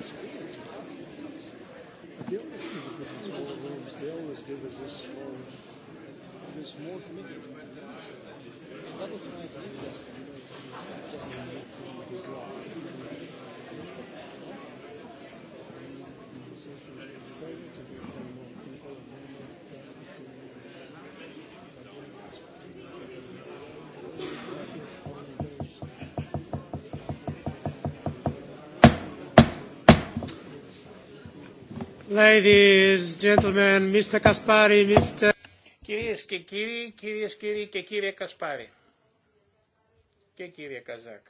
They always give us this more, small That Ladies, gentlemen, Mr. Κυρίες και κύριοι, κυρίες κύριοι και κύριε Κασπάρη και κύριε Καζάκ.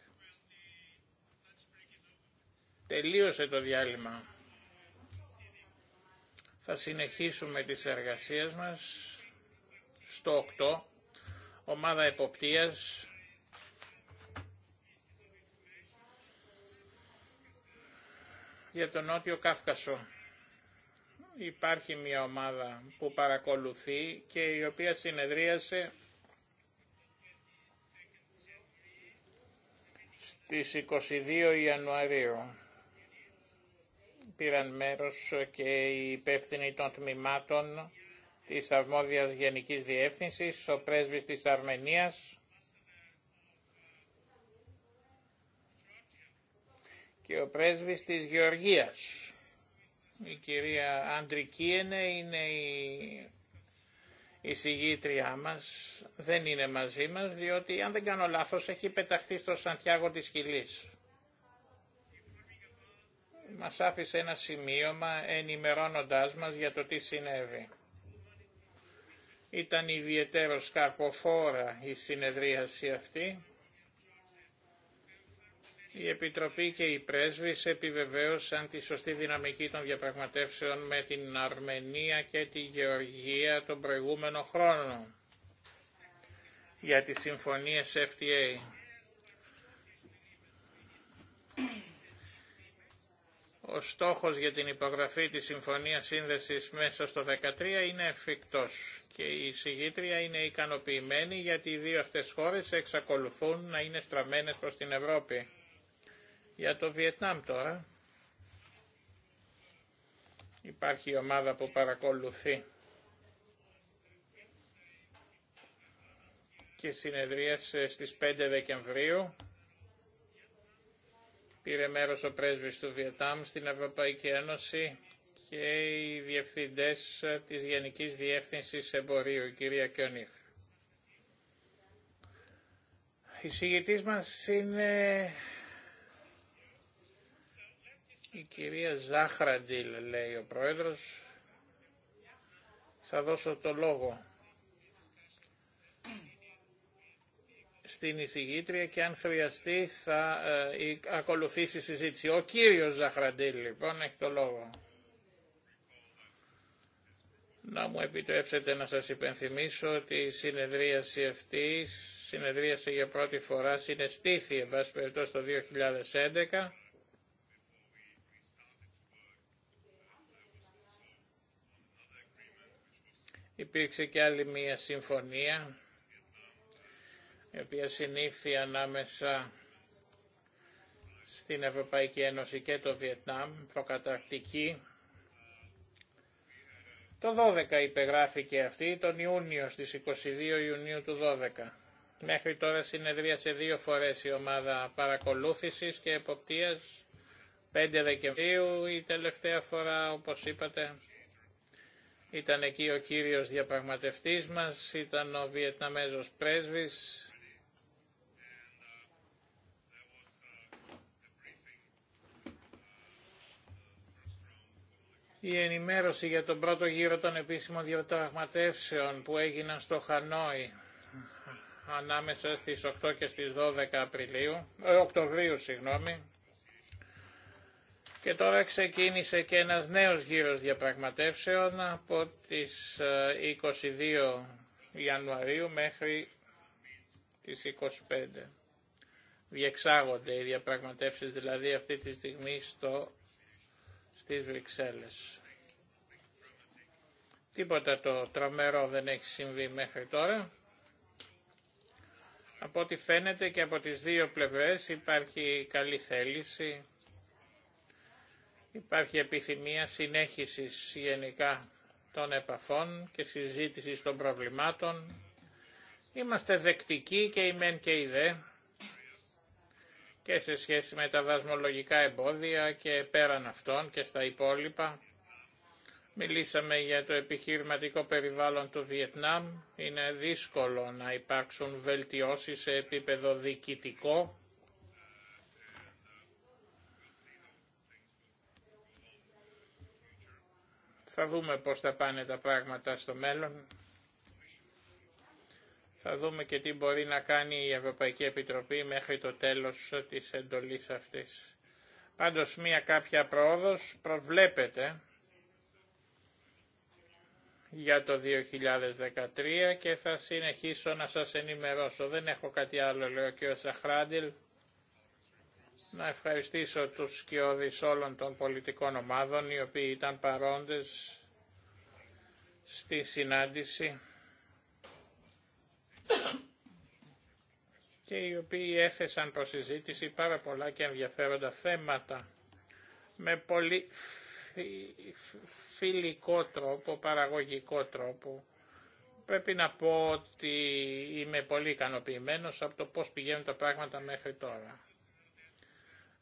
Τελείωσε το διάλειμμα. Θα συνεχίσουμε τις εργασίες μας στο 8, ομάδα εποπτείας, για τον Νότιο Κάφκασο. Υπάρχει μια ομάδα που παρακολουθεί και η οποία συνεδρίασε στις 22 Ιανουαρίου. Πήραν μέρος και οι υπεύθυνοι των τμήματων της Αρμόδιας Γενικής Διεύθυνσης, ο πρέσβης της Αρμενίας και ο πρέσβης της Γεωργίας. Η κυρία Αντρικίενε είναι η η συγγήτριά μας δεν είναι μαζί μας, διότι αν δεν κάνω λάθος έχει πεταχτεί στο Σαντιάγο της Χιλής. Μας άφησε ένα σημείωμα ενημερώνοντάς μας για το τι συνέβη. Ήταν ιδιαίτερος κακοφόρα η συνεδρίαση αυτή η Επιτροπή και οι πρέσβεις επιβεβαίωσαν τη σωστή δυναμική των διαπραγματεύσεων με την Αρμενία και τη Γεωργία τον προηγούμενο χρόνο για τις συμφωνίες FTA. Ο στόχος για την υπογραφή της Συμφωνίας Σύνδεσης μέσα στο 2013 είναι εφικτός και η συγγήτρια είναι ικανοποιημένη γιατί οι δύο αυτές χώρες εξακολουθούν να είναι στραμμένες προς την Ευρώπη. Για το Βιετνάμ τώρα υπάρχει η ομάδα που παρακολουθεί και συνεδρίασε στις 5 Δεκεμβρίου. Πήρε μέρος ο πρέσβης του Βιετνάμ στην Ευρωπαϊκή Ένωση και οι διευθυντές ε, της Γενικής Διεύθυνσης Εμπορίου, η κυρία Κιονίχ. Η συγητής μας είναι η κυρία Ζάχραντιλ λέει ο πρόεδρος. Θα δώσω το λόγο στην εισηγήτρια και αν χρειαστεί θα ε, ακολουθήσει η συζήτηση. Ο κύριος Ζαχραντήλ λοιπόν έχει το λόγο. Να μου επιτρέψετε να σας υπενθυμίσω ότι η συνεδρίαση αυτή συνεδρίασε για πρώτη φορά, συναισθήθη εν πάση περιπτώσει το 2011 Υπήρξε και άλλη μία συμφωνία η οποία συνήφθη ανάμεσα στην Ευρωπαϊκή Ένωση και το Βιετνάμ, προκαταρκτική. Το 12 υπεγράφηκε αυτή, τον Ιούνιο, στις 22 Ιουνίου του 12. Μέχρι τώρα συνεδρίασε δύο φορές η ομάδα παρακολούθησης και εποπτείας, 5 Δεκεμβρίου η τελευταία φορά, όπως είπατε, ήταν εκεί ο κύριος διαπραγματευτής μας, ήταν ο Βιετναμέζος πρέσβης. Η ενημέρωση για τον πρώτο γύρο των επίσημων διαπραγματεύσεων που έγιναν στο Χανόι ανάμεσα στις 8 και στις 12 Απριλίου, 8 ε, Οκτωβρίου, συγγνώμη, και τώρα ξεκίνησε και ένας νέος γύρος διαπραγματεύσεων από τις 22 ε, Ιανουαρίου μέχρι τις 25. Διεξάγονται οι διαπραγματεύσεις δηλαδή αυτή τη στιγμή στο, στις Βρυξέλλες. Τίποτα το τρομερό δεν έχει συμβεί μέχρι τώρα. Από ό,τι φαίνεται και από τις δύο πλευρές υπάρχει καλή θέληση Υπάρχει επιθυμία συνέχισης γενικά των επαφών και συζήτησης των προβλημάτων. Είμαστε δεκτικοί και η μεν και η δε και σε σχέση με τα δασμολογικά εμπόδια και πέραν αυτών και στα υπόλοιπα. Μιλήσαμε για το επιχειρηματικό περιβάλλον του Βιετνάμ. Είναι δύσκολο να υπάρξουν βελτιώσεις σε επίπεδο διοικητικό Θα δούμε πώς θα πάνε τα πράγματα στο μέλλον. Θα δούμε και τι μπορεί να κάνει η Ευρωπαϊκή Επιτροπή μέχρι το τέλος της εντολής αυτής. Πάντως μία κάποια πρόοδος προβλέπεται για το 2013 και θα συνεχίσω να σας ενημερώσω. Δεν έχω κάτι άλλο, λέω και ο Σαχράντιλ. Να ευχαριστήσω τους σκιώδεις όλων των πολιτικών ομάδων οι οποίοι ήταν παρόντες στη συνάντηση και οι οποίοι έθεσαν προς συζήτηση πάρα πολλά και ενδιαφέροντα θέματα με πολύ φιλικό τρόπο, παραγωγικό τρόπο. Πρέπει να πω ότι είμαι πολύ ικανοποιημένος από το πώς πηγαίνουν τα πράγματα μέχρι τώρα.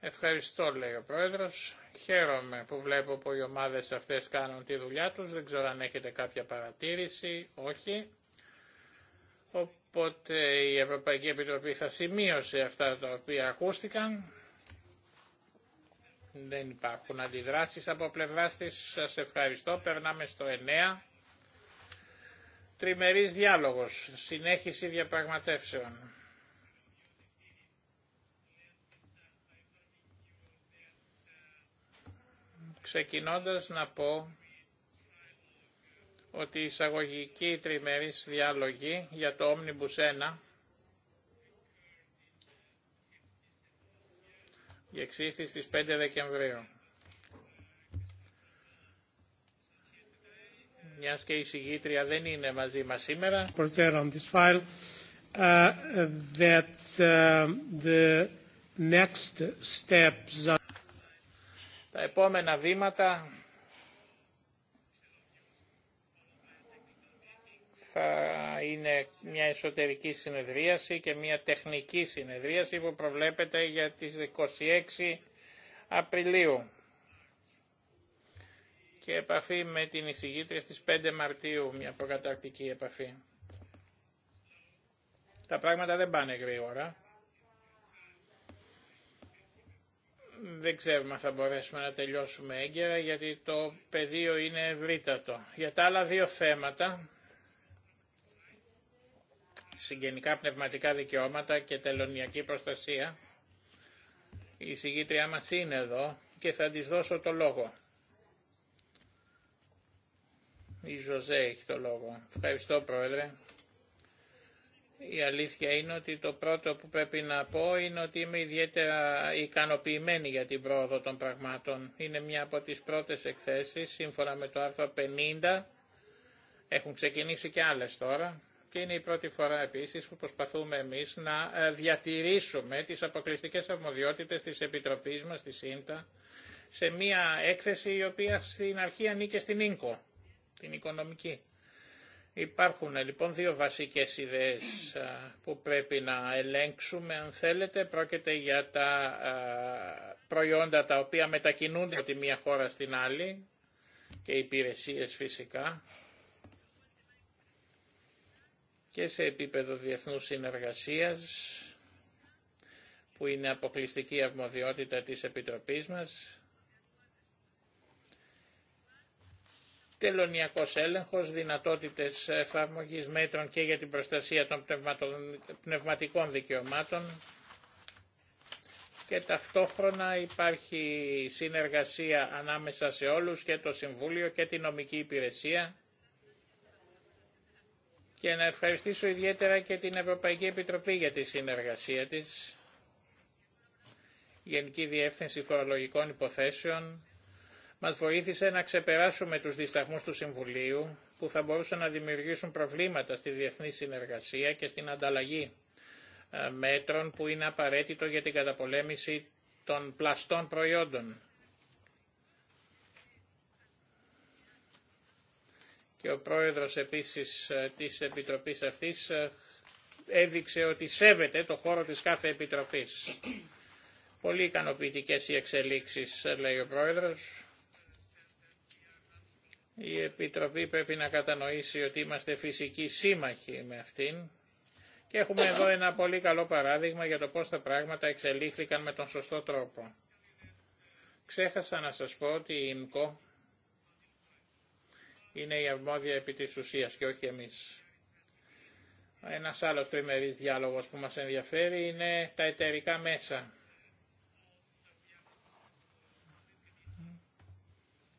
Ευχαριστώ λέει ο Πρόεδρος. Χαίρομαι που βλέπω που οι ομάδες αυτές κάνουν τη δουλειά τους. Δεν ξέρω αν έχετε κάποια παρατήρηση. Όχι. Οπότε η Ευρωπαϊκή Επιτροπή θα σημείωσε αυτά τα οποία ακούστηκαν. Δεν υπάρχουν αντιδράσεις από πλευρά της. Σας ευχαριστώ. Περνάμε στο 9. Τριμερής διάλογος. Συνέχιση διαπραγματεύσεων. Ξεκινώντας να πω ότι η εισαγωγική τριμερής διάλογη για το Omnibus 1 διεξήχθη στις 5 Δεκεμβρίου. Μια και η συγγήτρια δεν είναι μαζί μας σήμερα. On this file, uh, that, uh, the next steps are... Τα επόμενα βήματα θα είναι μια εσωτερική συνεδρίαση και μια τεχνική συνεδρίαση που προβλέπεται για τις 26 Απριλίου και επαφή με την εισηγήτρια στις 5 Μαρτίου, μια προκαταρκτική επαφή. Τα πράγματα δεν πάνε γρήγορα. δεν ξέρουμε αν θα μπορέσουμε να τελειώσουμε έγκαιρα γιατί το πεδίο είναι ευρύτατο. Για τα άλλα δύο θέματα, συγγενικά πνευματικά δικαιώματα και τελωνιακή προστασία, η συγγήτριά μα είναι εδώ και θα της δώσω το λόγο. Η Ζωζέ έχει το λόγο. Ευχαριστώ Πρόεδρε. Η αλήθεια είναι ότι το πρώτο που πρέπει να πω είναι ότι είμαι ιδιαίτερα ικανοποιημένη για την πρόοδο των πραγμάτων. Είναι μια από τις πρώτες εκθέσεις, σύμφωνα με το άρθρο 50, έχουν ξεκινήσει και άλλες τώρα, και είναι η πρώτη φορά επίσης που προσπαθούμε εμείς να ε, διατηρήσουμε τις αποκλειστικές αρμοδιότητες της Επιτροπής μας, της ΣΥΝΤΑ, σε μια έκθεση η οποία στην αρχή ανήκε στην ΙΝΚΟ, την οικονομική. Υπάρχουν λοιπόν δύο βασικές ιδέες που πρέπει να ελέγξουμε αν θέλετε. Πρόκειται για τα προϊόντα τα οποία μετακινούνται από τη μία χώρα στην άλλη και υπηρεσίες φυσικά και σε επίπεδο διεθνούς συνεργασίας που είναι αποκλειστική αρμοδιότητα της Επιτροπής μας Τελωνιακός έλεγχος, δυνατότητες εφαρμογής μέτρων και για την προστασία των πνευματικών δικαιωμάτων και ταυτόχρονα υπάρχει συνεργασία ανάμεσα σε όλους και το Συμβούλιο και την νομική υπηρεσία και να ευχαριστήσω ιδιαίτερα και την Ευρωπαϊκή Επιτροπή για τη συνεργασία της, Γενική Διεύθυνση Φορολογικών Υποθέσεων, μας βοήθησε να ξεπεράσουμε τους δισταγμούς του Συμβουλίου που θα μπορούσαν να δημιουργήσουν προβλήματα στη διεθνή συνεργασία και στην ανταλλαγή ε, μέτρων που είναι απαραίτητο για την καταπολέμηση των πλαστών προϊόντων. Και ο πρόεδρος επίσης ε, της Επιτροπής αυτής ε, έδειξε ότι σέβεται το χώρο της κάθε Επιτροπής. Πολύ ικανοποιητικέ οι εξελίξεις, λέει ο πρόεδρος. Η Επιτροπή πρέπει να κατανοήσει ότι είμαστε φυσικοί σύμμαχοι με αυτήν και έχουμε εδώ ένα πολύ καλό παράδειγμα για το πώς τα πράγματα εξελίχθηκαν με τον σωστό τρόπο. Ξέχασα να σας πω ότι η ΙΜΚΟ είναι η αρμόδια επί της ουσίας και όχι εμείς. Ένας άλλος τριμερής διάλογος που μας ενδιαφέρει είναι τα εταιρικά μέσα.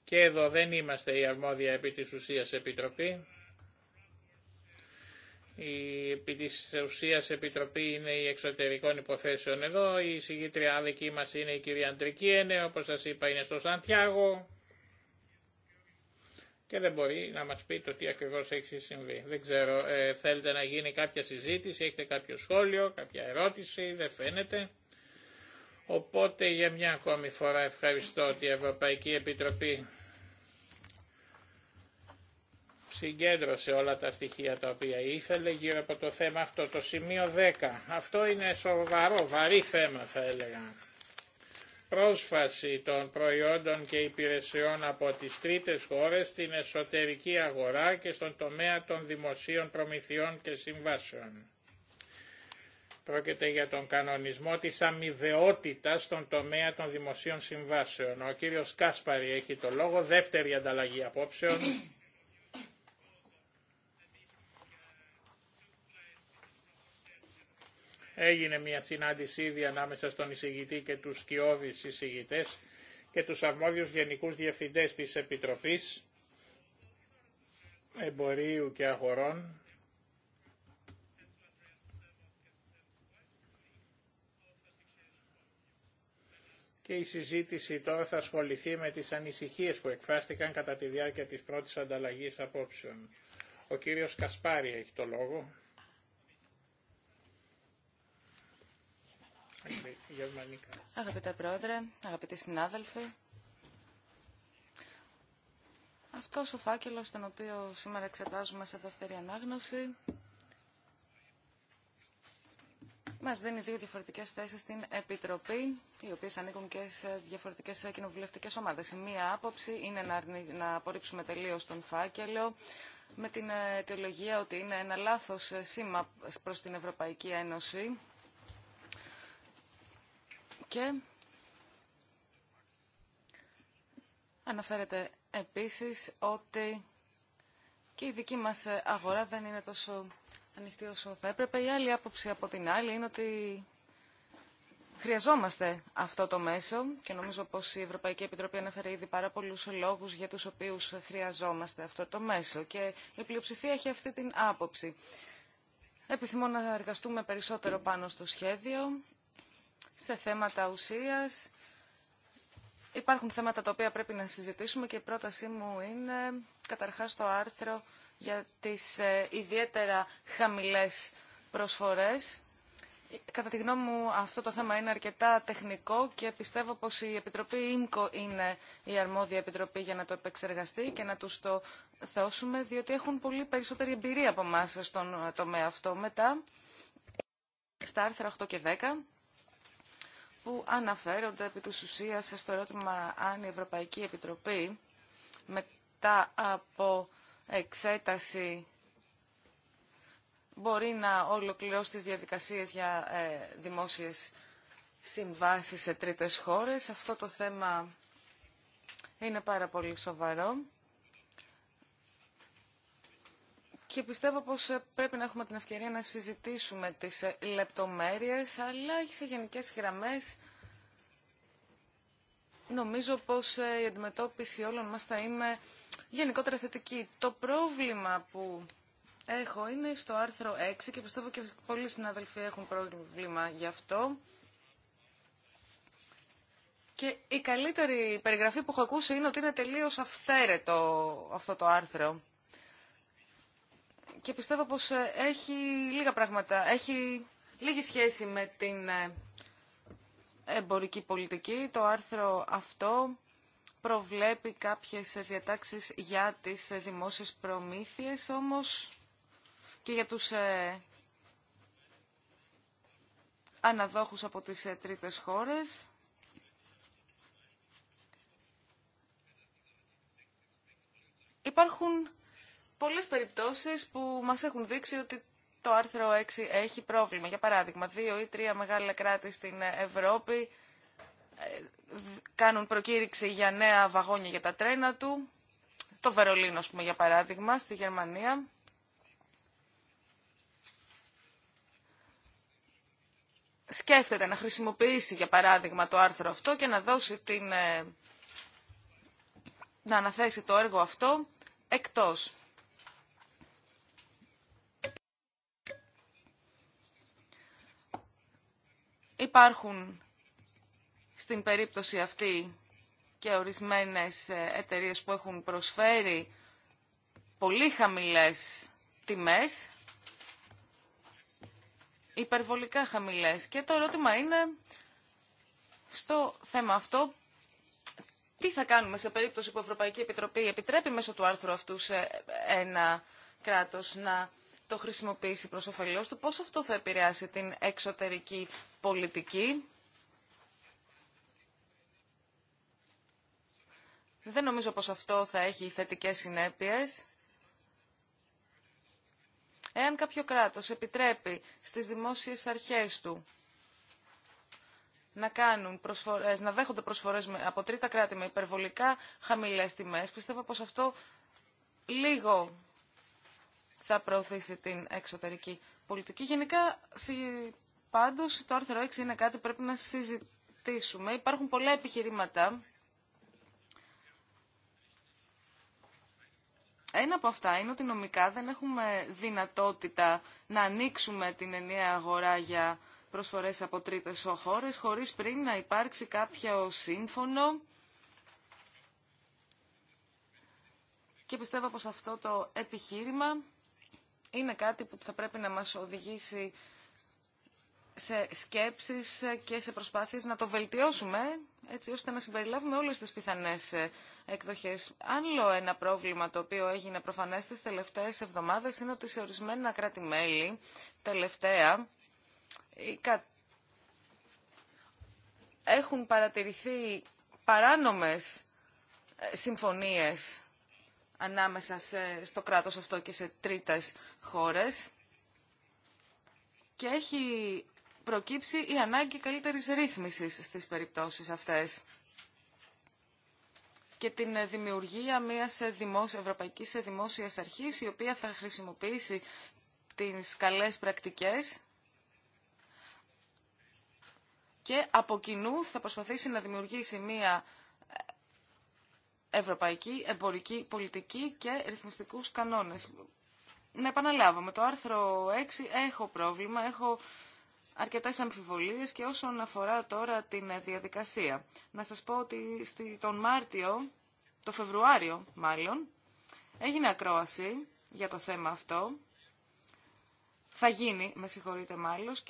Και εδώ δεν είμαστε η αρμόδια επί της ουσίας επιτροπή. Η επί της ουσίας επιτροπή είναι η εξωτερικών υποθέσεων εδώ. Η συγγήτρια δική μας είναι η κυρία Ένε, όπως σας είπα είναι στο Σαντιάγο. Και δεν μπορεί να μας πει το τι ακριβώς έχει συμβεί. Δεν ξέρω, ε, θέλετε να γίνει κάποια συζήτηση, έχετε κάποιο σχόλιο, κάποια ερώτηση, δεν φαίνεται. Οπότε για μια ακόμη φορά ευχαριστώ ότι Ευρωπαϊκή Επιτροπή συγκέντρωσε όλα τα στοιχεία τα οποία ήθελε γύρω από το θέμα αυτό, το σημείο 10. Αυτό είναι σοβαρό, βαρύ θέμα θα έλεγα. Πρόσφαση των προϊόντων και υπηρεσιών από τις τρίτες χώρες στην εσωτερική αγορά και στον τομέα των δημοσίων προμηθειών και συμβάσεων. Πρόκειται για τον κανονισμό της αμοιβαιότητας στον τομέα των δημοσίων συμβάσεων. Ο κύριος Κάσπαρη έχει το λόγο, δεύτερη ανταλλαγή απόψεων. Έγινε μια συνάντηση ήδη ανάμεσα στον εισηγητή και τους σκιώδεις εισηγητές και τους αρμόδιους γενικούς διευθυντές της Επιτροπής Εμπορίου και Αγορών και η συζήτηση τώρα θα ασχοληθεί με τις ανησυχίες που εκφράστηκαν κατά τη διάρκεια της πρώτης ανταλλαγής απόψεων. Ο κύριος Κασπάρη έχει το λόγο. Αγαπητέ Πρόεδρε, αγαπητοί συνάδελφοι, αυτός ο φάκελος, τον οποίο σήμερα εξετάζουμε σε δεύτερη ανάγνωση, μας δίνει δύο διαφορετικές θέσεις στην Επιτροπή, οι οποίες ανήκουν και σε διαφορετικές κοινοβουλευτικές ομάδες. Η μία άποψη είναι να απορρίψουμε τελείως τον φάκελο, με την αιτιολογία ότι είναι ένα λάθος σήμα προς την Ευρωπαϊκή Ένωση, και αναφέρεται επίσης ότι και η δική μας αγορά δεν είναι τόσο ανοιχτή όσο θα έπρεπε. Η άλλη άποψη από την άλλη είναι ότι χρειαζόμαστε αυτό το μέσο και νομίζω πως η Ευρωπαϊκή Επιτροπή αναφέρει ήδη πάρα πολλούς λόγους για τους οποίους χρειαζόμαστε αυτό το μέσο και η πλειοψηφία έχει αυτή την άποψη. Επιθυμώ να εργαστούμε περισσότερο πάνω στο σχέδιο, σε θέματα ουσίας. Υπάρχουν θέματα τα οποία πρέπει να συζητήσουμε και η πρότασή μου είναι καταρχάς το άρθρο για τις ε, ιδιαίτερα χαμηλές προσφορές. Κατά τη γνώμη μου αυτό το θέμα είναι αρκετά τεχνικό και πιστεύω πως η Επιτροπή ΙΝΚΟ είναι η αρμόδια Επιτροπή για να το επεξεργαστεί και να τους το θεώσουμε, διότι έχουν πολύ περισσότερη εμπειρία από εμά στον τομέα αυτό. Μετά, στα άρθρα 8 και 10, που αναφέρονται επί της ουσίας στο ερώτημα αν η Ευρωπαϊκή Επιτροπή μετά από εξέταση μπορεί να ολοκληρώσει τις διαδικασίες για ε, δημόσιες συμβάσεις σε τρίτες χώρες. Αυτό το θέμα είναι πάρα πολύ σοβαρό και πιστεύω πως ε, πρέπει να έχουμε την ευκαιρία να συζητήσουμε τις ε, λεπτομέρειες, αλλά σε γενικές γραμμές νομίζω πως ε, η αντιμετώπιση όλων μας θα είναι γενικότερα θετική. Το πρόβλημα που έχω είναι στο άρθρο 6 και πιστεύω και πολλοί συναδελφοί έχουν πρόβλημα γι' αυτό. Και η καλύτερη περιγραφή που έχω ακούσει είναι ότι είναι τελείως αυθαίρετο αυτό το άρθρο και πιστεύω πως ε, έχει λίγα πράγματα, έχει λίγη σχέση με την ε, εμπορική πολιτική. Το άρθρο αυτό προβλέπει κάποιες διατάξεις για τις ε, δημόσιες προμήθειες όμως και για τους αναδόχους από τις τρίτες χώρες. Υπάρχουν πολλές περιπτώσεις που μας έχουν δείξει ότι το άρθρο 6 έχει πρόβλημα. Για παράδειγμα, δύο ή τρία μεγάλα κράτη στην Ευρώπη ε, κάνουν προκήρυξη για νέα βαγόνια για τα τρένα του. Το Βερολίνο, πούμε, για παράδειγμα, στη Γερμανία. Σκέφτεται να χρησιμοποιήσει, για παράδειγμα, το άρθρο αυτό και να δώσει την... Ε, να αναθέσει το έργο αυτό εκτός Υπάρχουν στην περίπτωση αυτή και ορισμένες ε, εταιρείες που έχουν προσφέρει πολύ χαμηλές τιμές, υπερβολικά χαμηλές. Και το ερώτημα είναι στο θέμα αυτό τι θα κάνουμε σε περίπτωση που η Ευρωπαϊκή Επιτροπή επιτρέπει μέσω του άρθρου αυτού σε ένα κράτος να το χρησιμοποιήσει προς όφελός του, πώς αυτό θα επηρεάσει την εξωτερική πολιτική. Δεν νομίζω πως αυτό θα έχει θετικές συνέπειες. Εάν κάποιο κράτος επιτρέπει στις δημόσιες αρχές του να, κάνουν προσφορές, να δέχονται προσφορές από τρίτα κράτη με υπερβολικά χαμηλές τιμές, πιστεύω πως αυτό λίγο θα προωθήσει την εξωτερική πολιτική. Γενικά, πάντως, το άρθρο 6 είναι κάτι που πρέπει να συζητήσουμε. Υπάρχουν πολλά επιχειρήματα. Ένα από αυτά είναι ότι νομικά δεν έχουμε δυνατότητα να ανοίξουμε την ενιαία αγορά για προσφορές από τρίτες χώρες χωρίς πριν να υπάρξει κάποιο σύμφωνο και πιστεύω πως αυτό το επιχείρημα είναι κάτι που θα πρέπει να μας οδηγήσει σε σκέψεις και σε προσπάθειες να το βελτιώσουμε, έτσι ώστε να συμπεριλάβουμε όλες τις πιθανές εκδοχές. Άλλο ένα πρόβλημα το οποίο έγινε προφανές τις τελευταίες εβδομάδες είναι ότι σε ορισμένα κράτη-μέλη, τελευταία, έχουν παρατηρηθεί παράνομες ε, συμφωνίες ανάμεσα σε, στο κράτος αυτό και σε τρίτες χώρες και έχει προκύψει η ανάγκη καλύτερης ρύθμισης στις περιπτώσεις αυτές και την δημιουργία μιας δημόσια, ευρωπαϊκής δημόσιας αρχής η οποία θα χρησιμοποιήσει τις καλές πρακτικές και από κοινού θα προσπαθήσει να δημιουργήσει μια ευρωπαϊκή εμπορική πολιτική και ρυθμιστικούς κανόνες. Να επαναλάβω, με το άρθρο 6 έχω πρόβλημα, έχω αρκετές αμφιβολίες και όσον αφορά τώρα την διαδικασία. Να σας πω ότι τον Μάρτιο, το Φεβρουάριο μάλλον, έγινε ακρόαση για το θέμα αυτό. Θα γίνει, με συγχωρείτε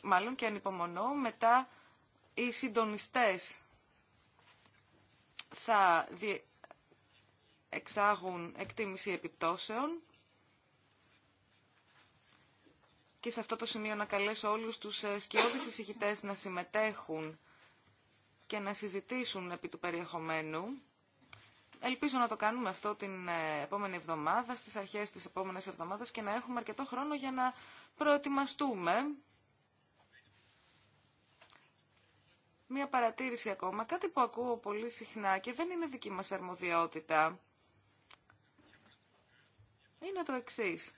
μάλλον, και ανυπομονώ, μετά οι συντονιστές θα, εξάγουν εκτίμηση επιπτώσεων και σε αυτό το σημείο να καλέσω όλους τους ε, σκιώδεις εισηγητές να συμμετέχουν και να συζητήσουν επί του περιεχομένου. Ελπίζω να το κάνουμε αυτό την ε, επόμενη εβδομάδα, στις αρχές της επόμενης εβδομάδας και να έχουμε αρκετό χρόνο για να προετοιμαστούμε. Μία παρατήρηση ακόμα, κάτι που ακούω πολύ συχνά και δεν είναι δική μας αρμοδιότητα είναι το εξή.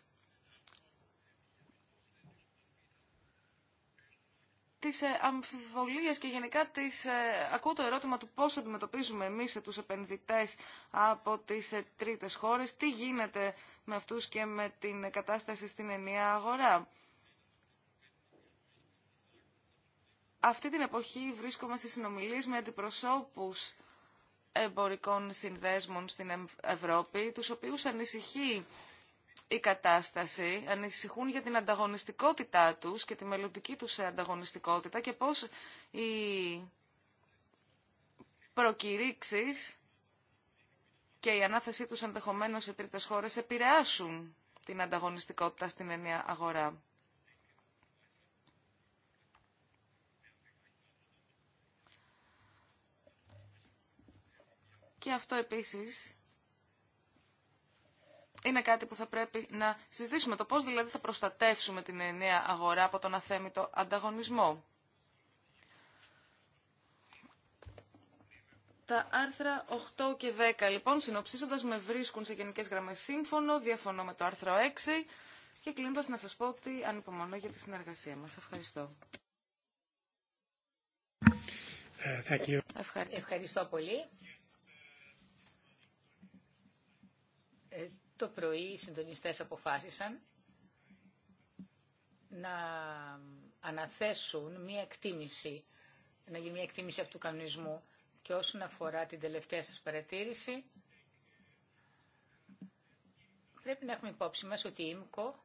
τις ε, αμφιβολίες και γενικά τις, ε, ακούω το ερώτημα του πώς αντιμετωπίζουμε εμείς ε, τους επενδυτές από τις τρίτες χώρες, τι γίνεται με αυτούς και με την κατάσταση στην ενιαία αγορά. Αυτή την εποχή βρίσκομαι σε συνομιλίες με αντιπροσώπους εμπορικών συνδέσμων στην Ευρώπη, τους οποίους ανησυχεί η κατάσταση, ανησυχούν για την ανταγωνιστικότητά τους και τη μελλοντική τους ανταγωνιστικότητα και πώς οι προκηρύξεις και η ανάθεσή τους ενδεχομένω σε τρίτες χώρες επηρεάσουν την ανταγωνιστικότητα στην ενιαία αγορά. Και αυτό επίσης είναι κάτι που θα πρέπει να συζητήσουμε. Το πώς δηλαδή θα προστατεύσουμε την ενιαία αγορά από τον αθέμητο ανταγωνισμό. Τα άρθρα 8 και 10, λοιπόν, συνοψίζοντας με βρίσκουν σε γενικές γραμμές σύμφωνο, διαφωνώ με το άρθρο 6 και κλείνοντας να σας πω ότι ανυπομονώ για τη συνεργασία μας. Ευχαριστώ. Ε, Ευχαριστώ πολύ. Ε, το πρωί οι συντονιστές αποφάσισαν να αναθέσουν μία εκτίμηση, να γίνει μία εκτίμηση αυτού του κανονισμού και όσον αφορά την τελευταία σας παρατήρηση, πρέπει να έχουμε υπόψη μας ότι η ΙΜΚΟ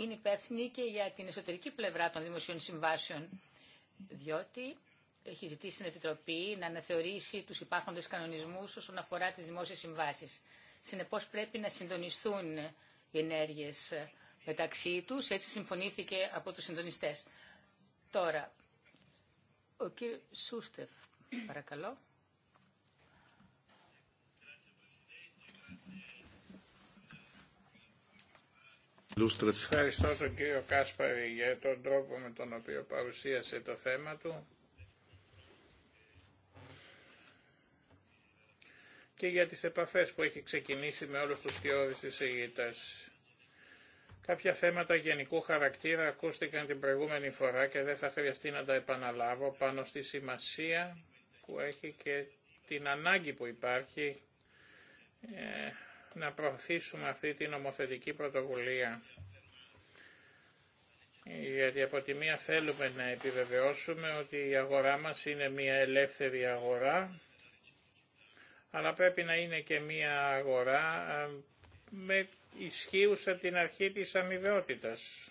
είναι υπεύθυνη και για την εσωτερική πλευρά των δημοσίων συμβάσεων, διότι έχει ζητήσει στην Επιτροπή να αναθεωρήσει τους υπάρχοντες κανονισμούς όσον αφορά τις δημόσιες συμβάσεις. Συνεπώς πρέπει να συντονιστούν οι ενέργειες μεταξύ τους, έτσι συμφωνήθηκε από τους συντονιστές. Τώρα, ο κύριος Σούστεφ, παρακαλώ. Ευχαριστώ τον κύριο Κάσπαρη για τον τρόπο με τον οποίο παρουσίασε το θέμα του. και για τις επαφές που έχει ξεκινήσει με όλους τους της εισηγητές. Κάποια θέματα γενικού χαρακτήρα ακούστηκαν την προηγούμενη φορά και δεν θα χρειαστεί να τα επαναλάβω πάνω στη σημασία που έχει και την ανάγκη που υπάρχει ε, να προωθήσουμε αυτή την νομοθετική πρωτοβουλία. Γιατί από τη μία θέλουμε να επιβεβαιώσουμε ότι η αγορά μας είναι μια ελεύθερη αγορά αλλά πρέπει να είναι και μια αγορά ε, με ισχύουσα την αρχή της αμοιβαιότητας.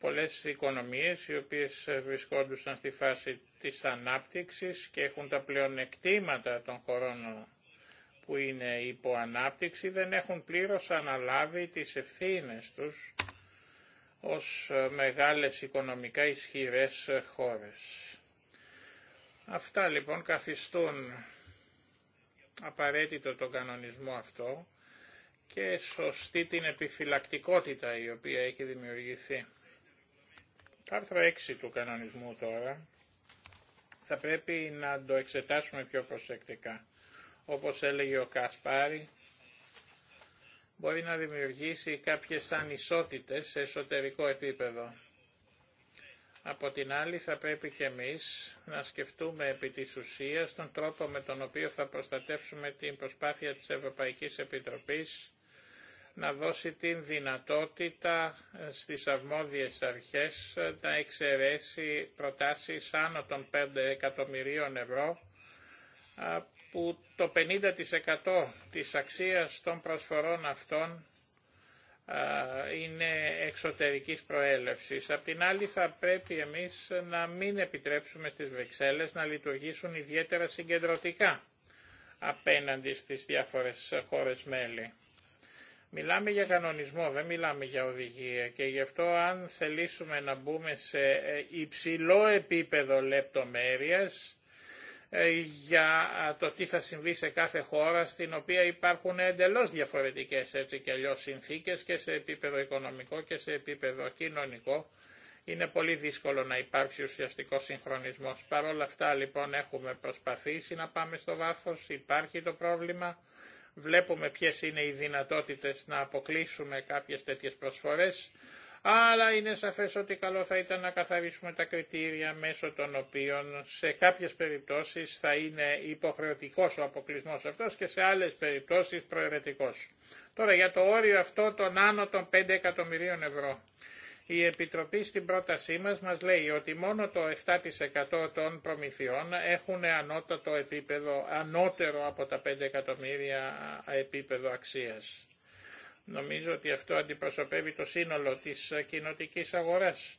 Πολλές οικονομίες οι οποίες βρισκόντουσαν στη φάση της ανάπτυξης και έχουν τα πλεονεκτήματα των χωρών που είναι υπό ανάπτυξη δεν έχουν πλήρως αναλάβει τις ευθύνες τους ως μεγάλες οικονομικά ισχυρές χώρες. Αυτά λοιπόν καθιστούν απαραίτητο τον κανονισμό αυτό και σωστή την επιφυλακτικότητα η οποία έχει δημιουργηθεί. Άρθρο 6 του κανονισμού τώρα θα πρέπει να το εξετάσουμε πιο προσεκτικά. Όπως έλεγε ο Κασπάρη, μπορεί να δημιουργήσει κάποιες ανισότητες σε εσωτερικό επίπεδο. Από την άλλη θα πρέπει και εμείς να σκεφτούμε επί της ουσίας τον τρόπο με τον οποίο θα προστατεύσουμε την προσπάθεια της Ευρωπαϊκής Επιτροπής να δώσει την δυνατότητα ε, στις αρμόδιες αρχές ε, να εξαιρέσει προτάσεις άνω των 5 εκατομμυρίων ευρώ που το 50% της αξίας των προσφορών αυτών είναι εξωτερικής προέλευσης. Απ' την άλλη θα πρέπει εμείς να μην επιτρέψουμε στις Βεξέλες να λειτουργήσουν ιδιαίτερα συγκεντρωτικά απέναντι στις διάφορες χώρες μέλη. Μιλάμε για κανονισμό, δεν μιλάμε για οδηγία και γι' αυτό αν θελήσουμε να μπούμε σε υψηλό επίπεδο λεπτομέρειας, ε, για το τι θα συμβεί σε κάθε χώρα στην οποία υπάρχουν εντελώς διαφορετικές έτσι και αλλιώς συνθήκες και σε επίπεδο οικονομικό και σε επίπεδο κοινωνικό. Είναι πολύ δύσκολο να υπάρξει ουσιαστικό συγχρονισμός. Παρ' όλα αυτά λοιπόν έχουμε προσπαθήσει να πάμε στο βάθος, υπάρχει το πρόβλημα, βλέπουμε ποιες είναι οι δυνατότητες να αποκλείσουμε κάποιες τέτοιες προσφορές, αλλά είναι σαφές ότι καλό θα ήταν να καθαρίσουμε τα κριτήρια μέσω των οποίων σε κάποιες περιπτώσεις θα είναι υποχρεωτικός ο αποκλεισμός αυτός και σε άλλες περιπτώσεις προαιρετικός. Τώρα για το όριο αυτό των άνω των 5 εκατομμυρίων ευρώ. Η Επιτροπή στην πρότασή μας μας λέει ότι μόνο το 7% των προμηθειών έχουν ανώτατο επίπεδο, ανώτερο από τα 5 εκατομμύρια επίπεδο αξίας. Νομίζω ότι αυτό αντιπροσωπεύει το σύνολο της ε, κοινοτικής αγοράς.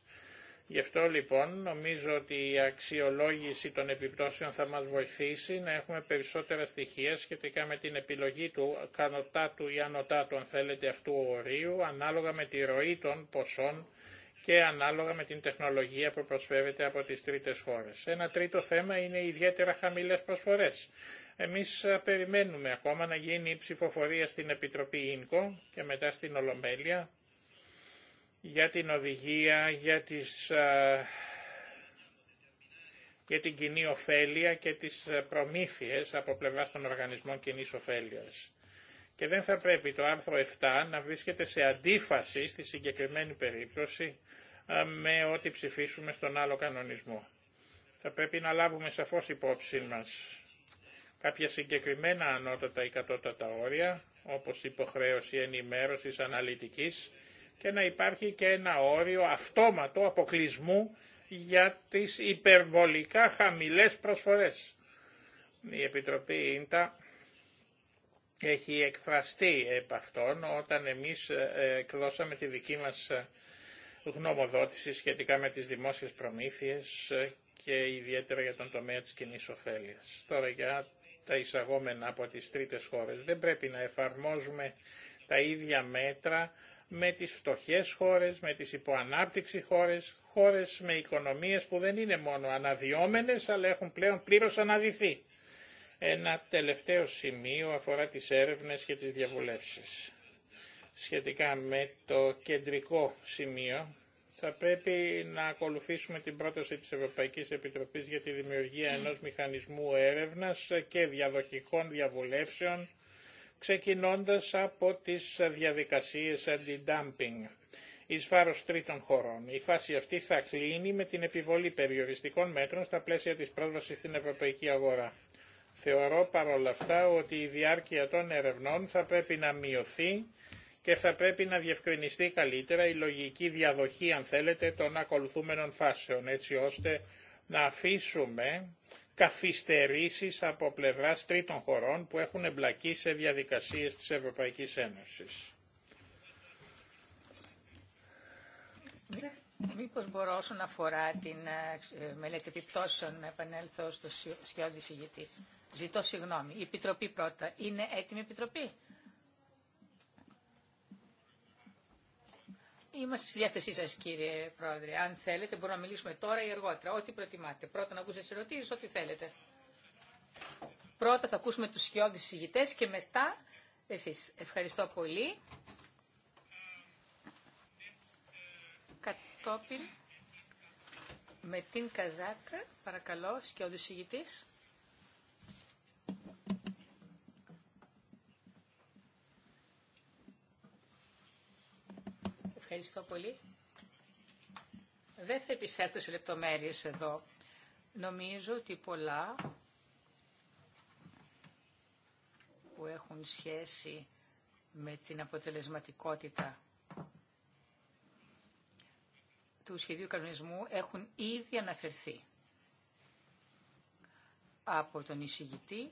Γι' αυτό λοιπόν νομίζω ότι η αξιολόγηση των επιπτώσεων θα μας βοηθήσει να έχουμε περισσότερα στοιχεία σχετικά με την επιλογή του κανοτάτου ή ανωτάτου αν θέλετε αυτού ορίου ανάλογα με τη ροή των ποσών και ανάλογα με την τεχνολογία που προσφέρεται από τις τρίτες χώρες. Ένα τρίτο θέμα είναι οι ιδιαίτερα χαμηλές προσφορές. Εμείς περιμένουμε ακόμα να γίνει η ψηφοφορία στην Επιτροπή ΙΝΚΟ και μετά στην Ολομέλεια για την οδηγία, για, την κοινή ωφέλεια και τις προμήθειες από πλευράς των οργανισμών κοινή ωφέλειας. Και δεν θα πρέπει το άρθρο 7 να βρίσκεται σε αντίφαση στη συγκεκριμένη περίπτωση με ό,τι ψηφίσουμε στον άλλο κανονισμό. Θα πρέπει να λάβουμε σαφώς υπόψη μας κάποια συγκεκριμένα ανώτατα ή κατώτατα όρια, όπως υποχρέωση ενημέρωσης αναλυτικής, και να υπάρχει και ένα όριο αυτόματο αποκλεισμού για τις υπερβολικά χαμηλές προσφορές. Η Επιτροπή ΙΝΤΑ έχει εκφραστεί επ' αυτόν όταν εμείς ε, εκδώσαμε τη δική μας ε, γνωμοδότηση σχετικά με τις δημόσιες προμήθειες ε, και ιδιαίτερα για τον τομέα της κοινή ωφέλεια. Τώρα για τα εισαγόμενα από τις τρίτες χώρες. Δεν πρέπει να εφαρμόζουμε τα ίδια μέτρα με τις φτωχές χώρες, με τις υποανάπτυξη χώρες, χώρες με οικονομίες που δεν είναι μόνο αναδυόμενες αλλά έχουν πλέον πλήρως αναδυθεί. Ένα τελευταίο σημείο αφορά τις έρευνες και τις διαβουλεύσεις. Σχετικά με το κεντρικό σημείο, θα πρέπει να ακολουθήσουμε την πρόταση της Ευρωπαϊκής Επιτροπής για τη δημιουργία ενός μηχανισμού έρευνας και διαδοχικών διαβουλεύσεων, ξεκινώντας από τις διαδικασίες αντι-dumping εις βάρος τρίτων χωρών. Η φάση αυτή θα κλείνει με την επιβολή περιοριστικών μέτρων στα πλαίσια της πρόσβασης στην ευρωπαϊκή αγορά. Θεωρώ παρόλα αυτά ότι η διάρκεια των ερευνών θα πρέπει να μειωθεί και θα πρέπει να διευκρινιστεί καλύτερα η λογική διαδοχή, αν θέλετε, των ακολουθούμενων φάσεων, έτσι ώστε να αφήσουμε καθυστερήσεις από πλευράς τρίτων χωρών που έχουν εμπλακεί σε διαδικασίες της Ευρωπαϊκής Ένωσης. Ναι. Μήπως μπορώ όσον αφορά την ε, μελέτη επιπτώσεων να επανέλθω στο σιώδη Ζητώ συγγνώμη. Η Επιτροπή πρώτα. Είναι έτοιμη η Επιτροπή. Είμαστε στη διάθεσή σα, κύριε Πρόεδρε. Αν θέλετε, μπορούμε να μιλήσουμε τώρα ή αργότερα. Ό,τι προτιμάτε. Πρώτα να ακούσετε τι ερωτήσει, ό,τι θέλετε. Πρώτα θα ακούσουμε του σκιώδει και μετά εσεί. Ευχαριστώ πολύ. Κατόπιν, με την Καζάκα, παρακαλώ, σκιώδη συγητή. Ευχαριστώ πολύ. Δεν θα επισέλθω σε λεπτομέρειες εδώ. Νομίζω ότι πολλά που έχουν σχέση με την αποτελεσματικότητα του σχεδίου κανονισμού έχουν ήδη αναφερθεί από τον εισηγητή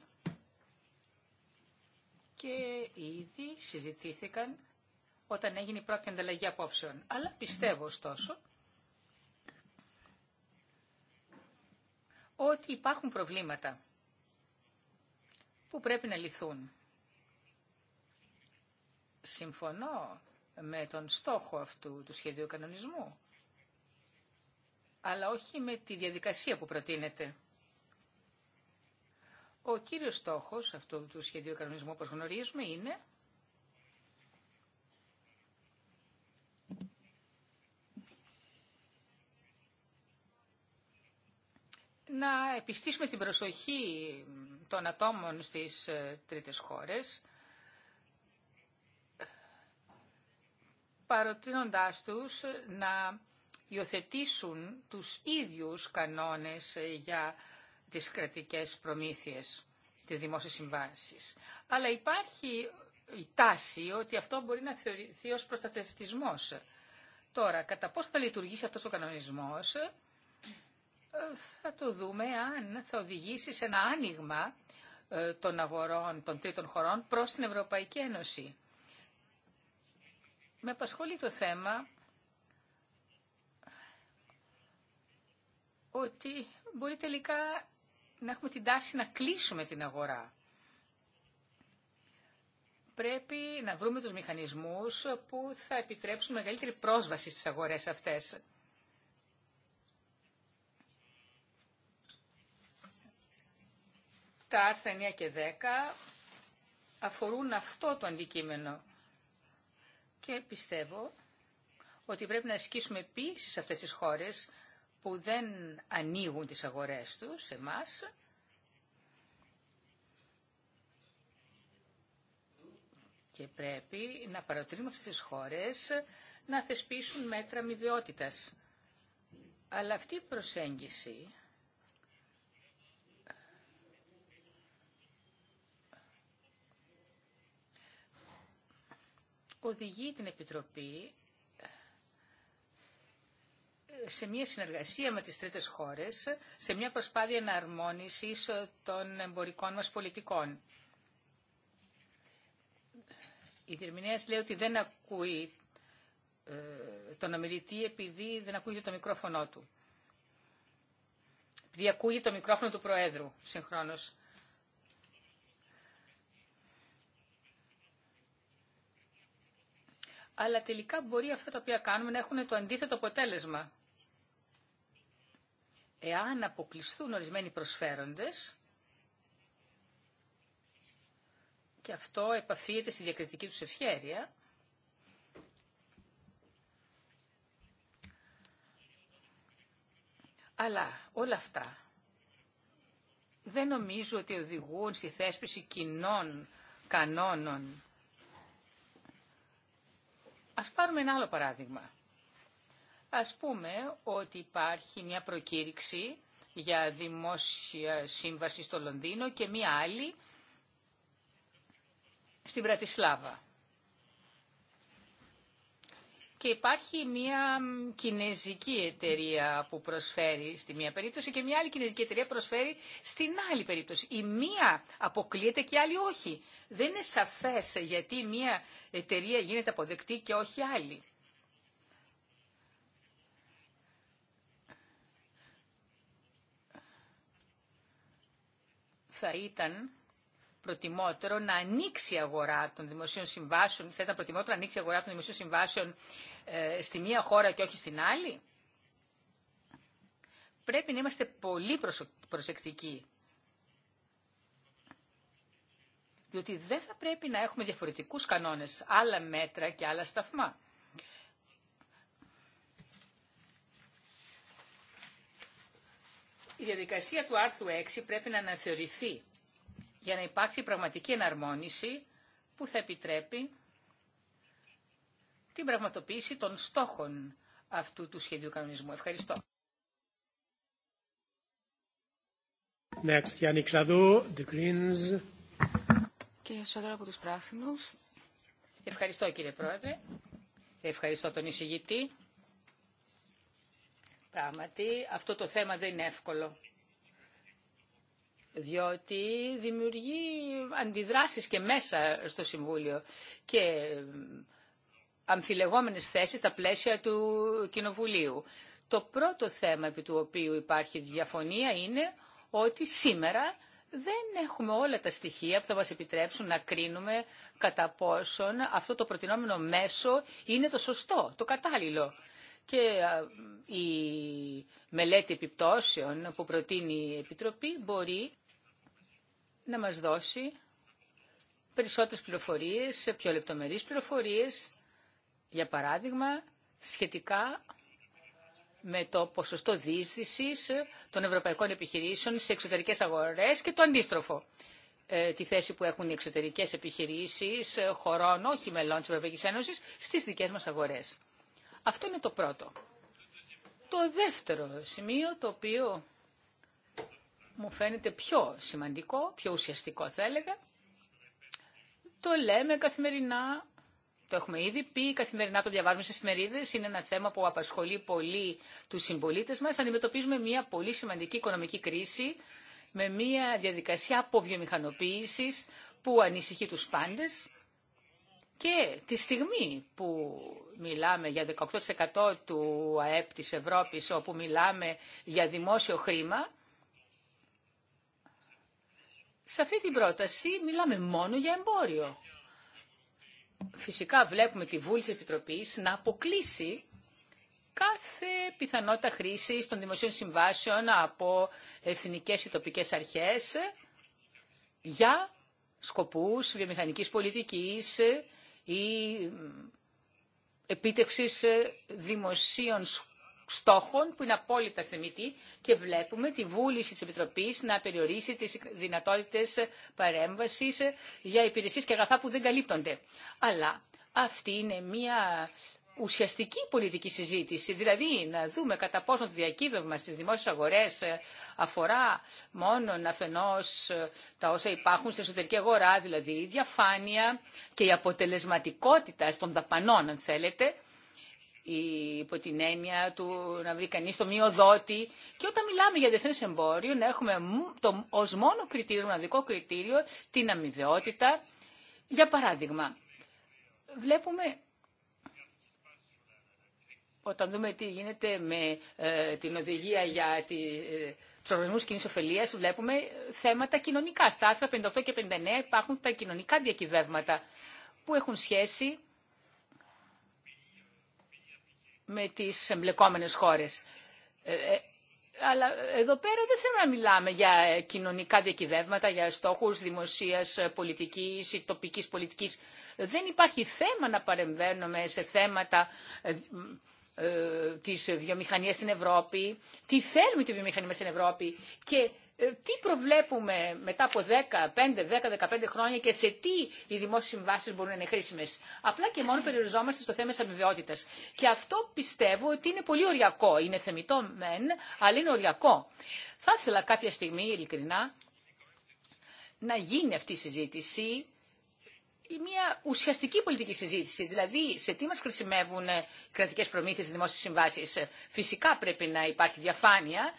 και ήδη συζητήθηκαν όταν έγινε η πρώτη ανταλλαγή απόψεων. Αλλά πιστεύω ωστόσο ότι υπάρχουν προβλήματα που πρέπει να λυθούν. Συμφωνώ με τον στόχο αυτού του σχεδίου κανονισμού, αλλά όχι με τη διαδικασία που προτείνεται. Ο κύριος στόχος αυτού του σχεδίου κανονισμού, όπως γνωρίζουμε, είναι να επιστήσουμε την προσοχή των ατόμων στις ε, τρίτες χώρες, παροτρύνοντάς τους να υιοθετήσουν τους ίδιους κανόνες ε, για τις κρατικές προμήθειες, τις Δημόσιας συμβάσεις. Αλλά υπάρχει η τάση ότι αυτό μπορεί να θεωρηθεί ως προστατευτισμός. Τώρα, κατά πώς θα λειτουργήσει αυτός ο κανονισμός, θα το δούμε αν θα οδηγήσει σε ένα άνοιγμα ε, των αγορών των τρίτων χωρών προς την Ευρωπαϊκή Ένωση. Με απασχολεί το θέμα ότι μπορεί τελικά να έχουμε την τάση να κλείσουμε την αγορά. Πρέπει να βρούμε τους μηχανισμούς που θα επιτρέψουν μεγαλύτερη πρόσβαση στις αγορές αυτές. Τα άρθρα 9 και 10 αφορούν αυτό το αντικείμενο. Και πιστεύω ότι πρέπει να ασκήσουμε πίεση σε αυτές τις χώρες που δεν ανοίγουν τις αγορές τους σε μάς Και πρέπει να παρατηρούμε αυτές τις χώρες να θεσπίσουν μέτρα βιότητας. Αλλά αυτή η προσέγγιση οδηγεί την Επιτροπή ε, σε μια συνεργασία με τις τρίτες χώρες, σε μια προσπάθεια εναρμόνισης ε, των εμπορικών μας πολιτικών. Η Διερμηνέα λέει ότι δεν ακούει ε, τον ομιλητή επειδή δεν ακούει το μικρόφωνο του. Επειδή το μικρόφωνο του Προέδρου συγχρόνως. αλλά τελικά μπορεί αυτά τα οποία κάνουμε να έχουν το αντίθετο αποτέλεσμα. Εάν αποκλειστούν ορισμένοι προσφέροντες, και αυτό επαφείεται στη διακριτική τους ευχέρεια, αλλά όλα αυτά δεν νομίζω ότι οδηγούν στη θέσπιση κοινών κανόνων Ας πάρουμε ένα άλλο παράδειγμα. Ας πούμε ότι υπάρχει μια προκήρυξη για δημόσια σύμβαση στο Λονδίνο και μια άλλη στην Πρατισλάβα και υπάρχει μια κινέζικη εταιρεία που προσφέρει στη μία περίπτωση και μια άλλη κινέζικη εταιρεία προσφέρει στην άλλη περίπτωση. Η μία αποκλείεται και η άλλη όχι. Δεν είναι σαφές γιατί μία εταιρεία γίνεται αποδεκτή και όχι άλλη. Θα ήταν προτιμότερο να ανοίξει η αγορά των δημοσίων συμβάσεων, θα ήταν προτιμότερο να ανοίξει η αγορά των δημοσίων συμβάσεων ε, στη μία χώρα και όχι στην άλλη. Πρέπει να είμαστε πολύ προσεκτικοί. Διότι δεν θα πρέπει να έχουμε διαφορετικούς κανόνες, άλλα μέτρα και άλλα σταθμά. Η διαδικασία του άρθρου 6 πρέπει να αναθεωρηθεί για να υπάρξει πραγματική εναρμόνιση που θα επιτρέπει την πραγματοποίηση των στόχων αυτού του σχεδίου κανονισμού. Ευχαριστώ. Next, The Greens. Κύριε από τους Πράσινους. Ευχαριστώ κύριε Πρόεδρε. Ευχαριστώ τον εισηγητή. Πράγματι, αυτό το θέμα δεν είναι εύκολο διότι δημιουργεί αντιδράσεις και μέσα στο Συμβούλιο και αμφιλεγόμενες θέσεις στα πλαίσια του Κοινοβουλίου. Το πρώτο θέμα επί του οποίου υπάρχει διαφωνία είναι ότι σήμερα δεν έχουμε όλα τα στοιχεία που θα μας επιτρέψουν να κρίνουμε κατά πόσον αυτό το προτινόμενο μέσο είναι το σωστό, το κατάλληλο. Και η μελέτη επιπτώσεων που προτείνει η Επιτροπή μπορεί να μας δώσει περισσότερες πληροφορίες, πιο λεπτομερείς πληροφορίες, για παράδειγμα, σχετικά με το ποσοστό δίσδυσης των ευρωπαϊκών επιχειρήσεων σε εξωτερικές αγορές και το αντίστροφο. Ε, τη θέση που έχουν οι εξωτερικές επιχειρήσεις ε, χωρών, όχι μελών της Ευρωπαϊκής Ένωσης, στις δικές μας αγορές. Αυτό είναι το πρώτο. Το δεύτερο σημείο το οποίο μου φαίνεται πιο σημαντικό, πιο ουσιαστικό θα έλεγα. Το λέμε καθημερινά, το έχουμε ήδη πει, καθημερινά το διαβάζουμε σε εφημερίδε. Είναι ένα θέμα που απασχολεί πολύ του συμπολίτε μα. Αντιμετωπίζουμε μια πολύ σημαντική οικονομική κρίση με μια διαδικασία αποβιομηχανοποίηση που ανησυχεί του πάντε. Και τη στιγμή που μιλάμε για 18% του ΑΕΠ της Ευρώπης, όπου μιλάμε για δημόσιο χρήμα, σε αυτή την πρόταση μιλάμε μόνο για εμπόριο. Φυσικά βλέπουμε τη Βούλη της Επιτροπής να αποκλείσει κάθε πιθανότητα χρήσης των δημοσίων συμβάσεων από εθνικές ή τοπικές αρχές για σκοπούς βιομηχανικής πολιτικής ή επίτευξης δημοσίων σκοπών στόχων που είναι απόλυτα θεμητή και βλέπουμε τη βούληση της Επιτροπής να περιορίσει τις δυνατότητες παρέμβασης για υπηρεσίες και αγαθά που δεν καλύπτονται. Αλλά αυτή είναι μια ουσιαστική πολιτική συζήτηση, δηλαδή να δούμε κατά πόσο το διακύβευμα στις δημόσιες αγορές αφορά μόνο αφενός τα όσα υπάρχουν στην εσωτερική αγορά, δηλαδή η διαφάνεια και η αποτελεσματικότητα των δαπανών, αν θέλετε, υπό την έννοια του να βρει κανείς το μειοδότη. Και όταν μιλάμε για διεθνέ εμπόριο, να έχουμε ω μόνο κριτήριο, μοναδικό κριτήριο, την αμοιβαιότητα. Για παράδειγμα, βλέπουμε όταν δούμε τι γίνεται με ε, την οδηγία για τη, ε, του οργανισμού κοινή ωφελία, βλέπουμε θέματα κοινωνικά. Στα άρθρα 58 και 59 υπάρχουν τα κοινωνικά διακυβεύματα που έχουν σχέση με τις εμπλεκόμενες χώρες. Ε, ε, αλλά εδώ πέρα δεν θέλουμε να μιλάμε για κοινωνικά διακυβεύματα, για στόχους δημοσίας ε, πολιτικής ή τοπικής πολιτικής. Δεν υπάρχει θέμα να παρεμβαίνουμε σε θέματα της βιομηχανίας στην Ευρώπη. Τι θέλουμε τη βιομηχανία στην Ευρώπη και ε, τι προβλέπουμε μετά από 10, 5, 10, 15 χρόνια και σε τι οι δημόσιε συμβάσει μπορούν να είναι χρήσιμε. Απλά και μόνο περιοριζόμαστε στο θέμα τη αμοιβαιότητα. Και αυτό πιστεύω ότι είναι πολύ οριακό. Είναι θεμητό μεν, αλλά είναι οριακό. Θα ήθελα κάποια στιγμή, ειλικρινά, να γίνει αυτή η συζήτηση η μια ουσιαστική πολιτική συζήτηση, δηλαδή σε τι μα χρησιμεύουν οι ε, κρατικές προμήθειες και δημόσιες συμβάσεις. Ε, φυσικά πρέπει να υπάρχει διαφάνεια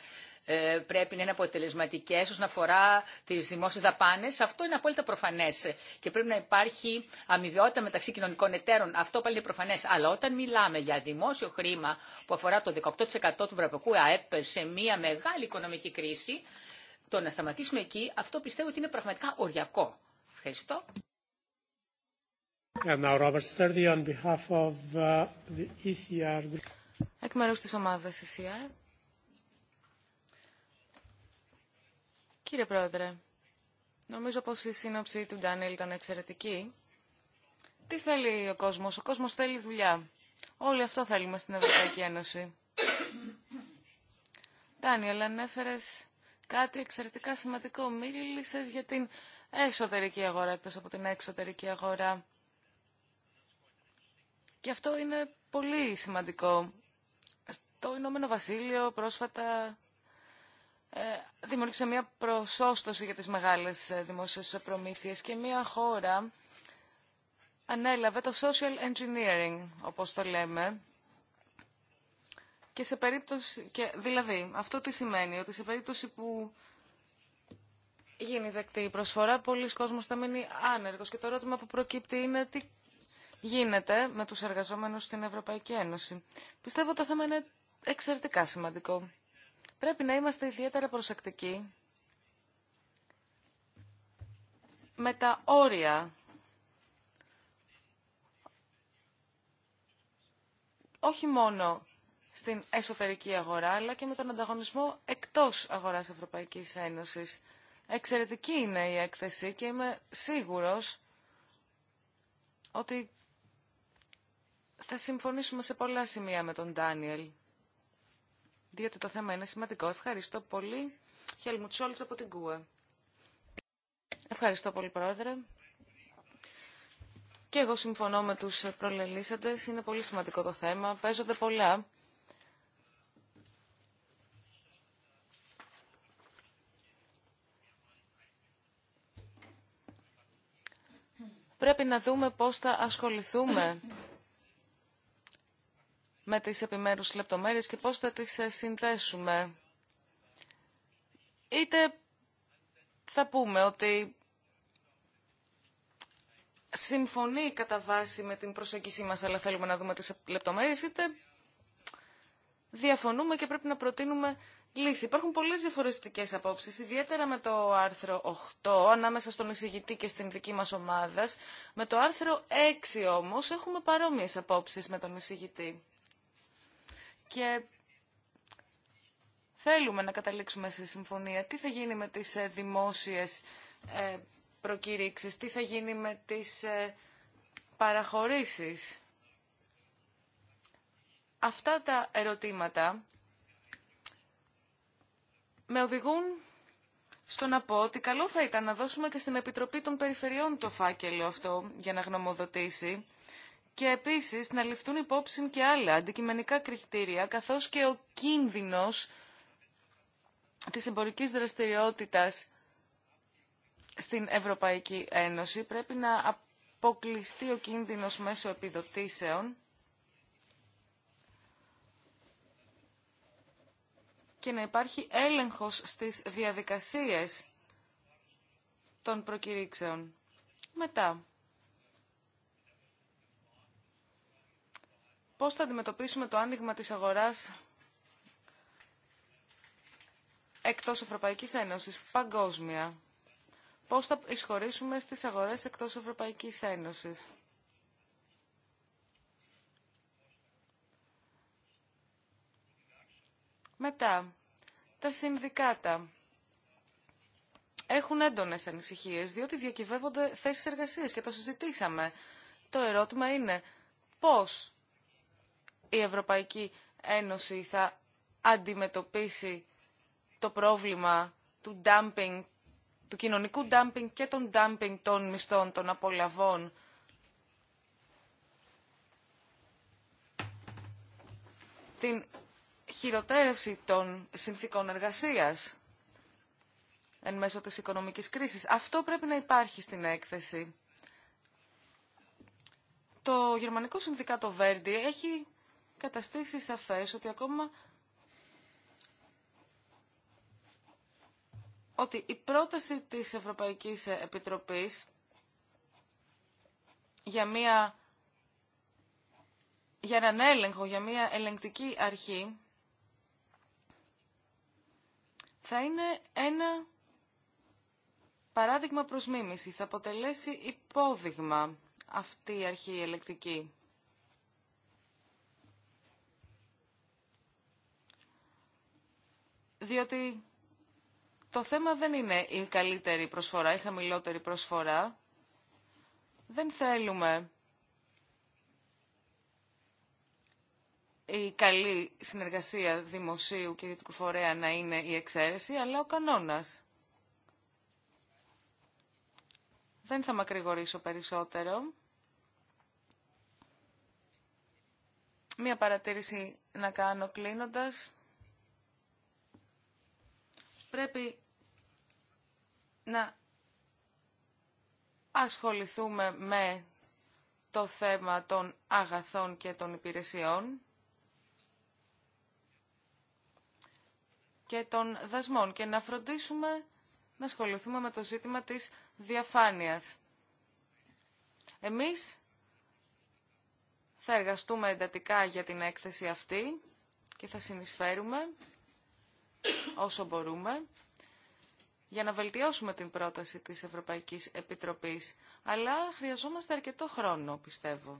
ε, πρέπει να είναι αποτελεσματικέ όσον αφορά τι δημόσιε δαπάνε. Αυτό είναι απόλυτα προφανέ και πρέπει να υπάρχει αμοιβαιότητα μεταξύ κοινωνικών εταίρων. Αυτό πάλι είναι προφανέ. Αλλά όταν μιλάμε για δημόσιο χρήμα που αφορά το 18% του Ευρωπαϊκού ΑΕΠ σε μια μεγάλη οικονομική κρίση, το να σταματήσουμε εκεί, αυτό πιστεύω ότι είναι πραγματικά οριακό. Ευχαριστώ. Εκ μέρους της ομάδας ECR. Κύριε Πρόεδρε, νομίζω πως η σύνοψη του Ντάνιελ ήταν εξαιρετική. Τι θέλει ο κόσμος. Ο κόσμος θέλει δουλειά. Όλοι αυτό θέλουμε στην Ευρωπαϊκή Ένωση. Ντάνιελ, ανέφερε κάτι εξαιρετικά σημαντικό. Μίλησε για την εσωτερική αγορά εκτός από την εξωτερική αγορά. Και αυτό είναι πολύ σημαντικό. Το Ηνωμένο Βασίλειο πρόσφατα ε, δημιούργησε μια προσώστοση για τις μεγάλες ε, δημόσιες προμήθειες και μια χώρα ανέλαβε το social engineering, όπως το λέμε, και σε περίπτωση, και, δηλαδή, αυτό τι σημαίνει, ότι σε περίπτωση που γίνει δεκτή η προσφορά, πολλοί κόσμος θα μείνει άνεργος. Και το ερώτημα που προκύπτει είναι τι γίνεται με τους εργαζόμενους στην Ευρωπαϊκή Ένωση. Πιστεύω το θέμα είναι εξαιρετικά σημαντικό. Πρέπει να είμαστε ιδιαίτερα προσεκτικοί με τα όρια όχι μόνο στην εσωτερική αγορά, αλλά και με τον ανταγωνισμό εκτός αγοράς Ευρωπαϊκής Ένωσης. Εξαιρετική είναι η έκθεση και είμαι σίγουρος ότι θα συμφωνήσουμε σε πολλά σημεία με τον Ντάνιελ διότι το θέμα είναι σημαντικό. Ευχαριστώ πολύ. Χέλμουτ από την ΚΟΕ. Ευχαριστώ πολύ, Πρόεδρε. Και εγώ συμφωνώ με τους προλελήσαντες. Είναι πολύ σημαντικό το θέμα. Παίζονται πολλά. Πρέπει να δούμε πώς θα ασχοληθούμε με τις επιμέρους λεπτομέρειες και πώς θα τις ε, συνδέσουμε. Είτε θα πούμε ότι συμφωνεί κατά βάση με την προσέγγιση μας, αλλά θέλουμε να δούμε τις λεπτομέρειες, είτε διαφωνούμε και πρέπει να προτείνουμε λύση. Υπάρχουν πολλές διαφορετικές απόψεις, ιδιαίτερα με το άρθρο 8, ανάμεσα στον εισηγητή και στην δική μας ομάδα. Με το άρθρο 6 όμως έχουμε παρόμοιες απόψεις με τον εισηγητή και θέλουμε να καταλήξουμε σε συμφωνία. Τι θα γίνει με τις ε, δημόσιες ε, προκήρυξεις, τι θα γίνει με τις ε, παραχωρήσεις. Αυτά τα ερωτήματα με οδηγούν στο να πω ότι καλό θα ήταν να δώσουμε και στην Επιτροπή των Περιφερειών το φάκελο αυτό για να γνωμοδοτήσει και επίσης να ληφθούν υπόψη και άλλα αντικειμενικά κριτήρια, καθώς και ο κίνδυνος της εμπορική δραστηριότητας στην Ευρωπαϊκή Ένωση. Πρέπει να αποκλειστεί ο κίνδυνος μέσω επιδοτήσεων και να υπάρχει έλεγχος στις διαδικασίες των προκηρύξεων. Μετά, Πώς θα αντιμετωπίσουμε το άνοιγμα της αγοράς εκτός Ευρωπαϊκής Ένωσης, παγκόσμια. Πώς θα εισχωρήσουμε στις αγορές εκτός Ευρωπαϊκής Ένωσης. Μετά, τα συνδικάτα έχουν έντονες ανησυχίες, διότι διακυβεύονται θέσεις εργασίας και το συζητήσαμε. Το ερώτημα είναι πώς η Ευρωπαϊκή Ένωση θα αντιμετωπίσει το πρόβλημα του dumping, του κοινωνικού dumping και των dumping των μισθών, των απολαβών. Την χειροτέρευση των συνθήκων εργασίας εν μέσω της οικονομικής κρίσης. Αυτό πρέπει να υπάρχει στην έκθεση. Το Γερμανικό Συνδικάτο Βέρντι έχει καταστήσει σαφές ότι ακόμα ότι η πρόταση της Ευρωπαϊκής Επιτροπής για, μια, για έναν έλεγχο, για μια ελεγκτική αρχή, θα είναι ένα παράδειγμα προς μίμηση, θα αποτελέσει υπόδειγμα αυτή η αρχή ελεκτική. διότι το θέμα δεν είναι η καλύτερη προσφορά, η χαμηλότερη προσφορά. Δεν θέλουμε η καλή συνεργασία δημοσίου και ιδιωτικού φορέα να είναι η εξαίρεση, αλλά ο κανόνας. Δεν θα μακρηγορήσω περισσότερο. Μία παρατήρηση να κάνω κλείνοντας πρέπει να ασχοληθούμε με το θέμα των αγαθών και των υπηρεσιών και των δασμών και να φροντίσουμε να ασχοληθούμε με το ζήτημα της διαφάνειας. Εμείς θα εργαστούμε εντατικά για την έκθεση αυτή και θα συνεισφέρουμε όσο μπορούμε για να βελτιώσουμε την πρόταση της Ευρωπαϊκής Επιτροπής, αλλά χρειαζόμαστε αρκετό χρόνο, πιστεύω.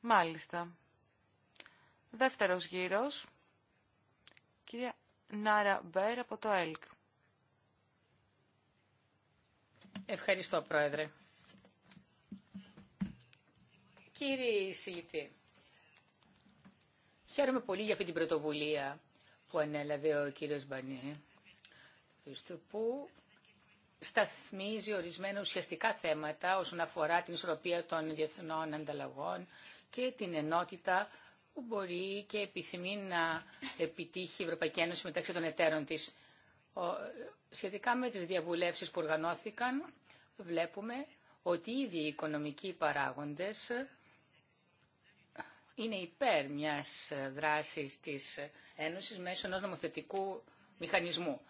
Μάλιστα. Δεύτερος γύρος. Κυρία Νάρα Μπέρ από το ΕΛΚ. Ευχαριστώ, Πρόεδρε. Κύριε Σιγητή, χαίρομαι πολύ για αυτή την πρωτοβουλία που ανέλαβε ο κύριος Μπανί, που σταθμίζει ορισμένα ουσιαστικά θέματα όσον αφορά την ισορροπία των διεθνών ανταλλαγών και την ενότητα που μπορεί και επιθυμεί να επιτύχει η Ευρωπαϊκή Ένωση μεταξύ των εταίρων της. Σχετικά με τις διαβουλεύσεις που οργανώθηκαν, βλέπουμε ότι ήδη οι οικονομικοί παράγοντες είναι υπέρ μιας δράσης της Ένωσης μέσω ενός νομοθετικού μηχανισμού.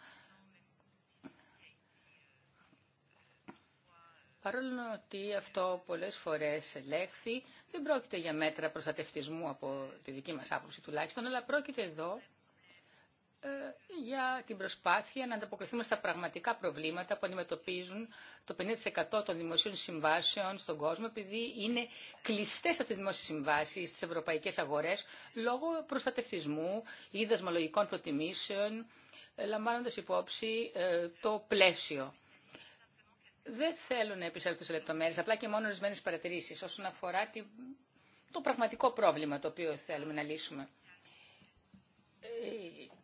Παρόλο ότι αυτό πολλές φορές ελέγχθη, δεν πρόκειται για μέτρα προστατευτισμού από τη δική μας άποψη τουλάχιστον, αλλά πρόκειται εδώ ε, για την προσπάθεια να ανταποκριθούμε στα πραγματικά προβλήματα που αντιμετωπίζουν το 50% των δημοσίων συμβάσεων στον κόσμο, επειδή είναι κλειστέ αυτέ οι δημόσιε συμβάσει στι ευρωπαϊκέ αγορέ λόγω προστατευτισμού ή δεσμολογικών προτιμήσεων, ε, λαμβάνοντα υπόψη ε, το πλαίσιο. Δεν θέλω να επισέλθω σε λεπτομέρειε, απλά και μόνο ορισμένε παρατηρήσει όσον αφορά το πραγματικό πρόβλημα το οποίο θέλουμε να λύσουμε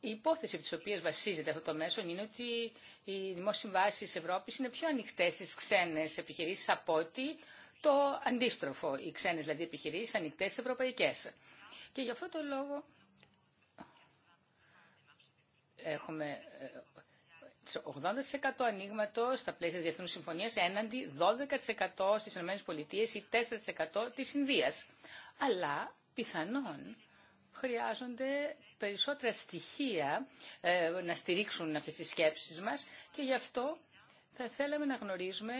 η υπόθεση από οποία βασίζεται αυτό το μέσο είναι ότι οι δημόσιε συμβάσει τη Ευρώπη είναι πιο ανοιχτέ στι ξένε επιχειρήσει από ότι το αντίστροφο. Οι ξένε δηλαδή επιχειρήσει ανοιχτέ στι ευρωπαϊκέ. Και γι' αυτό το λόγο έχουμε 80% ε, ανοίγματο στα πλαίσια διεθνού Συμφωνίας, έναντι 12% στι ΗΠΑ ή 4% τη Ινδίας. Αλλά πιθανόν χρειάζονται περισσότερα στοιχεία ε, να στηρίξουν αυτές τις σκέψεις μας και γι' αυτό θα θέλαμε να γνωρίζουμε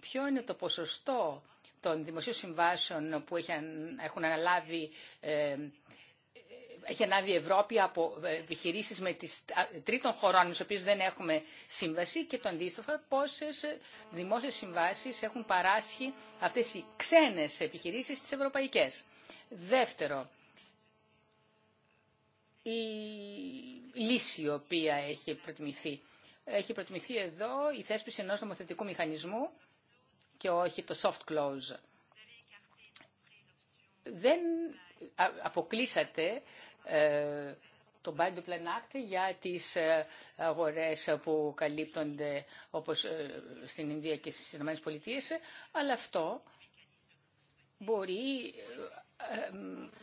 ποιο είναι το ποσοστό των δημοσίων συμβάσεων που έχουν αναλάβει ε, έχει ανάβει η Ευρώπη από ε, επιχειρήσει με τις τρίτων χωρών με τις οποίες δεν έχουμε σύμβαση και το αντίστοιχο πόσες δημόσιες συμβάσεις έχουν παράσχει αυτέ οι ξένες επιχειρήσεις τις ευρωπαϊκές. Δεύτερο, η λύση η οποία έχει προτιμηθεί. Έχει προτιμηθεί εδώ η θέσπιση ενός νομοθετικού μηχανισμού και όχι το soft close. Δεν αποκλείσατε ε, το Buy the Plan Act για τις ε, αγορές που καλύπτονται όπως ε, στην Ινδία και στις ΗΠΑ, αλλά αυτό μπορεί ε,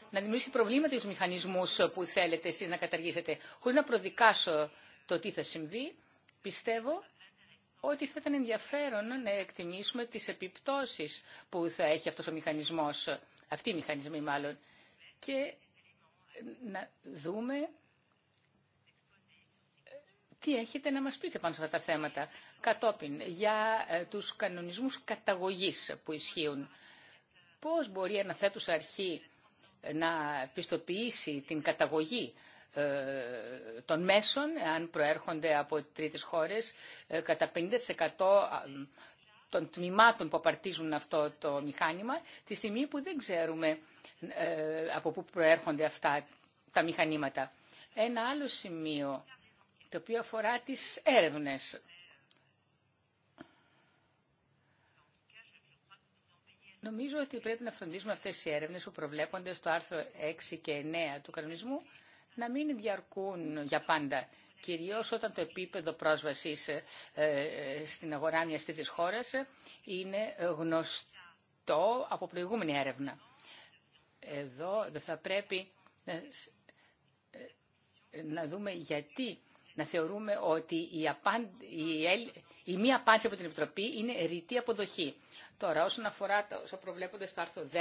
να δημιουργήσει προβλήματα στους μηχανισμούς που θέλετε εσείς να καταργήσετε. Χωρίς να προδικάσω το τι θα συμβεί, πιστεύω ότι θα ήταν ενδιαφέρον να εκτιμήσουμε τις επιπτώσεις που θα έχει αυτός ο μηχανισμός, αυτοί οι μηχανισμοί μάλλον, και να δούμε τι έχετε να μας πείτε πάνω σε αυτά τα θέματα κατόπιν για ε, τους κανονισμούς καταγωγής που ισχύουν Πώς μπορεί ένα θέτος αρχή να πιστοποιήσει την καταγωγή ε, των μέσων, αν προέρχονται από τρίτες χώρες, ε, κατά 50% των τμήματων που απαρτίζουν αυτό το μηχάνημα, τη στιγμή που δεν ξέρουμε ε, από πού προέρχονται αυτά τα μηχανήματα. Ένα άλλο σημείο το οποίο αφορά τις έρευνες. Νομίζω ότι πρέπει να φροντίσουμε αυτέ οι έρευνε που προβλέπονται στο άρθρο 6 και 9 του κανονισμού να μην διαρκούν για πάντα. Κυρίως όταν το επίπεδο πρόσβασης ε, ε, στην αγορά μιας τέτοια χώρας είναι γνωστό από προηγούμενη έρευνα. Εδώ δεν θα πρέπει ε, να δούμε γιατί να θεωρούμε ότι η, απάντηση η μία απάντηση από την Επιτροπή είναι ρητή αποδοχή. Τώρα, όσον αφορά το, όσο προβλέπονται στο άρθρο 10,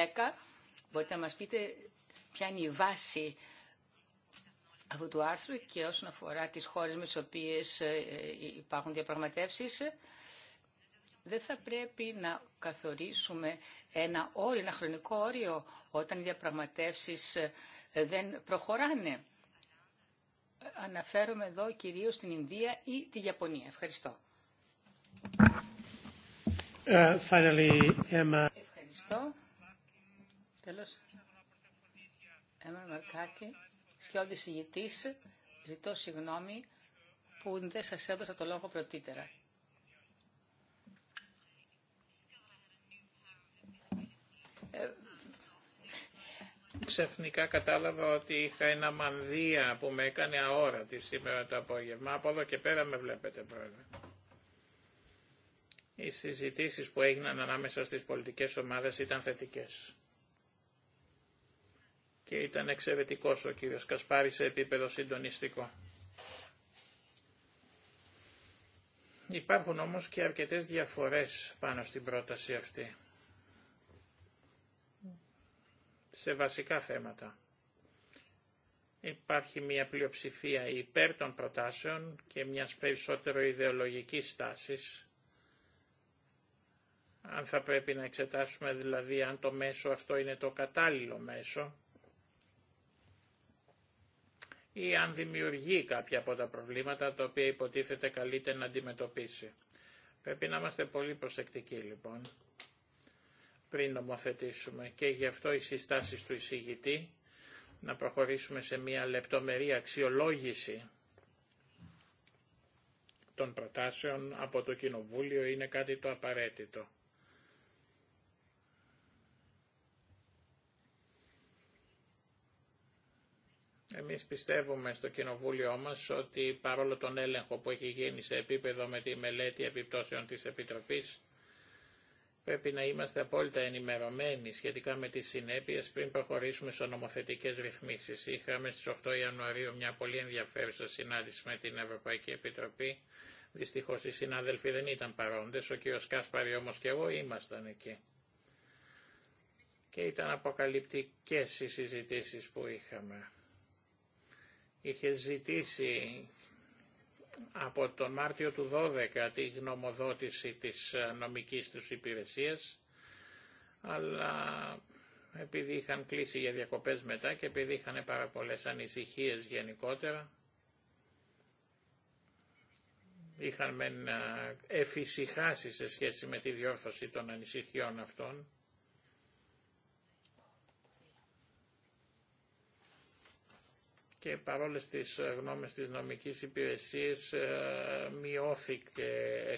μπορείτε να μας πείτε ποια είναι η βάση αυτού του άρθρου και όσον αφορά τις χώρες με τις οποίες ε, υπάρχουν διαπραγματεύσεις, δεν θα πρέπει να καθορίσουμε ένα όριο, ένα χρονικό όριο όταν οι διαπραγματεύσεις ε, δεν προχωράνε. Αναφέρομαι εδώ κυρίως στην Ινδία ή τη Ιαπωνία. Ευχαριστώ. Ε, Ευχαριστώ. Τέλος. Έμα Μαρκάκη, σκιώδης ζητώ συγγνώμη που δεν σα έδωσα το λόγο πρωτήτερα. Ε, Ξεφνικά κατάλαβα ότι είχα ένα μανδύα που με έκανε αόρατη σήμερα το απόγευμα. Από εδώ και πέρα με βλέπετε πρόεδρε οι συζητήσεις που έγιναν ανάμεσα στις πολιτικές ομάδες ήταν θετικές. Και ήταν εξαιρετικός ο κύριος Κασπάρη σε επίπεδο συντονιστικό. Υπάρχουν όμως και αρκετές διαφορές πάνω στην πρόταση αυτή. Σε βασικά θέματα. Υπάρχει μια πλειοψηφία υπέρ των προτάσεων και μιας περισσότερο ιδεολογικής στάση. Αν θα πρέπει να εξετάσουμε δηλαδή αν το μέσο αυτό είναι το κατάλληλο μέσο ή αν δημιουργεί κάποια από τα προβλήματα τα οποία υποτίθεται καλύτερα να αντιμετωπίσει. Πρέπει να είμαστε πολύ προσεκτικοί λοιπόν πριν νομοθετήσουμε και γι' αυτό οι συστάσεις του εισηγητή να προχωρήσουμε σε μια λεπτομερή αξιολόγηση των προτάσεων από το Κοινοβούλιο είναι κάτι το απαραίτητο. Εμείς πιστεύουμε στο κοινοβούλιο μας ότι παρόλο τον έλεγχο που έχει γίνει σε επίπεδο με τη μελέτη επιπτώσεων της Επιτροπής, πρέπει να είμαστε απόλυτα ενημερωμένοι σχετικά με τις συνέπειες πριν προχωρήσουμε σε νομοθετικές ρυθμίσεις. Είχαμε στις 8 Ιανουαρίου μια πολύ ενδιαφέρουσα συνάντηση με την Ευρωπαϊκή Επιτροπή. Δυστυχώς οι συνάδελφοι δεν ήταν παρόντες, ο κ. Κάσπαρη όμως και εγώ ήμασταν εκεί. Και ήταν αποκαλυπτικές οι συζητήσεις που είχαμε είχε ζητήσει από τον Μάρτιο του 12 τη γνωμοδότηση της νομικής τους υπηρεσίας, αλλά επειδή είχαν κλείσει για διακοπές μετά και επειδή είχαν πάρα πολλές ανησυχίες γενικότερα, είχαν μεν ε, εφησυχάσει σε σχέση με τη διόρθωση των ανησυχιών αυτών, και παρόλες τις ε, γνώμες της νομικής υπηρεσίας ε, μειώθηκε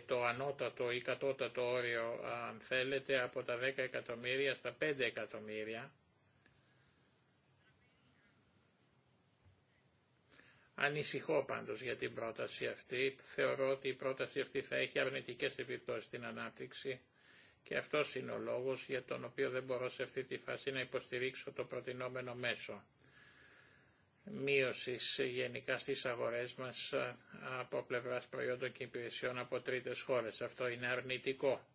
το ανώτατο ή κατώτατο όριο αν θέλετε από τα 10 εκατομμύρια στα 5 εκατομμύρια. Ανησυχώ πάντως για την πρόταση αυτή. Θεωρώ ότι η πρόταση αυτή θα έχει αρνητικές επιπτώσεις στην ανάπτυξη και αυτός είναι ο λόγος για τον οποίο δεν μπορώ σε αυτή τη φάση να υποστηρίξω το προτινόμενο μέσο μείωσης γενικά στις αγορές μας ε, από πλευράς προϊόντων και υπηρεσιών από τρίτες χώρες. Αυτό είναι αρνητικό.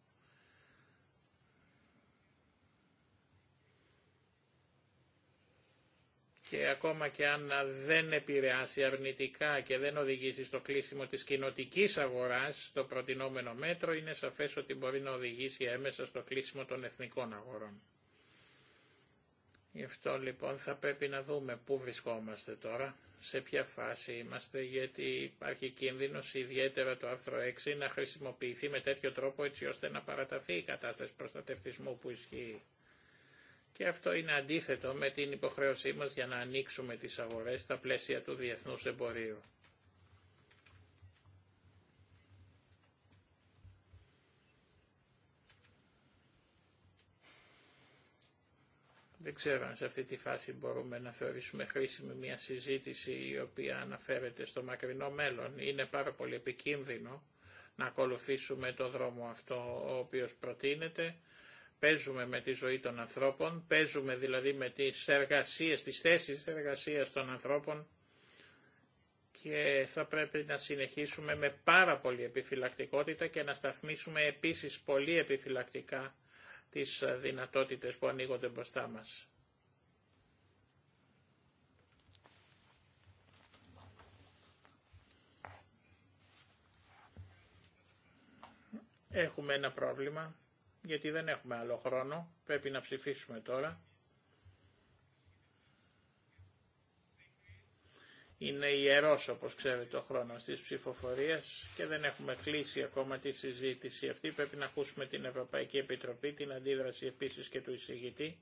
Και ακόμα και αν δεν επηρεάσει αρνητικά και δεν οδηγήσει στο κλείσιμο της κοινοτική αγοράς, το προτινόμενο μέτρο είναι σαφές ότι μπορεί να οδηγήσει έμεσα στο κλείσιμο των εθνικών αγορών. Γι' αυτό λοιπόν θα πρέπει να δούμε πού βρισκόμαστε τώρα, σε ποια φάση είμαστε, γιατί υπάρχει κίνδυνος ιδιαίτερα το άρθρο 6 να χρησιμοποιηθεί με τέτοιο τρόπο έτσι ώστε να παραταθεί η κατάσταση προστατευτισμού που ισχύει. Και αυτό είναι αντίθετο με την υποχρέωσή μας για να ανοίξουμε τις αγορές στα πλαίσια του διεθνούς εμπορίου. Δεν ξέρω αν σε αυτή τη φάση μπορούμε να θεωρήσουμε χρήσιμη μια συζήτηση η οποία αναφέρεται στο μακρινό μέλλον. Είναι πάρα πολύ επικίνδυνο να ακολουθήσουμε το δρόμο αυτό ο οποίος προτείνεται. Παίζουμε με τη ζωή των ανθρώπων, παίζουμε δηλαδή με τις εργασίες, τις θέσεις εργασίας των ανθρώπων και θα πρέπει να συνεχίσουμε με πάρα πολύ επιφυλακτικότητα και να σταθμίσουμε επίσης πολύ επιφυλακτικά τις ε, δυνατότητες που ανοίγονται μπροστά μας. Έχουμε ένα πρόβλημα, γιατί δεν έχουμε άλλο χρόνο, πρέπει να ψηφίσουμε τώρα. είναι ιερός όπως ξέρετε ο χρόνο της ψηφοφορίας και δεν έχουμε κλείσει ακόμα τη συζήτηση αυτή. Πρέπει να ακούσουμε την Ευρωπαϊκή Επιτροπή, την αντίδραση επίσης και του εισηγητή.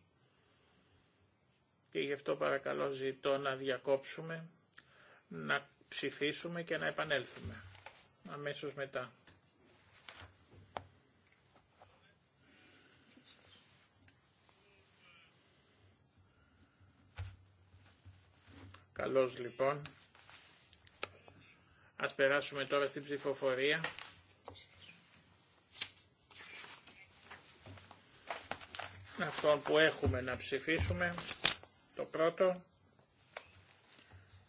Και γι' αυτό παρακαλώ ζητώ να διακόψουμε, να ψηφίσουμε και να επανέλθουμε αμέσως μετά. Καλώς λοιπόν. Ας περάσουμε τώρα στην ψηφοφορία. Αυτόν που έχουμε να ψηφίσουμε, το πρώτο,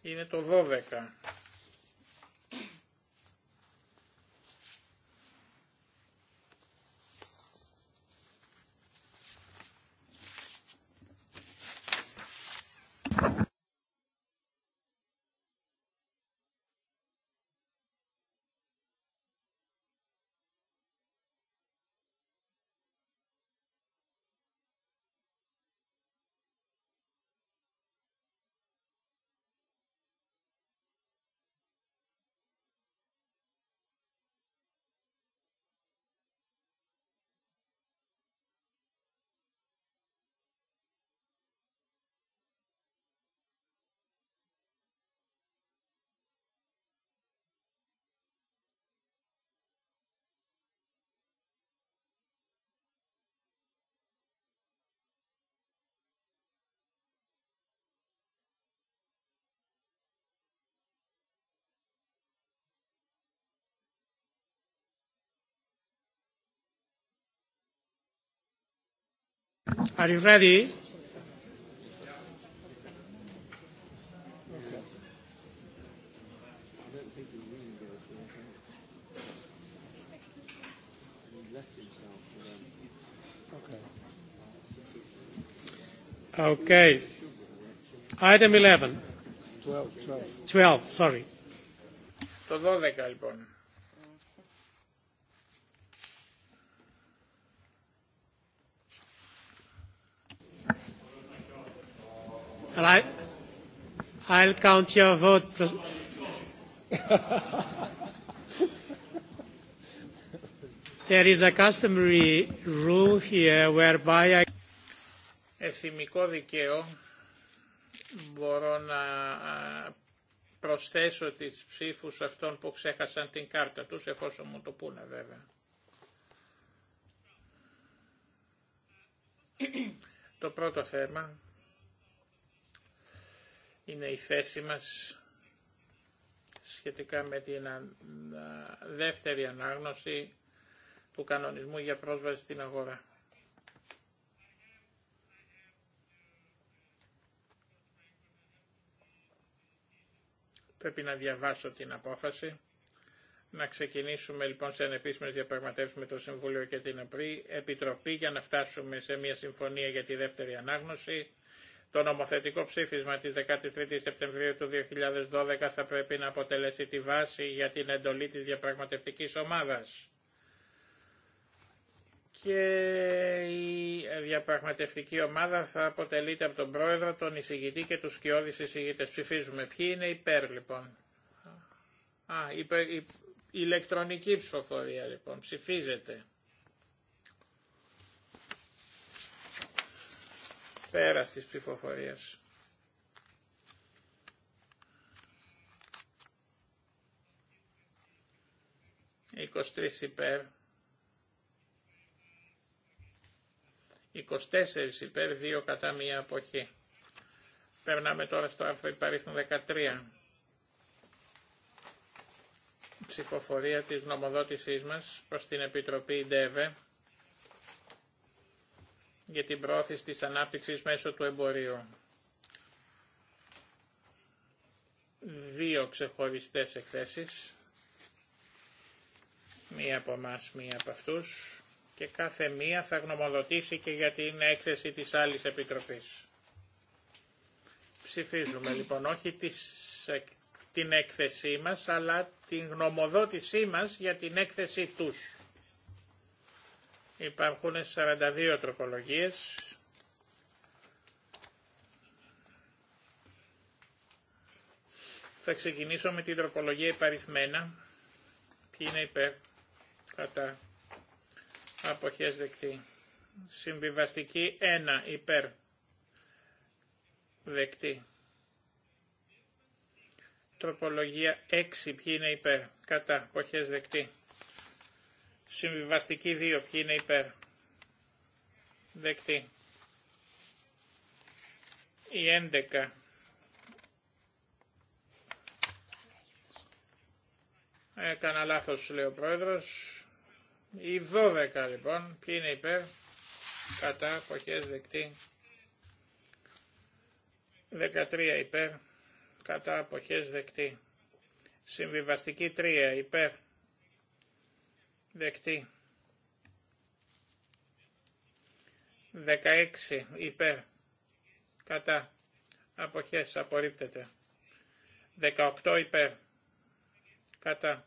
είναι το 12. Are you ready? Okay. Item 11. 12, 12. 12, sorry. Το 12 λοιπόν. I, δικαίω μπορώ να προσθέσω τις ψήφους αυτών που ξέχασαν την κάρτα τους, εφόσον μου το πούνε βέβαια. το πρώτο θέμα είναι η θέση μας σχετικά με την δεύτερη ανάγνωση του κανονισμού για πρόσβαση στην αγορά. Πρέπει να διαβάσω την απόφαση. Να ξεκινήσουμε λοιπόν σε ανεπίσημες διαπραγματεύσεις με το Συμβούλιο και την Επιτροπή για να φτάσουμε σε μια συμφωνία για τη δεύτερη ανάγνωση το νομοθετικό ψήφισμα της 13 η Σεπτεμβρίου του 2012 θα πρέπει να αποτελέσει τη βάση για την εντολή της διαπραγματευτικής ομάδας. Και η διαπραγματευτική ομάδα θα αποτελείται από τον πρόεδρο, τον εισηγητή και τους σκιώδεις εισηγητές. Ψηφίζουμε. Ποιοι είναι υπέρ λοιπόν. Α, η, ηλεκτρονική ψηφοφορία λοιπόν. Ψηφίζεται. πέρα της ψηφοφορίας. 23 υπέρ. 24 υπέρ, 2 κατά μία αποχή. Περνάμε τώρα στο άρθρο υπαρίθμου 13. Ψηφοφορία της νομοδότησής μας προς την Επιτροπή ΔΕΒΕ για την πρόθεση της ανάπτυξης μέσω του εμπορίου. Δύο ξεχωριστές εκθέσεις, μία από εμά μία από αυτούς και κάθε μία θα γνωμοδοτήσει και για την έκθεση της άλλης επιτροπής. Ψηφίζουμε λοιπόν όχι τις, την έκθεσή μας αλλά την γνωμοδότησή μας για την έκθεση τους. Υπάρχουν 42 τροπολογίες. Θα ξεκινήσω με την τροπολογία υπαριθμένα. Ποιοι είναι υπέρ, κατά, αποχές δεκτή. Συμβιβαστική 1 υπέρ, δεκτή. Τροπολογία 6, ποιοι είναι υπέρ, κατά, αποχές δεκτή. Συμβιβαστική 2. Ποιοι είναι υπέρ. Δεκτή. Η 11. Έκανα λάθος λέει ο πρόεδρος. Η 12 λοιπόν. Ποιοι είναι υπέρ. Κατά. Αποχές δεκτή. 13 υπέρ. Κατά. Αποχές δεκτή. Συμβιβαστική 3 υπέρ. Δεκτή. 16 υπέρ. Κατά. Αποχές. Απορρίπτεται. 18 υπέρ. Κατά.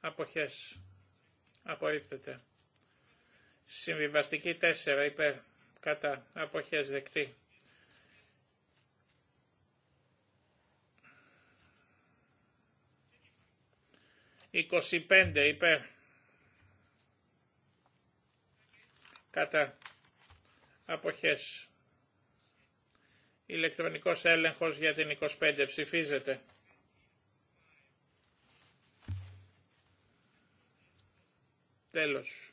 Αποχές. Απορρίπτεται. Συμβιβαστική 4 υπέρ. Κατά. Αποχές. Δεκτή. 25 υπέρ κατά αποχές. Ηλεκτρονικός έλεγχος για την 25 ψηφίζεται. Τέλος.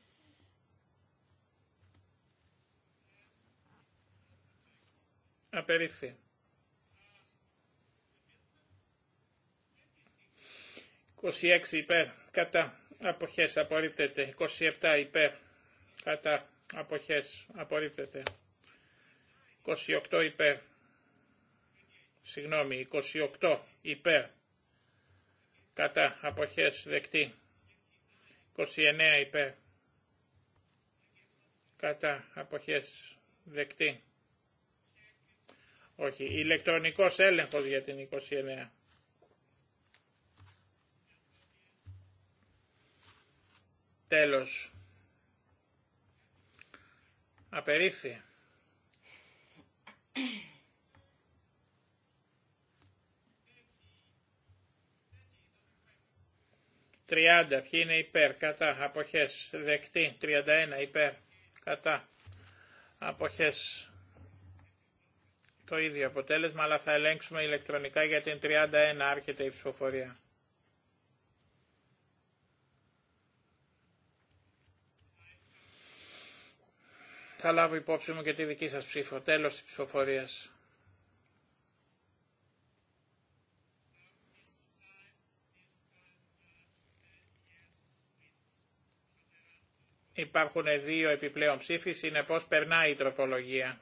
Απερίφθη. 26 υπέρ, κατά, αποχές απορρίπτεται, 27 υπέρ, κατά, αποχές, απορρίπτεται. 28 υπέρ, συγγνώμη, 28 υπέρ, κατά αποχές δεκτή. 29 υπέρ, κατά αποχές δεκτή. Όχι, ηλεκτρονικός έλεγχος για την 29. Τέλος. Απερίφθη. 30. Ποιοι είναι υπέρ, κατά, αποχές, δεκτή. 31. Υπέρ, κατά, αποχές. Το ίδιο αποτέλεσμα, αλλά θα ελέγξουμε ηλεκτρονικά για την 31. Άρχεται η ψηφοφορία. Θα λάβω υπόψη μου και τη δική σας ψήφο. Τέλος της ψηφοφορίας. Υπάρχουν δύο επιπλέον ψήφοι, συνεπώς περνάει η τροπολογία.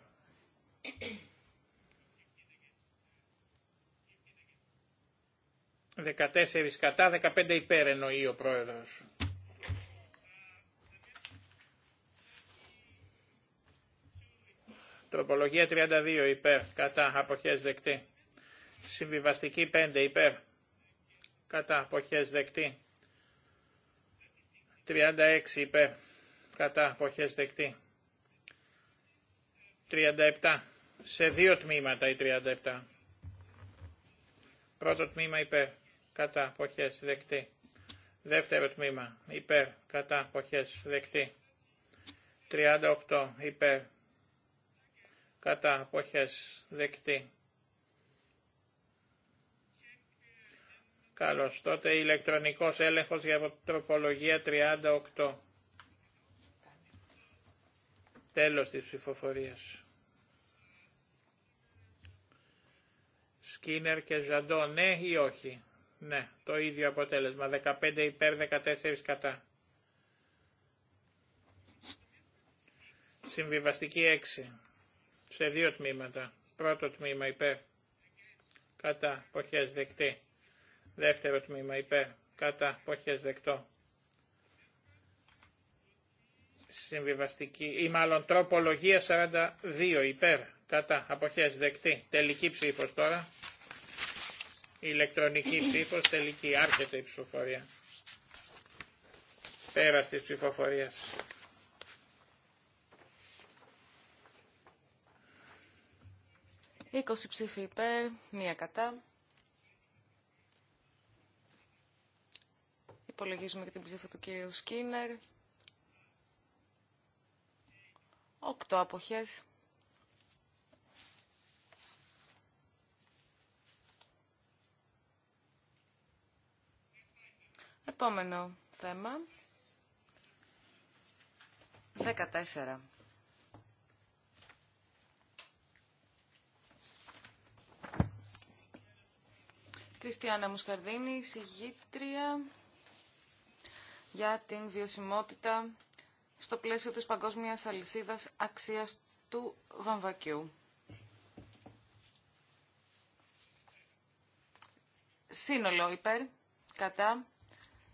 Δεκατέσσερις κατά, δεκαπέντε υπέρ εννοεί ο πρόεδρος. Τροπολογία 32 υπέρ, κατά αποχές δεκτή. Συμβιβαστική 5 υπέρ, κατά αποχές δεκτή. 36 υπέρ, κατά αποχές δεκτή. 37. Σε δύο τμήματα η 37. Πρώτο τμήμα υπέρ, κατά αποχές δεκτή. Δεύτερο τμήμα υπέρ, κατά αποχές δεκτή. 38 υπέρ, κατά αποχές δεκτή. Καλώς, τότε ηλεκτρονικός έλεγχος για τροπολογία 38. Τέλος της ψηφοφορίας. Σκίνερ και Ζαντό, ναι ή όχι. Ναι, το ίδιο αποτέλεσμα, 15 υπέρ, 14 κατά. Συμβιβαστική 6 σε δύο τμήματα. Πρώτο τμήμα υπέρ, κατά, ποχές δεκτή. Δεύτερο τμήμα υπέρ, κατά, ποχές δεκτό. Συμβιβαστική, ή μάλλον τροπολογία 42 υπέρ, κατά, αποχές δεκτή. Τελική ψήφος τώρα. Ηλεκτρονική ψήφος, τελική, άρχεται η ψηφοφορία. Πέρα της ψηφοφορίας. 20 ψήφοι υπέρ, μία κατά. Υπολογίζουμε και την ψήφο του κύριου Σκίνερ. 8 αποχές. Επόμενο θέμα. 14. Κριστιανά Μουσκαρδίνη, συγγήτρια για την βιωσιμότητα στο πλαίσιο της παγκόσμιας αλυσίδας αξίας του βαμβακιού. Σύνολο υπέρ, κατά,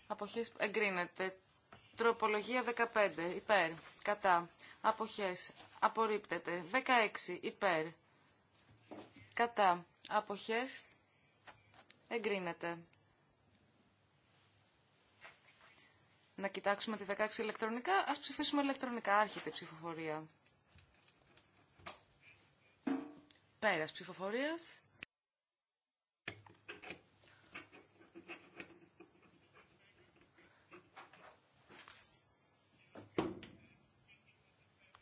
αποχές εγκρίνεται. Τροπολογία 15, υπέρ, κατά, αποχές, απορρίπτεται. 16, υπέρ, κατά, αποχές, Εγκρίνεται. Να κοιτάξουμε τη 16 ηλεκτρονικά. Ας ψηφίσουμε ηλεκτρονικά. Άρχεται η ψηφοφορία. Πέρας ψηφοφορίας.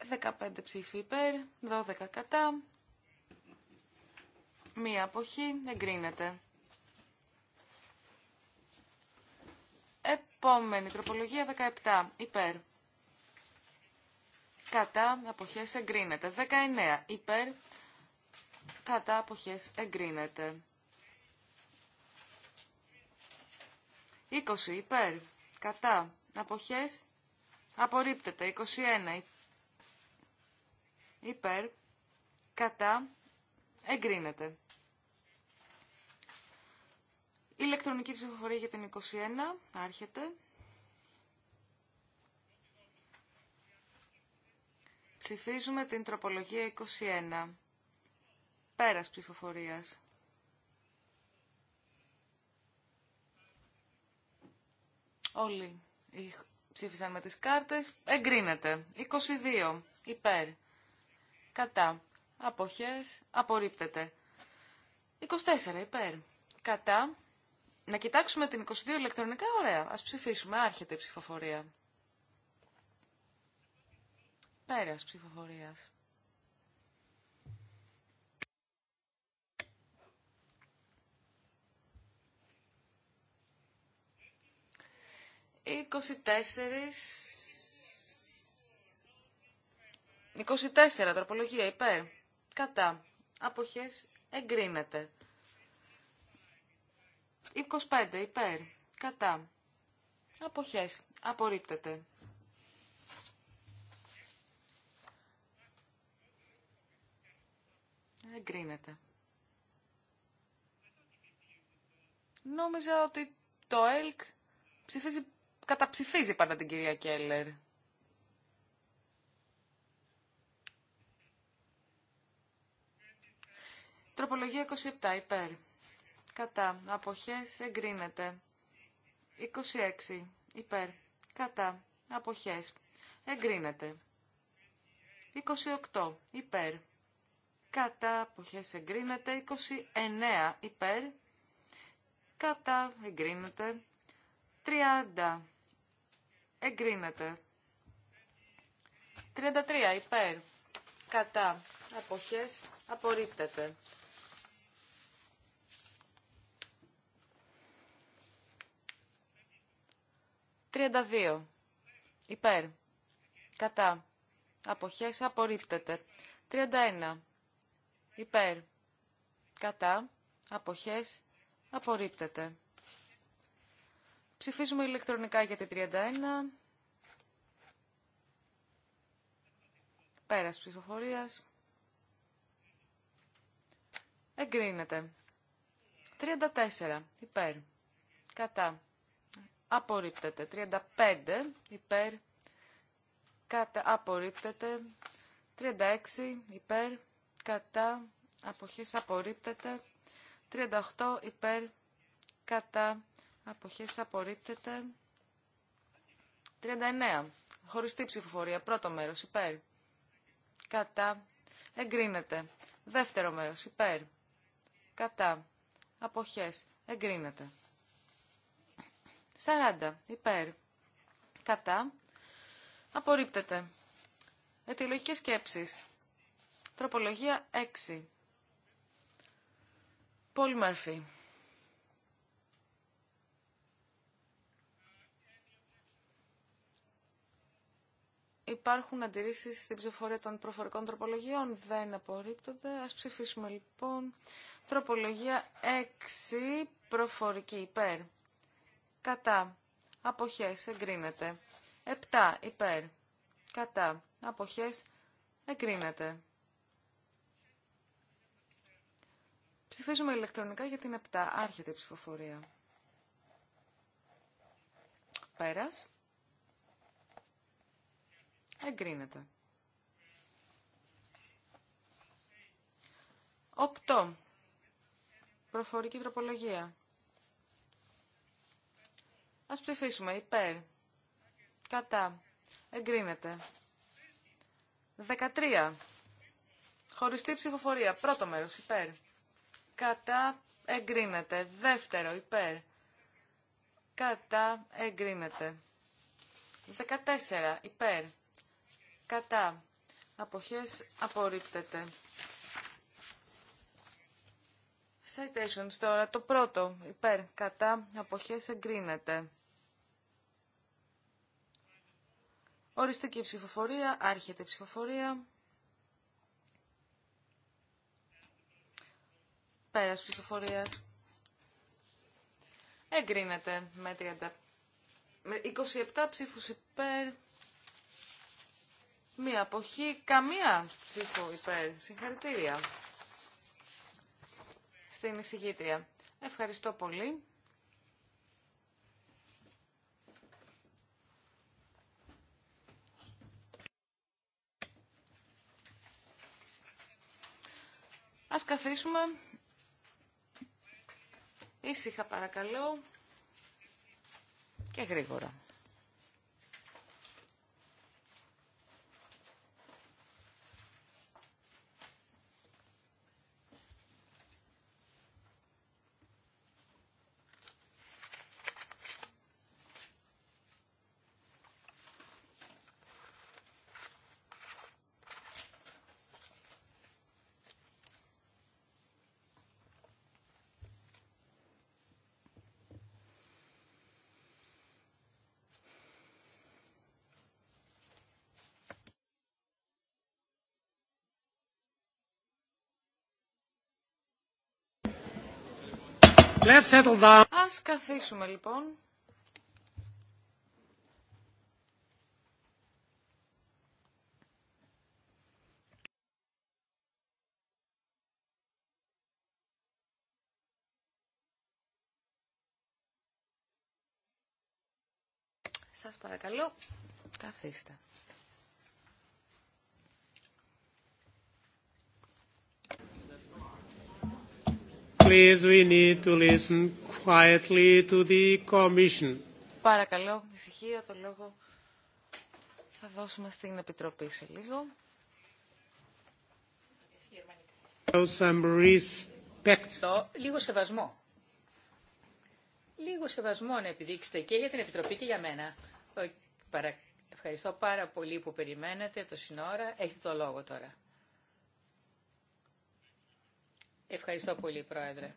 15 ψήφοι υπέρ, 12 κατά, μία αποχή, εγκρίνεται. Επόμενη τροπολογία 17 υπέρ. Κατά αποχές εγκρίνεται. 19 υπέρ. Κατά αποχές εγκρίνεται. 20 υπέρ. Κατά αποχές απορρίπτεται. 21 υπέρ. Κατά εγκρίνεται. Ηλεκτρονική ψηφοφορία για την 21. Άρχεται. Ψηφίζουμε την τροπολογία 21. Πέρας ψηφοφορίας. Όλοι ψήφισαν με τις κάρτες. Εγκρίνεται. 22. Υπέρ. Κατά. Αποχές. Απορρίπτεται. 24. Υπέρ. Κατά να κοιτάξουμε την 22 ηλεκτρονικά, ωραία. Ας ψηφίσουμε, άρχεται η ψηφοφορία. Πέρας ψηφοφορίας. 24. 24, τροπολογία υπέρ. Κατά. Αποχές εγκρίνεται. 25 υπέρ. Κατά. Αποχές. Απορρίπτεται. Εγκρίνεται. Νόμιζα ότι το ΕΛΚ ψηφίζει, καταψηφίζει πάντα την κυρία Κέλλερ. Τροπολογία 27 υπέρ κατά, αποχές, εγκρίνεται. 26, υπέρ, κατά, αποχές, εγκρίνεται. 28, υπέρ, κατά, αποχές, εγκρίνεται. 29, υπέρ, κατά, εγκρίνεται. 30, εγκρίνεται. 33, υπέρ, κατά, αποχές, απορρίπτεται. 32. Υπέρ. Κατά. Αποχές απορρίπτεται. 31. Υπέρ. Κατά. Αποχές απορρίπτεται. Ψηφίζουμε ηλεκτρονικά για τη 31. Πέρας ψηφοφορίας. Εγκρίνεται. 34. Υπέρ. Κατά απορρίπτεται. 35 υπέρ, κατά, απορρίπτεται. 36 υπέρ, κατά, Αποχής απορρίπτεται. 38 υπέρ, κατά, Αποχής απορρίπτεται. 39. Χωριστή ψηφοφορία. Πρώτο μέρος υπέρ. Κατά. Εγκρίνεται. Δεύτερο μέρος υπέρ. Κατά. Αποχές. Εγκρίνεται. 40 υπέρ. Κατά. Απορρίπτεται. Αιτιολογικές σκέψεις. Τροπολογία 6. Πολ Υπάρχουν αντιρρήσει στην ψηφοφορία των προφορικών τροπολογιών. Δεν απορρίπτονται. Α ψηφίσουμε λοιπόν. Τροπολογία 6. Προφορική υπέρ κατά, αποχές, εγκρίνεται. 7 υπέρ, κατά, αποχές, εγκρίνεται. Ψηφίζουμε ηλεκτρονικά για την 7. Άρχεται η ψηφοφορία. Πέρας. Εγκρίνεται. 8. Προφορική τροπολογία. Ας ψηφίσουμε υπέρ. Κατά. Εγκρίνεται. 13. Χωριστή ψηφοφορία. Πρώτο μέρος υπέρ. Κατά. Εγκρίνεται. Δεύτερο υπέρ. Κατά. Εγκρίνεται. 14. Υπέρ. Κατά. Αποχές απορρίπτεται. Citations τώρα. Το πρώτο. Υπέρ. Κατά. Αποχές εγκρίνεται. Οριστική ψηφοφορία, άρχεται ψηφοφορία. Πέρας ψηφοφορίας. Εγκρίνεται με 30. Με 27 ψήφους υπέρ, μία αποχή, καμία ψήφο υπέρ. Συγχαρητήρια στην εισηγήτρια. Ευχαριστώ πολύ. Ας καθίσουμε. Ήσυχα παρακαλώ και γρήγορα. Let's Ας καθίσουμε λοιπόν. Σας παρακαλώ, καθίστε. Παρακαλώ, ησυχία, το λόγο θα δώσουμε στην Επιτροπή σε λίγο. Λίγο σεβασμό. Λίγο σεβασμό να επιδείξετε και για την Επιτροπή και για μένα. Ευχαριστώ πάρα πολύ που περιμένατε το σύνορα. Έχετε το λόγο τώρα. Ευχαριστώ πολύ, Πρόεδρε.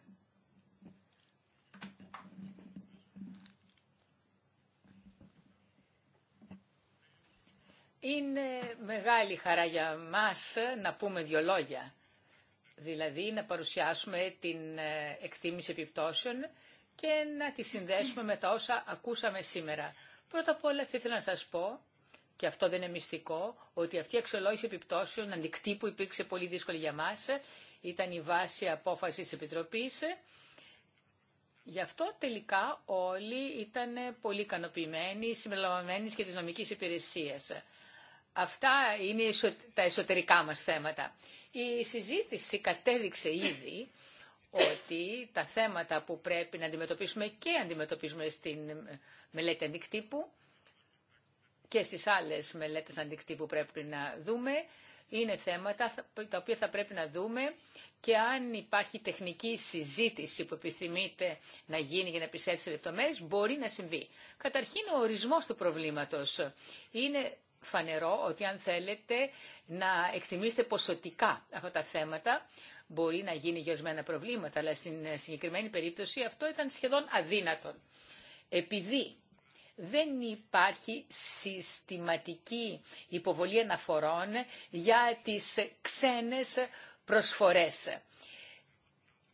Είναι μεγάλη χαρά για μας να πούμε δύο λόγια. Δηλαδή να παρουσιάσουμε την ε, εκτίμηση επιπτώσεων και να τη συνδέσουμε με τα όσα ακούσαμε σήμερα. Πρώτα απ' όλα θα ήθελα να σας πω, και αυτό δεν είναι μυστικό, ότι αυτή η αξιολόγηση επιπτώσεων αντικτύπου υπήρξε πολύ δύσκολη για μας ήταν η βάση απόφασης της Επιτροπής. Γι' αυτό τελικά όλοι ήταν πολύ ικανοποιημένοι, συμπεριλαμβανομένοι και της νομική υπηρεσία. Αυτά είναι τα εσωτερικά μας θέματα. Η συζήτηση κατέδειξε ήδη ότι τα θέματα που πρέπει να αντιμετωπίσουμε και αντιμετωπίζουμε στην μελέτη αντικτύπου και στις άλλες μελέτες αντικτύπου πρέπει να δούμε είναι θέματα τα οποία θα πρέπει να δούμε και αν υπάρχει τεχνική συζήτηση που επιθυμείτε να γίνει για να επισέλθει σε λεπτομέρειες, μπορεί να συμβεί. Καταρχήν ο ορισμός του προβλήματος είναι φανερό ότι αν θέλετε να εκτιμήσετε ποσοτικά αυτά τα θέματα, μπορεί να γίνει για προβλήματα, αλλά στην συγκεκριμένη περίπτωση αυτό ήταν σχεδόν αδύνατον. Επειδή δεν υπάρχει συστηματική υποβολή αναφορών για τις ξένες προσφορές.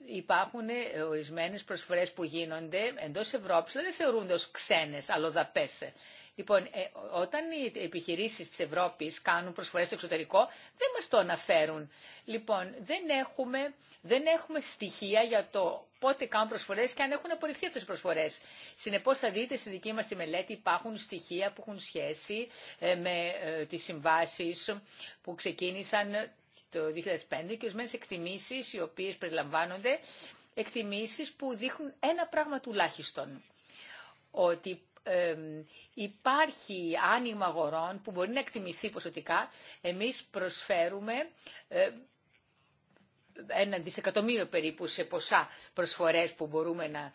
Υπάρχουν ε, ορισμένες προσφορές που γίνονται εντός Ευρώπης, δεν θεωρούνται ως ξένες αλλοδαπές. Λοιπόν, ε, όταν οι επιχειρήσεις της Ευρώπης κάνουν προσφορές στο εξωτερικό, δεν μας το αναφέρουν. Λοιπόν, δεν έχουμε, δεν έχουμε στοιχεία για το πότε κάνουν προσφορές και αν έχουν απορριφθεί αυτές τις προσφορές. Συνεπώς θα δείτε στη δική μας τη μελέτη υπάρχουν στοιχεία που έχουν σχέση ε, με ε, τις συμβάσεις που ξεκίνησαν το 2005 και ορισμένες εκτιμήσεις οι οποίες περιλαμβάνονται, εκτιμήσεις που δείχνουν ένα πράγμα τουλάχιστον. Ότι ε, υπάρχει άνοιγμα αγορών που μπορεί να εκτιμηθεί ποσοτικά. Εμείς προσφέρουμε ε, ένα δισεκατομμύριο περίπου σε ποσά προσφορές που μπορούμε να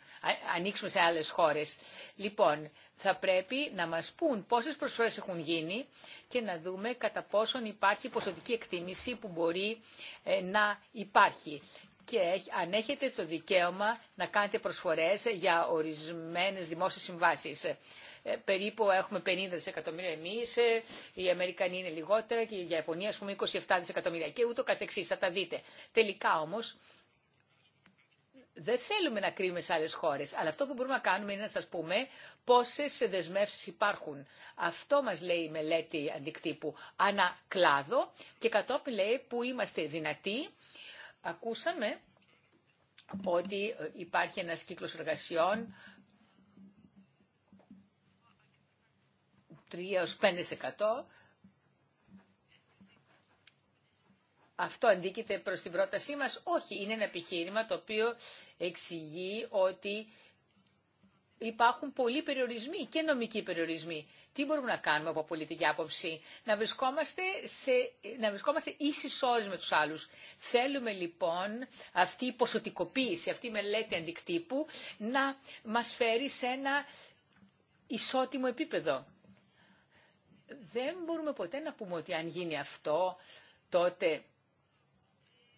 ανοίξουμε σε άλλες χώρες. Λοιπόν, θα πρέπει να μας πούν πόσες προσφορές έχουν γίνει και να δούμε κατά πόσον υπάρχει ποσοτική εκτίμηση που μπορεί ε, να υπάρχει και αν έχετε το δικαίωμα να κάνετε προσφορές για ορισμένες δημόσιες συμβάσεις. Ε, περίπου έχουμε 50 δισεκατομμύρια εμείς, ε, οι Αμερικανοί είναι λιγότερα και για Ιαπωνία ας πούμε 27 δισεκατομμύρια και ούτω καθεξής, θα τα δείτε. Τελικά όμως δεν θέλουμε να κρίνουμε σε άλλες χώρες, αλλά αυτό που μπορούμε να κάνουμε είναι να σας πούμε πόσες δεσμεύσεις υπάρχουν. Αυτό μας λέει η μελέτη αντικτύπου ανά κλάδο και κατόπιν λέει που είμαστε δυνατοί Ακούσαμε ότι ε, υπάρχει ένας κύκλος εργασιών 3-5%. Αυτό αντίκειται προς την πρότασή μας. Όχι, είναι ένα επιχείρημα το οποίο εξηγεί ότι υπάρχουν πολλοί περιορισμοί και νομικοί περιορισμοί. Τι μπορούμε να κάνουμε από πολιτική άποψη, να βρισκόμαστε, σε, να βρισκόμαστε ίσοι όρες με τους άλλους. Θέλουμε λοιπόν αυτή η ποσοτικοποίηση, αυτή η μελέτη αντικτύπου να μας φέρει σε ένα ισότιμο επίπεδο. Δεν μπορούμε ποτέ να πούμε ότι αν γίνει αυτό, τότε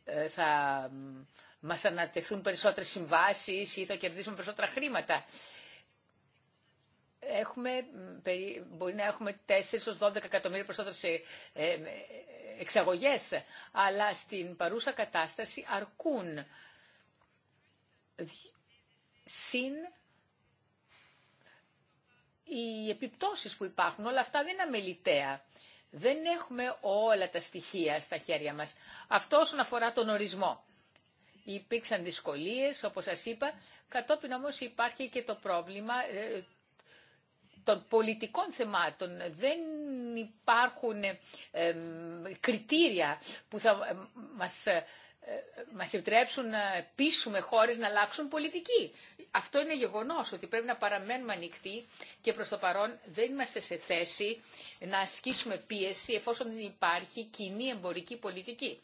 ε, θα μας ανατεθούν περισσότερες συμβάσεις ή θα κερδίσουμε περισσότερα χρήματα έχουμε, μπορεί να έχουμε 4 12 εκατομμύρια σε ε, εξαγωγές, αλλά στην παρούσα κατάσταση αρκούν συν οι επιπτώσεις που υπάρχουν. Όλα αυτά δεν είναι αμεληταία. Δεν έχουμε όλα τα στοιχεία στα χέρια μας. Αυτό όσον αφορά τον ορισμό. Υπήρξαν δυσκολίες, όπως σας είπα, κατόπιν όμως υπάρχει και το πρόβλημα ε, των πολιτικών θεμάτων. Δεν υπάρχουν κριτήρια που θα ε, μας, ε, μας επιτρέψουν να πείσουμε χώρες να αλλάξουν πολιτική. Αυτό είναι γεγονός ότι πρέπει να παραμένουμε ανοιχτοί και προς το παρόν δεν είμαστε σε θέση να ασκήσουμε πίεση εφόσον δεν υπάρχει κοινή εμπορική πολιτική.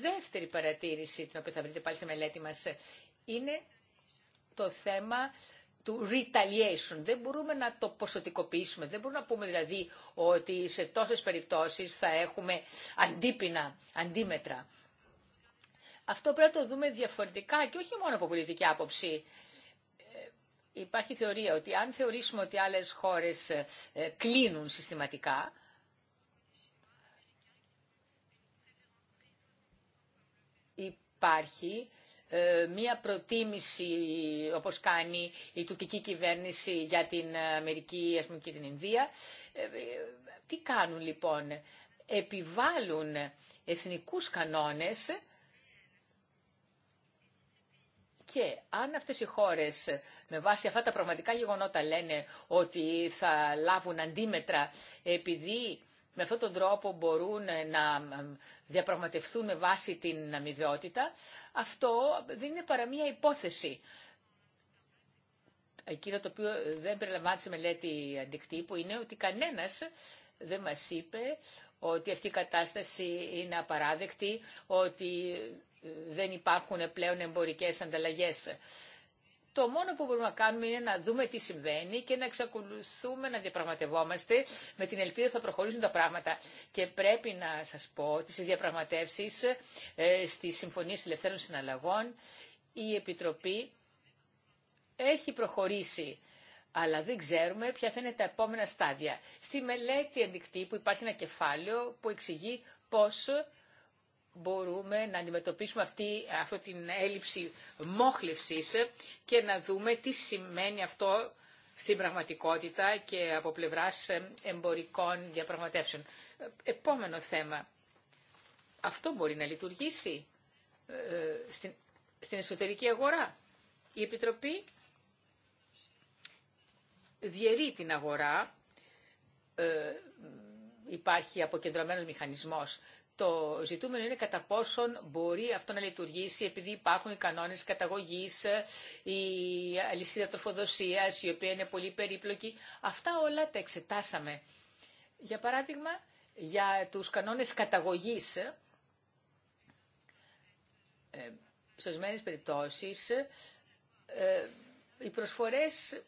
Δεύτερη παρατήρηση, την οποία θα βρείτε πάλι σε μελέτη μας, είναι το θέμα του retaliation. Δεν μπορούμε να το ποσοτικοποιήσουμε. Δεν μπορούμε να πούμε δηλαδή ότι σε τόσες περιπτώσεις θα έχουμε αντίπεινα, αντίμετρα. Αυτό πρέπει να το δούμε διαφορετικά και όχι μόνο από πολιτική άποψη. Ε, υπάρχει θεωρία ότι αν θεωρήσουμε ότι άλλες χώρες ε, κλείνουν συστηματικά, υπάρχει ε, μία προτίμηση όπως κάνει η τουρκική κυβέρνηση για την Αμερική πούμε, και την Ινδία. Ε, ε, τι κάνουν λοιπόν, επιβάλλουν εθνικούς κανόνες και αν αυτές οι χώρες με βάση αυτά τα πραγματικά γεγονότα λένε ότι θα λάβουν αντίμετρα επειδή με αυτόν τον τρόπο μπορούν ε, να διαπραγματευτούν με βάση την αμοιβαιότητα, αυτό δεν είναι παρά μία υπόθεση. Εκείνο το οποίο δεν περιλαμβάνει σε μελέτη αντικτύπου είναι ότι κανένας δεν μας είπε ότι αυτή η κατάσταση είναι απαράδεκτη, ότι δεν υπάρχουν πλέον εμπορικές ανταλλαγές. Το μόνο που μπορούμε να κάνουμε είναι να δούμε τι συμβαίνει και να εξακολουθούμε να διαπραγματευόμαστε με την ελπίδα ότι θα προχωρήσουν τα πράγματα. Και πρέπει να σας πω ότι στις διαπραγματεύσεις, στι ε, στις συμφωνίες ελευθέρων συναλλαγών, η Επιτροπή έχει προχωρήσει αλλά δεν ξέρουμε ποια θα είναι τα επόμενα στάδια. Στη μελέτη αντικτύπου υπάρχει ένα κεφάλαιο που εξηγεί πώς μπορούμε να αντιμετωπίσουμε αυτή, αυτή την έλλειψη μόχλευσης και να δούμε τι σημαίνει αυτό στην πραγματικότητα και από πλευράς εμπορικών διαπραγματεύσεων. Επόμενο θέμα. Αυτό μπορεί να λειτουργήσει ε, στην, στην εσωτερική αγορά. Η Επιτροπή διαιρεί την αγορά. Ε, υπάρχει αποκεντρωμένος μηχανισμός το ζητούμενο είναι κατά πόσον μπορεί αυτό να λειτουργήσει επειδή υπάρχουν οι κανόνες καταγωγής, η αλυσίδα τροφοδοσίας, η οποία είναι πολύ περίπλοκη. Αυτά όλα τα εξετάσαμε. Για παράδειγμα, για τους κανόνες καταγωγής, ε, σε ορισμένε περιπτώσεις, ε, οι προσφορές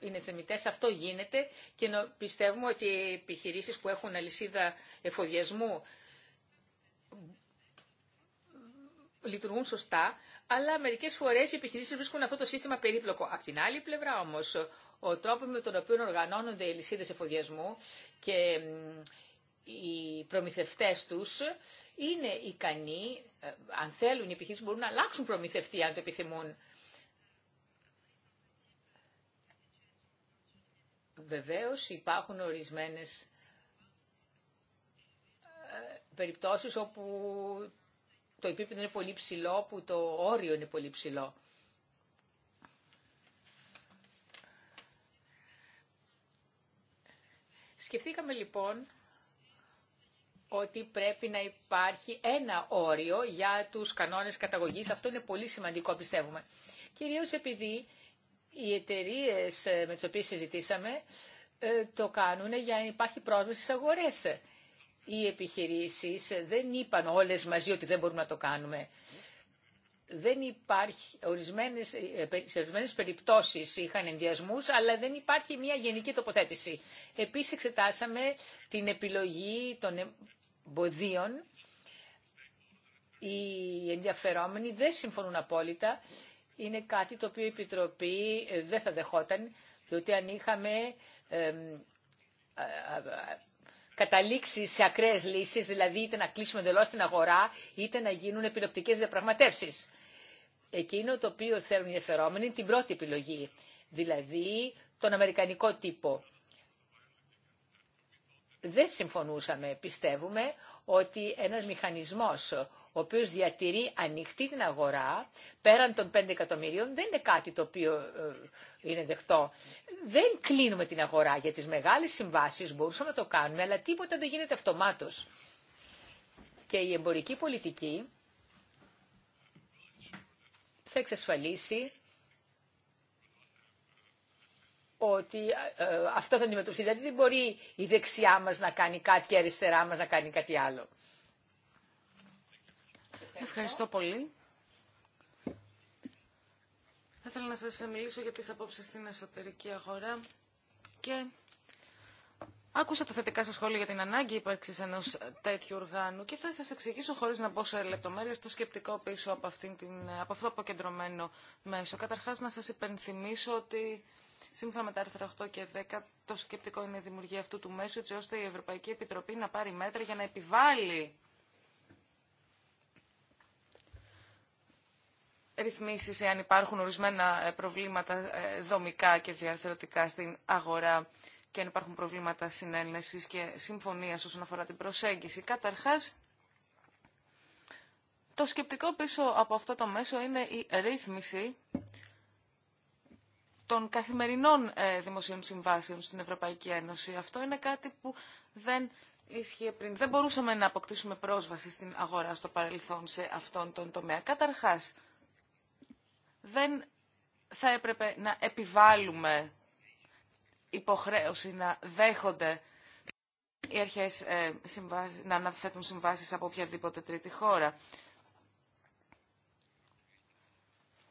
είναι θεμητέ, αυτό γίνεται και πιστεύουμε ότι οι επιχειρήσεις που έχουν αλυσίδα εφοδιασμού λειτουργούν σωστά, αλλά μερικέ φορέ οι επιχειρήσει βρίσκουν αυτό το σύστημα περίπλοκο. Απ' την άλλη πλευρά όμω, ο τρόπο με τον οποίο οργανώνονται οι λυσίδε εφοδιασμού και οι προμηθευτέ του είναι ικανοί, ε, αν θέλουν οι επιχειρήσει μπορούν να αλλάξουν προμηθευτή αν το επιθυμούν. Βεβαίω υπάρχουν ορισμένε ε, περιπτώσεις όπου το επίπεδο είναι πολύ ψηλό, που το όριο είναι πολύ ψηλό. Σκεφτήκαμε λοιπόν ότι πρέπει να υπάρχει ένα όριο για τους κανόνες καταγωγής. Αυτό είναι πολύ σημαντικό, πιστεύουμε. Κυρίως επειδή οι εταιρείε ε, με τις οποίες συζητήσαμε ε, το κάνουν για να υπάρχει πρόσβαση στις αγορές οι επιχειρήσεις δεν είπαν όλες μαζί ότι δεν μπορούμε να το κάνουμε. Δεν υπάρχει, ορισμένες, σε ορισμένε περιπτώσει είχαν ενδιασμού, αλλά δεν υπάρχει μια γενική τοποθέτηση. Επίση, εξετάσαμε την επιλογή των εμποδίων. Οι ενδιαφερόμενοι δεν συμφωνούν απόλυτα. Είναι κάτι το οποίο η Επιτροπή ε, δεν θα δεχόταν, διότι αν είχαμε καταλήξει σε ακραίε λύσει, δηλαδή είτε να κλείσουμε εντελώ την αγορά, είτε να γίνουν επιλεκτικέ διαπραγματεύσει. Εκείνο το οποίο θέλουν οι ενδιαφερόμενοι την πρώτη επιλογή, δηλαδή τον αμερικανικό τύπο. Δεν συμφωνούσαμε, πιστεύουμε, ότι ένας μηχανισμός ο οποίος διατηρεί ανοιχτή την αγορά πέραν των 5 εκατομμυρίων δεν είναι κάτι το οποίο ε, είναι δεκτό. Δεν κλείνουμε την αγορά για τις μεγάλες συμβάσεις, μπορούσαμε να το κάνουμε, αλλά τίποτα δεν γίνεται αυτομάτως. Και η εμπορική πολιτική θα εξασφαλίσει ότι ε, ε, αυτό θα αντιμετωπιστεί. Δηλαδή δεν μπορεί η δεξιά μας να κάνει κάτι, και η αριστερά μας να κάνει κάτι άλλο. Ευχαριστώ πολύ. Θα ήθελα να σας μιλήσω για τις απόψεις στην εσωτερική αγορά και άκουσα τα θετικά σας σχόλια για την ανάγκη ύπαρξης ενός τέτοιου οργάνου και θα σας εξηγήσω χωρίς να μπω σε λεπτομέρειες το σκεπτικό πίσω από, αυτήν την, από αυτό το αποκεντρωμένο μέσο. Καταρχάς να σας υπενθυμίσω ότι Σύμφωνα με τα άρθρα 8 και 10, το σκεπτικό είναι η δημιουργία αυτού του μέσου, έτσι ώστε η Ευρωπαϊκή Επιτροπή να πάρει μέτρα για να επιβάλλει ρυθμίσεις εάν υπάρχουν ορισμένα ε, προβλήματα ε, δομικά και διαρθρωτικά στην αγορά και αν υπάρχουν προβλήματα συνένεσης και συμφωνίας όσον αφορά την προσέγγιση. Καταρχάς, το σκεπτικό πίσω από αυτό το μέσο είναι η ρύθμιση των καθημερινών ε, δημοσίων συμβάσεων στην Ευρωπαϊκή Ένωση. Αυτό είναι κάτι που δεν ίσχυε πριν. Δεν μπορούσαμε να αποκτήσουμε πρόσβαση στην αγορά στο παρελθόν σε αυτόν τον τομέα. Καταρχάς, δεν θα έπρεπε να επιβάλλουμε υποχρέωση να δέχονται οι αρχές ε, να αναθέτουν συμβάσεις από οποιαδήποτε τρίτη χώρα.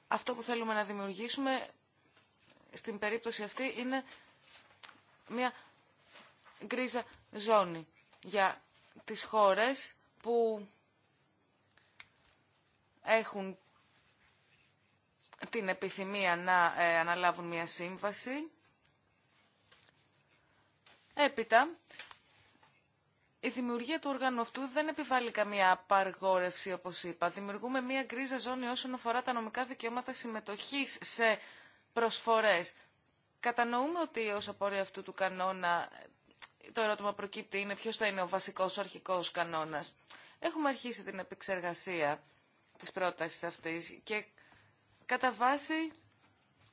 Αυτό που θέλουμε να δημιουργήσουμε στην περίπτωση αυτή είναι μια γκρίζα ζώνη για τις χώρες που έχουν την επιθυμία να ε, αναλάβουν μια σύμβαση. Έπειτα, η δημιουργία του οργάνου αυτού δεν επιβάλλει καμία απαργόρευση, όπως είπα. Δημιουργούμε μια γκρίζα ζώνη όσον αφορά τα νομικά δικαιώματα συμμετοχής σε προσφορές. Κατανοούμε ότι ως απορία αυτού του κανόνα το ερώτημα προκύπτει είναι ποιος θα είναι ο βασικός ο αρχικός κανόνας. Έχουμε αρχίσει την επεξεργασία της πρότασης αυτής και κατά βάση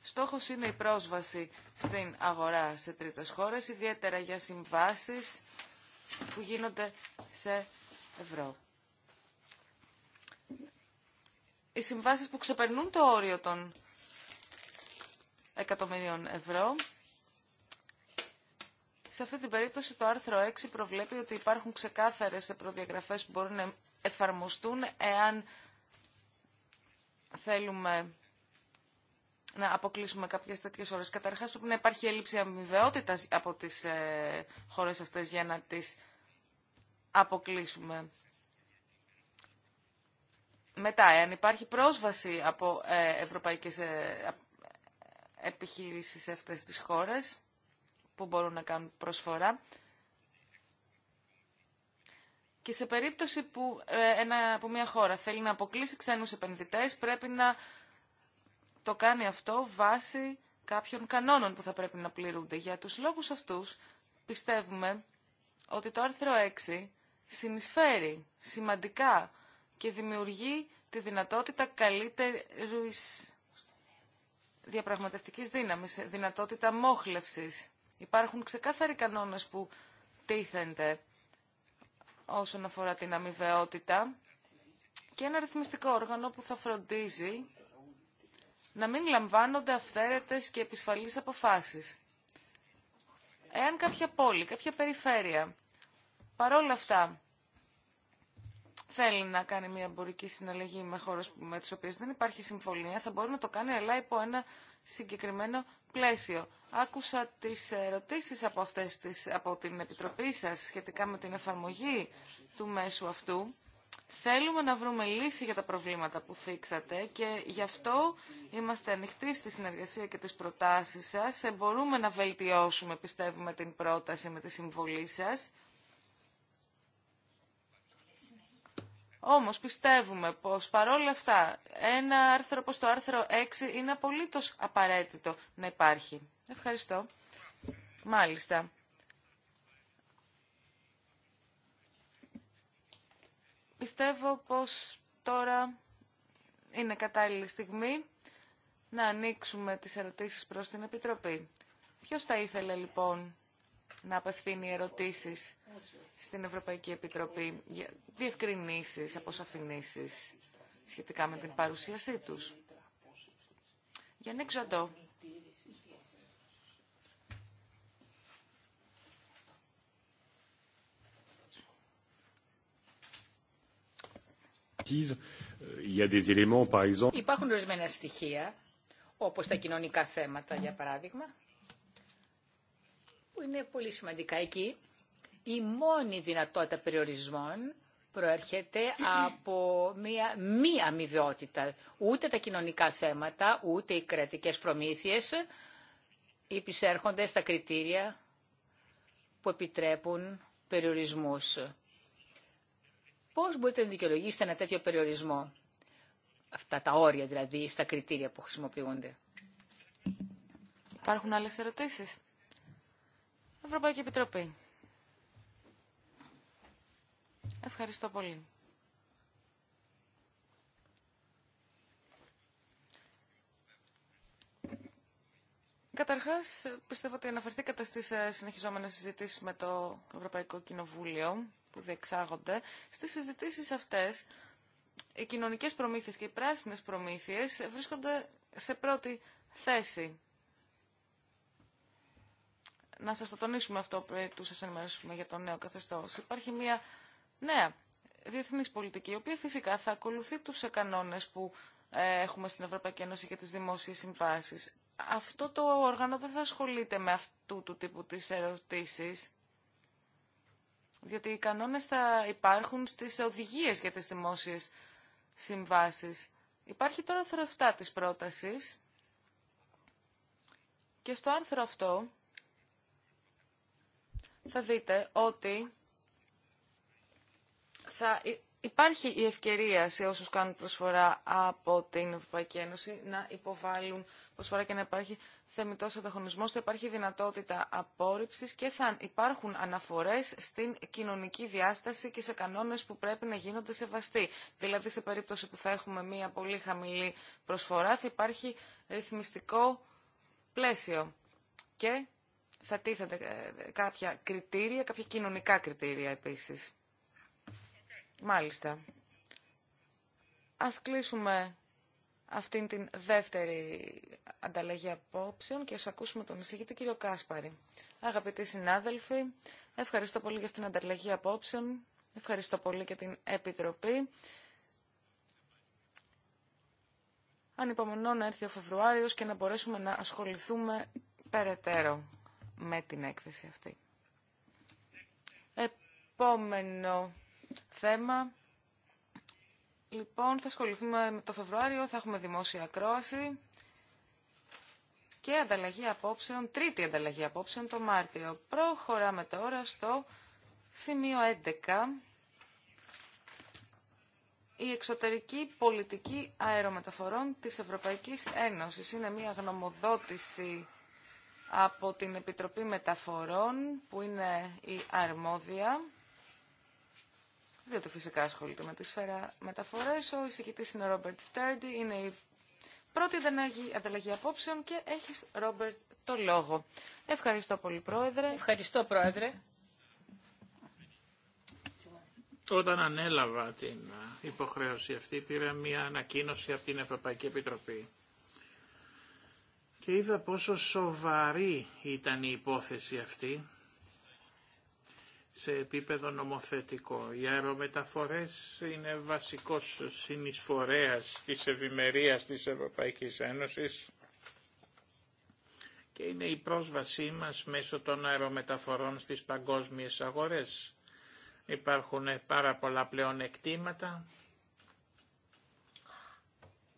στόχος είναι η πρόσβαση στην αγορά σε τρίτες χώρες, ιδιαίτερα για συμβάσεις που γίνονται σε ευρώ. Οι συμβάσεις που ξεπερνούν το όριο των εκατομμυρίων ευρώ. Σε αυτή την περίπτωση το άρθρο 6 προβλέπει ότι υπάρχουν ξεκάθαρες προδιαγραφές που μπορούν να εφαρμοστούν εάν θέλουμε να αποκλείσουμε κάποιες τέτοιες ώρες. Καταρχάς πρέπει να υπάρχει έλλειψη αμοιβαιότητα από τις ε, χώρες αυτές για να τις αποκλείσουμε. Μετά, εάν υπάρχει πρόσβαση από ε, ευρωπαϊκές ε, επιχειρήσεις σε αυτές τις χώρες που μπορούν να κάνουν προσφορά. Και σε περίπτωση που, ε, ένα, που μια χώρα θέλει να αποκλείσει ξένους επενδυτές, πρέπει να το κάνει αυτό βάσει κάποιων κανόνων που θα πρέπει να πληρούνται. Για τους λόγους αυτούς πιστεύουμε ότι το άρθρο 6 συνεισφέρει σημαντικά και δημιουργεί τη δυνατότητα καλύτερης διαπραγματευτικής δύναμης, δυνατότητα μόχλευσης. Υπάρχουν ξεκάθαροι κανόνες που τίθενται όσον αφορά την αμοιβαιότητα και ένα ρυθμιστικό όργανο που θα φροντίζει να μην λαμβάνονται αυθαίρετες και επισφαλείς αποφάσεις. Εάν κάποια πόλη, κάποια περιφέρεια, παρόλα αυτά, θέλει να κάνει μια εμπορική συναλλαγή με χώρε με τι οποίε δεν υπάρχει συμφωνία, θα μπορεί να το κάνει, αλλά υπό ένα συγκεκριμένο πλαίσιο. Άκουσα τι ερωτήσει από, αυτές τις, από την Επιτροπή σα σχετικά με την εφαρμογή του μέσου αυτού. Θέλουμε να βρούμε λύση για τα προβλήματα που θίξατε και γι' αυτό είμαστε ανοιχτοί στη συνεργασία και τις προτάσεις σας. Ε, μπορούμε να βελτιώσουμε, πιστεύουμε, την πρόταση με τη συμβολή σας. Όμως πιστεύουμε πως παρόλα αυτά ένα άρθρο όπως το άρθρο 6 είναι απολύτως απαραίτητο να υπάρχει. Ευχαριστώ. Μάλιστα. Πιστεύω πως τώρα είναι κατάλληλη στιγμή να ανοίξουμε τις ερωτήσεις προς την Επιτροπή. Ποιος θα ήθελε λοιπόν να απευθύνει ερωτήσεις στην Ευρωπαϊκή Επιτροπή για διευκρινήσεις, αποσαφηνήσεις σχετικά με την παρουσίασή τους. Για να εξαντώ. Υπάρχουν ορισμένα στοιχεία, όπως τα κοινωνικά θέματα, για παράδειγμα, που είναι πολύ σημαντικά εκεί η μόνη δυνατότητα περιορισμών προέρχεται από μία μη αμοιβαιότητα. Ούτε τα κοινωνικά θέματα, ούτε οι κρατικές προμήθειες υπησέρχονται στα κριτήρια που επιτρέπουν περιορισμούς. Πώς μπορείτε να δικαιολογήσετε ένα τέτοιο περιορισμό, αυτά τα όρια δηλαδή, στα κριτήρια που χρησιμοποιούνται. Υπάρχουν άλλες ερωτήσεις. Ευρωπαϊκή Επιτροπή. Ευχαριστώ πολύ. Καταρχάς, πιστεύω ότι αναφερθήκατε στις ε, συνεχιζόμενες συζητήσεις με το Ευρωπαϊκό Κοινοβούλιο που διεξάγονται. Στις συζητήσεις αυτές, οι κοινωνικές προμήθειες και οι πράσινες προμήθειες βρίσκονται σε πρώτη θέση. Να σας το τονίσουμε αυτό πριν τους σας ενημερώσουμε για το νέο καθεστώς. Υπάρχει μια ναι, διεθνή πολιτική, η οποία φυσικά θα ακολουθεί τους κανόνες που ε, έχουμε στην Ευρωπαϊκή Ένωση για τις δημόσιες συμβάσεις. Αυτό το όργανο δεν θα ασχολείται με αυτού του τύπου της ερωτήσεις, διότι οι κανόνες θα υπάρχουν στις οδηγίες για τις δημόσιες συμβάσεις. Υπάρχει τώρα άρθρο 7 της πρότασης και στο άρθρο αυτό θα δείτε ότι θα υπάρχει η ευκαιρία σε όσους κάνουν προσφορά από την Ευρωπαϊκή Ένωση να υποβάλουν προσφορά και να υπάρχει θεμητός ανταγωνισμός, θα υπάρχει δυνατότητα απόρριψης και θα υπάρχουν αναφορές στην κοινωνική διάσταση και σε κανόνες που πρέπει να γίνονται σεβαστοί. Δηλαδή σε περίπτωση που θα έχουμε μία πολύ χαμηλή προσφορά θα υπάρχει ρυθμιστικό πλαίσιο και θα τίθεται ε, κάποια κριτήρια, κάποια κοινωνικά κριτήρια επίσης. Μάλιστα. Ας κλείσουμε αυτήν την δεύτερη ανταλλαγή απόψεων και ας ακούσουμε τον εισηγητή κύριο Κάσπαρη. Αγαπητοί συνάδελφοι, ευχαριστώ πολύ για αυτήν την ανταλλαγή απόψεων. Ευχαριστώ πολύ και την Επιτροπή. Ανυπομονώ να έρθει ο Φεβρουάριος και να μπορέσουμε να ασχοληθούμε περαιτέρω με την έκθεση αυτή. Επόμενο θέμα. Λοιπόν, θα ασχοληθούμε το Φεβρουάριο, θα έχουμε δημόσια ακρόαση και ανταλλαγή απόψεων, τρίτη ανταλλαγή απόψεων το Μάρτιο. Προχωράμε τώρα στο σημείο 11. Η εξωτερική πολιτική αερομεταφορών της Ευρωπαϊκής Ένωσης είναι μια γνωμοδότηση από την Επιτροπή Μεταφορών που είναι η αρμόδια διότι φυσικά ασχολείται με τη σφαίρα μεταφορέ. Ο εισηγητή είναι ο Ρόμπερτ Στέρντι, είναι η πρώτη ανταλλαγή απόψεων και έχει Ρόμπερτ, το λόγο. Ευχαριστώ πολύ, Πρόεδρε. Ευχαριστώ, Πρόεδρε. Όταν ανέλαβα την υποχρέωση αυτή, πήρα μια ανακοίνωση από την Ευρωπαϊκή Επιτροπή και είδα πόσο σοβαρή ήταν η υπόθεση αυτή σε επίπεδο νομοθετικό. Οι αερομεταφορές είναι βασικός συνεισφορέας της ευημερίας της Ευρωπαϊκής Ένωσης και είναι η πρόσβασή μας μέσω των αερομεταφορών στις παγκόσμιες αγορές. Υπάρχουν πάρα πολλά πλέον εκτήματα.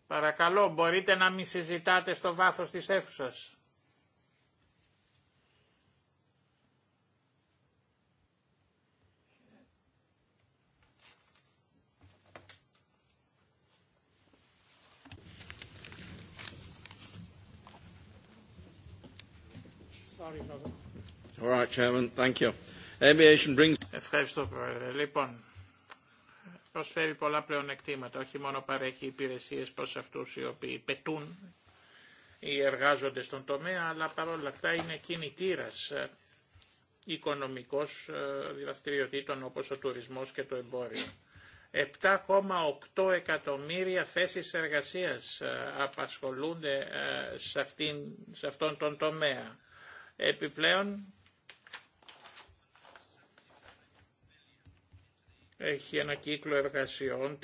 Παρακαλώ, μπορείτε να μην συζητάτε στο βάθος της αίθουσας. Ευχαριστώ, Πρόεδρε. Λοιπόν, προσφέρει πολλά πλεονεκτήματα. Όχι μόνο παρέχει υπηρεσίε προ αυτού οι οποίοι πετούν ή εργάζονται στον τομέα, αλλά παρόλα αυτά είναι κινητήρα ε, οικονομικό ε, δραστηριοτήτων όπω ο τουρισμό και το εμπόριο. 7,8 εκατομμύρια θέσει εργασία ε, απασχολούνται σε αυτόν τον τομέα. Επιπλέον, έχει ένα κύκλο εργασιών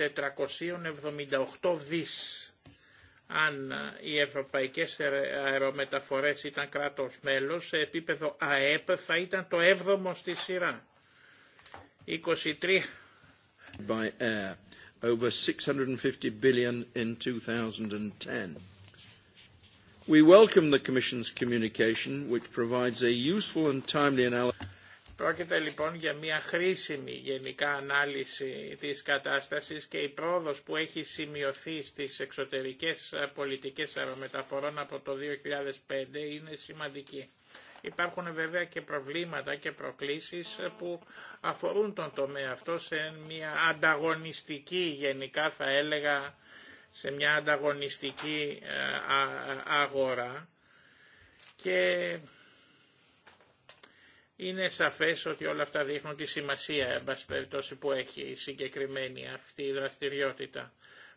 478 δις. Αν οι ευρωπαϊκές αερομεταφορές ήταν κράτος μέλος, σε επίπεδο ΑΕΠ θα ήταν το 7ο στη σειρά. 23. By air, over 650 billion in 2010. Πρόκειται λοιπόν για μια χρήσιμη γενικά ανάλυση της κατάστασης και η πρόοδος που έχει σημειωθεί στις εξωτερικές πολιτικές αερομεταφορών από το 2005 είναι σημαντική. Υπάρχουν βέβαια και προβλήματα και προκλήσεις που αφορούν τον τομέα αυτό σε μια ανταγωνιστική γενικά θα έλεγα σε μια ανταγωνιστική ε, αγορά και είναι σαφές ότι όλα αυτά δείχνουν τη σημασία, πάση που έχει η συγκεκριμένη αυτή η δραστηριότητα.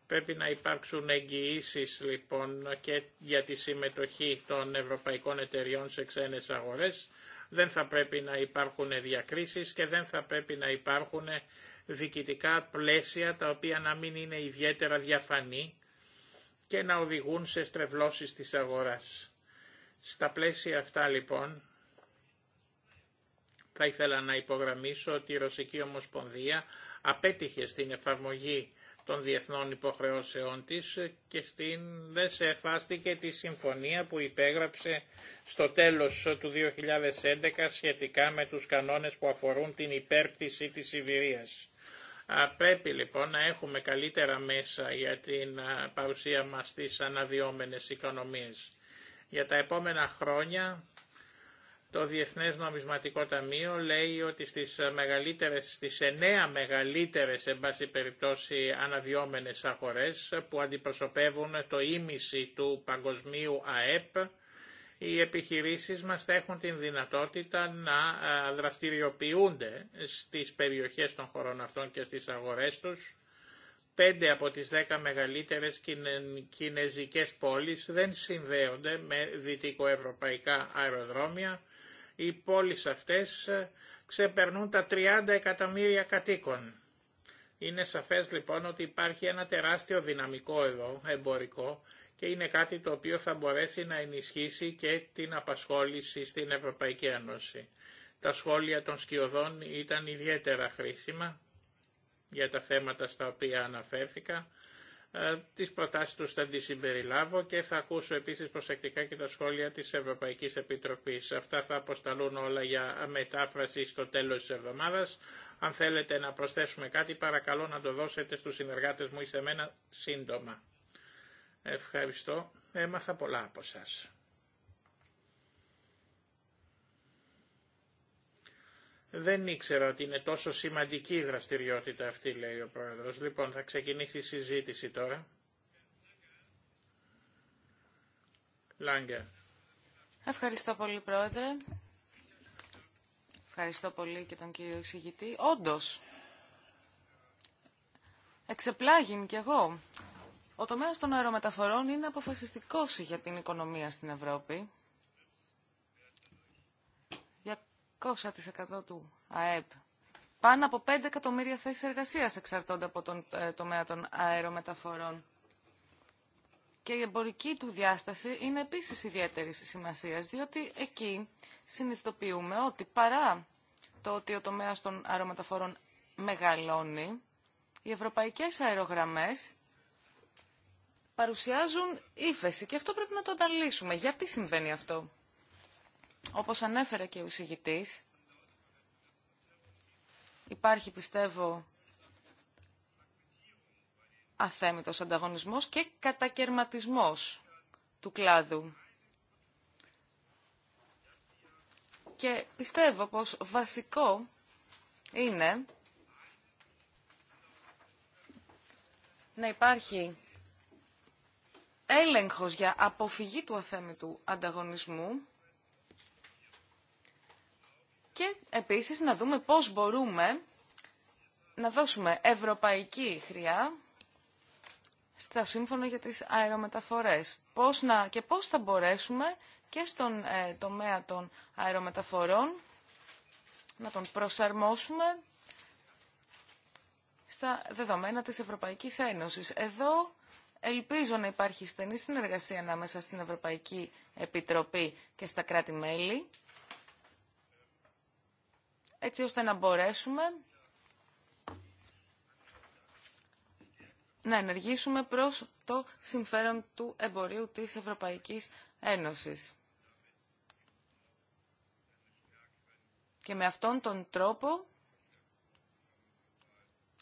Πρέπει να υπάρξουν εγγυήσει λοιπόν και για τη συμμετοχή των ευρωπαϊκών εταιριών σε ξένες αγορές. Δεν θα πρέπει να υπάρχουν διακρίσεις και δεν θα πρέπει να υπάρχουν διοικητικά πλαίσια τα οποία να μην είναι ιδιαίτερα διαφανή και να οδηγούν σε στρεβλώσεις της αγοράς. Στα πλαίσια αυτά λοιπόν θα ήθελα να υπογραμμίσω ότι η Ρωσική Ομοσπονδία απέτυχε στην εφαρμογή των διεθνών υποχρεώσεών της και στην, δεν σε εφάστηκε τη συμφωνία που υπέγραψε στο τέλος του 2011 σχετικά με τους κανόνες που αφορούν την υπέρπτυση της Σιβηρίας. Πρέπει λοιπόν να έχουμε καλύτερα μέσα για την παρουσία μας στις αναδυόμενες οικονομίες. Για τα επόμενα χρόνια το Διεθνές Νομισματικό Ταμείο λέει ότι στις, μεγαλύτερες, στις εννέα μεγαλύτερες εν πάση περιπτώσει αναδυόμενες αγορές που αντιπροσωπεύουν το ίμιση του παγκοσμίου ΑΕΠ οι επιχειρήσεις μας θα έχουν την δυνατότητα να ε, δραστηριοποιούνται στις περιοχές των χωρών αυτών και στις αγορές τους. Πέντε από τις δέκα μεγαλύτερες κινέζικες πόλεις δεν συνδέονται με δυτικοευρωπαϊκά αεροδρόμια. Οι πόλεις αυτές ε, ξεπερνούν τα 30 εκατομμύρια κατοίκων. Είναι σαφές λοιπόν ότι υπάρχει ένα τεράστιο δυναμικό εδώ, εμπορικό, και είναι κάτι το οποίο θα μπορέσει να ενισχύσει και την απασχόληση στην Ευρωπαϊκή Ένωση. Τα σχόλια των σκιωδών ήταν ιδιαίτερα χρήσιμα για τα θέματα στα οποία αναφέρθηκα. Ε, τις προτάσεις τους θα τις συμπεριλάβω και θα ακούσω επίσης προσεκτικά και τα σχόλια της Ευρωπαϊκής Επιτροπής. Αυτά θα αποσταλούν όλα για μετάφραση στο τέλος της εβδομάδας. Αν θέλετε να προσθέσουμε κάτι παρακαλώ να το δώσετε στους συνεργάτες μου ή σε μένα σύντομα. Ευχαριστώ. Έμαθα πολλά από σας. Δεν ήξερα ότι είναι τόσο σημαντική η δραστηριότητα αυτή, λέει ο Πρόεδρος. Λοιπόν, θα ξεκινήσει η συζήτηση τώρα. Λάγκερ. Ευχαριστώ πολύ, Πρόεδρε. Ευχαριστώ πολύ και τον κύριο εξηγητή. Όντως, εξεπλάγην κι εγώ ο τομέας των αερομεταφορών είναι αποφασιστικός για την οικονομία στην Ευρώπη. 200% του ΑΕΠ. Πάνω από 5 εκατομμύρια θέσεις εργασίας εξαρτώνται από τον ε, τομέα των αερομεταφορών. Και η εμπορική του διάσταση είναι επίσης ιδιαίτερης σημασίας, διότι εκεί συνειδητοποιούμε ότι παρά το ότι ο τομέας των αερομεταφορών μεγαλώνει, οι ευρωπαϊκές αερογραμμές παρουσιάζουν ύφεση και αυτό πρέπει να το ανταλύσουμε. Γιατί συμβαίνει αυτό. Όπως ανέφερε και ο εισηγητής, υπάρχει πιστεύω αθέμητος ανταγωνισμός και κατακερματισμός του κλάδου. Και πιστεύω πως βασικό είναι να υπάρχει έλεγχος για αποφυγή του αθέμητου ανταγωνισμού και επίσης να δούμε πώς μπορούμε να δώσουμε ευρωπαϊκή χρειά στα σύμφωνα για τις αερομεταφορές. Πώς να, και πώς θα μπορέσουμε και στον ε, τομέα των αερομεταφορών να τον προσαρμόσουμε στα δεδομένα της Ευρωπαϊκής Ένωσης. Εδώ Ελπίζω να υπάρχει στενή συνεργασία ανάμεσα στην Ευρωπαϊκή Επιτροπή και στα κράτη-μέλη, έτσι ώστε να μπορέσουμε να ενεργήσουμε προς το συμφέρον του εμπορίου της Ευρωπαϊκής Ένωσης. Και με αυτόν τον τρόπο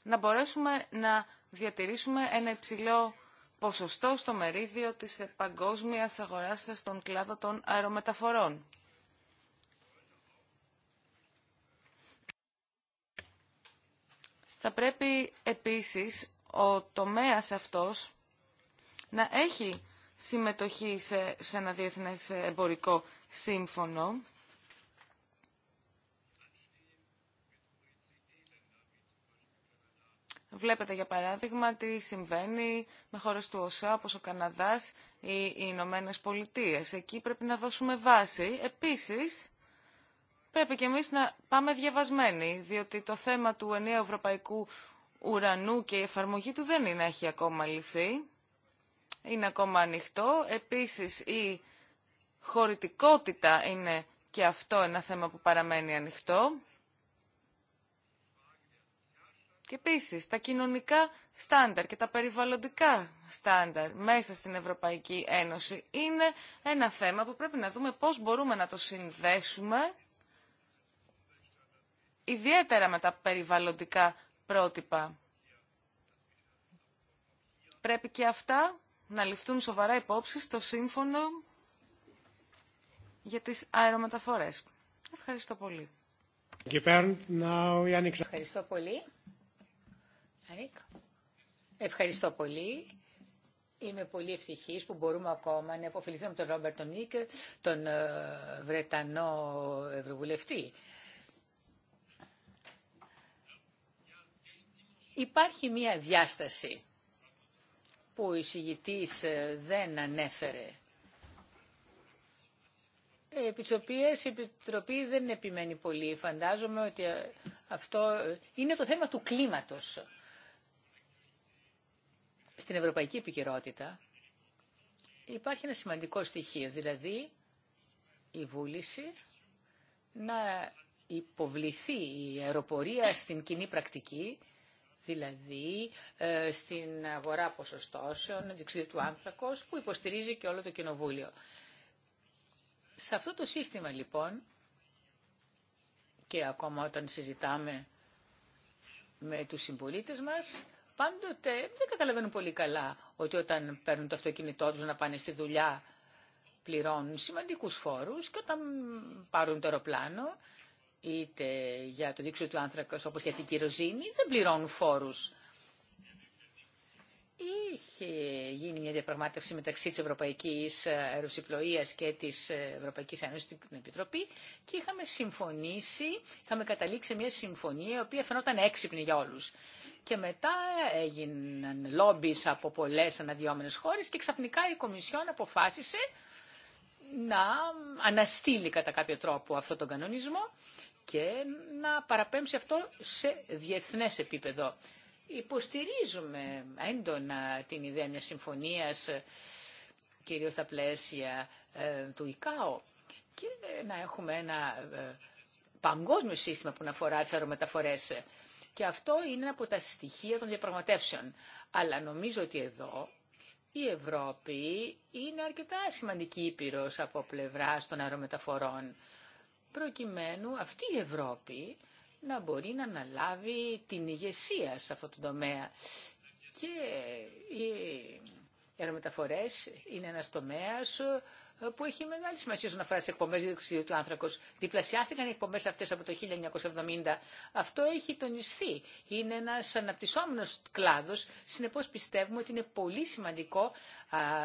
να μπορέσουμε να διατηρήσουμε ένα υψηλό ποσοστό στο μερίδιο της παγκόσμιας αγοράς στον κλάδο των αερομεταφορών. Θα πρέπει επίσης ο τομέας αυτός να έχει συμμετοχή σε, σε ένα διεθνές εμπορικό σύμφωνο Βλέπετε για παράδειγμα τι συμβαίνει με χώρες του ΟΣΑ όπως ο Καναδάς ή οι Ηνωμένε Πολιτείε. Εκεί πρέπει να δώσουμε βάση. Επίσης πρέπει και εμείς να πάμε διαβασμένοι διότι το θέμα του ενιαίου ευρωπαϊκού ουρανού και η εφαρμογή του δεν είναι, έχει ακόμα λυθεί. Είναι ακόμα ανοιχτό. Επίσης η χωρητικότητα είναι και αυτό ένα θέμα που παραμένει ανοιχτό. Και επίση, τα κοινωνικά στάνταρ και τα περιβαλλοντικά στάνταρ μέσα στην Ευρωπαϊκή Ένωση είναι ένα θέμα που πρέπει να δούμε πώς μπορούμε να το συνδέσουμε ιδιαίτερα με τα περιβαλλοντικά πρότυπα. Πρέπει και αυτά να ληφθούν σοβαρά υπόψη στο σύμφωνο για τις αερομεταφορές. Ευχαριστώ πολύ. Ευχαριστώ πολύ. Ευχαριστώ πολύ. Είμαι πολύ ευτυχής που μπορούμε ακόμα να υποφεληθούμε τον Ρόμπερτο Νίκ, τον ε, Βρετανό Ευρωβουλευτή. Υπάρχει μία διάσταση που ο εισηγητής ε, δεν ανέφερε επί της οποίας η Επιτροπή δεν επιμένει πολύ. Φαντάζομαι ότι ε, αυτό είναι το θέμα του κλίματος στην ευρωπαϊκή επικαιρότητα υπάρχει ένα σημαντικό στοιχείο, δηλαδή η βούληση να υποβληθεί η αεροπορία στην κοινή πρακτική, δηλαδή ε, στην αγορά ποσοστώσεων, του άνθρακος, που υποστηρίζει και όλο το Κοινοβούλιο. Σε αυτό το σύστημα λοιπόν, και ακόμα όταν συζητάμε με τους συμπολίτε μας, πάντοτε δεν καταλαβαίνουν πολύ καλά ότι όταν παίρνουν το αυτοκίνητό τους να πάνε στη δουλειά πληρώνουν σημαντικούς φόρους και όταν πάρουν το αεροπλάνο είτε για το δίκτυο του άνθρακα όπως για την κυροζήνη δεν πληρώνουν φόρους είχε γίνει μια διαπραγμάτευση μεταξύ της Ευρωπαϊκής Αεροσυπλοεία και της Ευρωπαϊκής Ένωσης στην Επιτροπή και είχαμε συμφωνήσει, είχαμε καταλήξει μια συμφωνία η οποία φαινόταν έξυπνη για όλους. Και μετά έγιναν λόμπις από πολλές αναδυόμενες χώρες και ξαφνικά η Κομισιόν αποφάσισε να αναστείλει κατά κάποιο τρόπο αυτόν τον κανονισμό και να παραπέμψει αυτό σε διεθνές επίπεδο. Υποστηρίζουμε έντονα την ιδέα μιας συμφωνίας, κυρίως στα πλαίσια ε, του ΙΚΑΟ, και να έχουμε ένα ε, παγκόσμιο σύστημα που να αφορά τις αερομεταφορές. Και αυτό είναι από τα στοιχεία των διαπραγματεύσεων. Αλλά νομίζω ότι εδώ η Ευρώπη είναι αρκετά σημαντική ήπειρος από πλευράς των αερομεταφορών. Προκειμένου αυτή η Ευρώπη να μπορεί να αναλάβει την ηγεσία σε αυτό το τομέα. Και οι αερομεταφορές είναι ένας τομέας ε, που έχει μεγάλη σημασία όσον αφορά τι εκπομπέ του άνθρακο. Διπλασιάστηκαν οι εκπομπέ αυτέ από το 1970. Αυτό έχει τονιστεί. Είναι ένα αναπτυσσόμενο κλάδο. Συνεπώ πιστεύουμε ότι είναι πολύ σημαντικό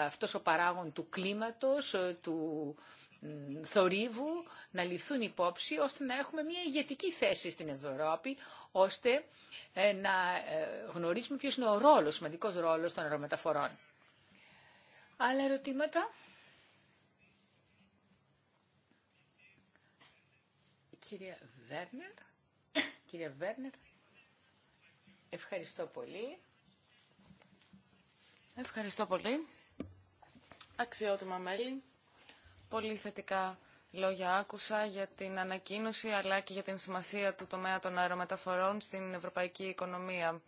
αυτό ο παράγον του κλίματο, ε, του θορύβου να ληφθούν υπόψη ώστε να έχουμε μια ηγετική θέση στην Ευρώπη ώστε ε, να ε, γνωρίσουμε ποιος είναι ο ρόλος, σημαντικός ρόλος των αερομεταφορών. Άλλα ερωτήματα. Κυρία Βέρνερ. Κυρία Βέρνερ. Ευχαριστώ πολύ. Ευχαριστώ πολύ. Αξιότιμα μέλη. Πολύ θετικά λόγια άκουσα για την ανακοίνωση αλλά και για την σημασία του τομέα των αερομεταφορών στην ευρωπαϊκή οικονομία.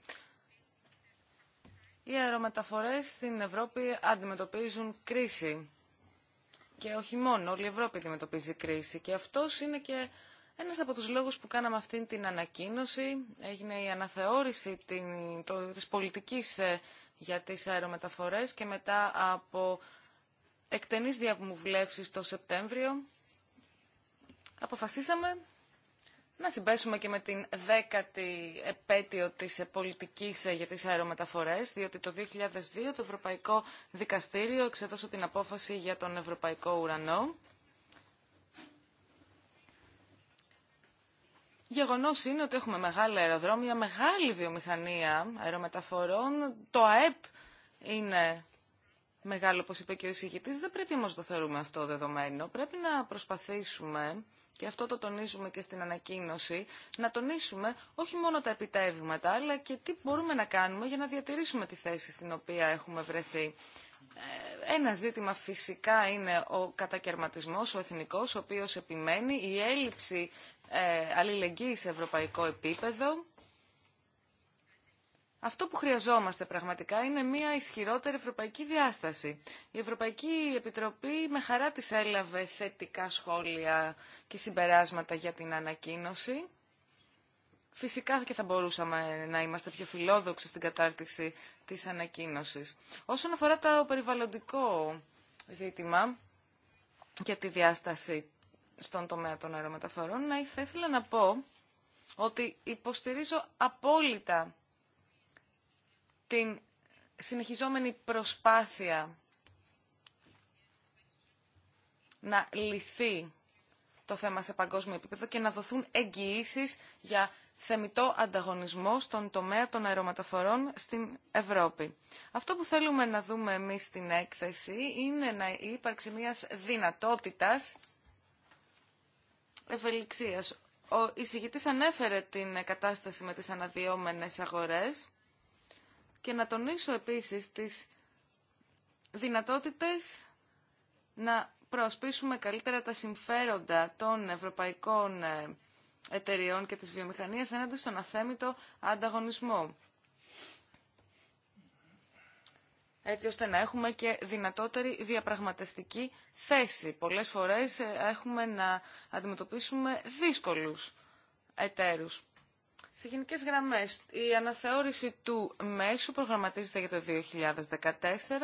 Οι αερομεταφορές στην Ευρώπη αντιμετωπίζουν κρίση. Και όχι μόνο, όλη η Ευρώπη αντιμετωπίζει κρίση. Και αυτός είναι και ένας από τους λόγους που κάναμε αυτή την ανακοίνωση. Έγινε η αναθεώρηση της πολιτικής ε, για τις αερομεταφορές και μετά από Εκτενής διαβουλεύσεις το Σεπτέμβριο αποφασίσαμε να συμπέσουμε και με την δέκατη επέτειο της πολιτικής για τις αερομεταφορές, διότι το 2002 το Ευρωπαϊκό Δικαστήριο εξεδώσε την απόφαση για τον Ευρωπαϊκό Ουρανό. Γεγονός είναι ότι έχουμε μεγάλα αεροδρόμια, μεγάλη βιομηχανία αερομεταφορών. Το ΑΕΠ είναι μεγάλο, όπως είπε και ο εισηγητής. Δεν πρέπει όμως να το θεωρούμε αυτό δεδομένο. Πρέπει να προσπαθήσουμε, και αυτό το τονίζουμε και στην ανακοίνωση, να τονίσουμε όχι μόνο τα επιτεύγματα, αλλά και τι μπορούμε να κάνουμε για να διατηρήσουμε τη θέση στην οποία έχουμε βρεθεί. Ε, ένα ζήτημα φυσικά είναι ο κατακαιρματισμός, ο εθνικός, ο οποίος επιμένει, η έλλειψη ε, αλληλεγγύη σε ευρωπαϊκό επίπεδο, αυτό που χρειαζόμαστε πραγματικά είναι μια ισχυρότερη ευρωπαϊκή διάσταση. Η Ευρωπαϊκή Επιτροπή με χαρά της έλαβε θετικά σχόλια και συμπεράσματα για την ανακοίνωση. Φυσικά και θα μπορούσαμε να είμαστε πιο φιλόδοξοι στην κατάρτιση της ανακοίνωσης. Όσον αφορά το περιβαλλοντικό ζήτημα και τη διάσταση στον τομέα των αερομεταφορών, θα ήθελα να πω ότι υποστηρίζω απόλυτα την συνεχιζόμενη προσπάθεια να λυθεί το θέμα σε παγκόσμιο επίπεδο και να δοθούν εγγυήσεις για θεμητό ανταγωνισμό στον τομέα των αερομεταφορών στην Ευρώπη. Αυτό που θέλουμε να δούμε εμείς στην έκθεση είναι να υπάρξει μια δυνατότητας ευελιξίας. Ο εισηγητής ανέφερε την κατάσταση με τις αναδυόμενες αγορές και να τονίσω επίσης τις δυνατότητες να προασπίσουμε καλύτερα τα συμφέροντα των ευρωπαϊκών ε, εταιριών και της βιομηχανίας έναντι στον αθέμητο ανταγωνισμό. Έτσι ώστε να έχουμε και δυνατότερη διαπραγματευτική θέση. Πολλές φορές ε, έχουμε να αντιμετωπίσουμε δύσκολους εταίρους. Σε γενικές γραμμές, η αναθεώρηση του μέσου προγραμματίζεται για το 2014.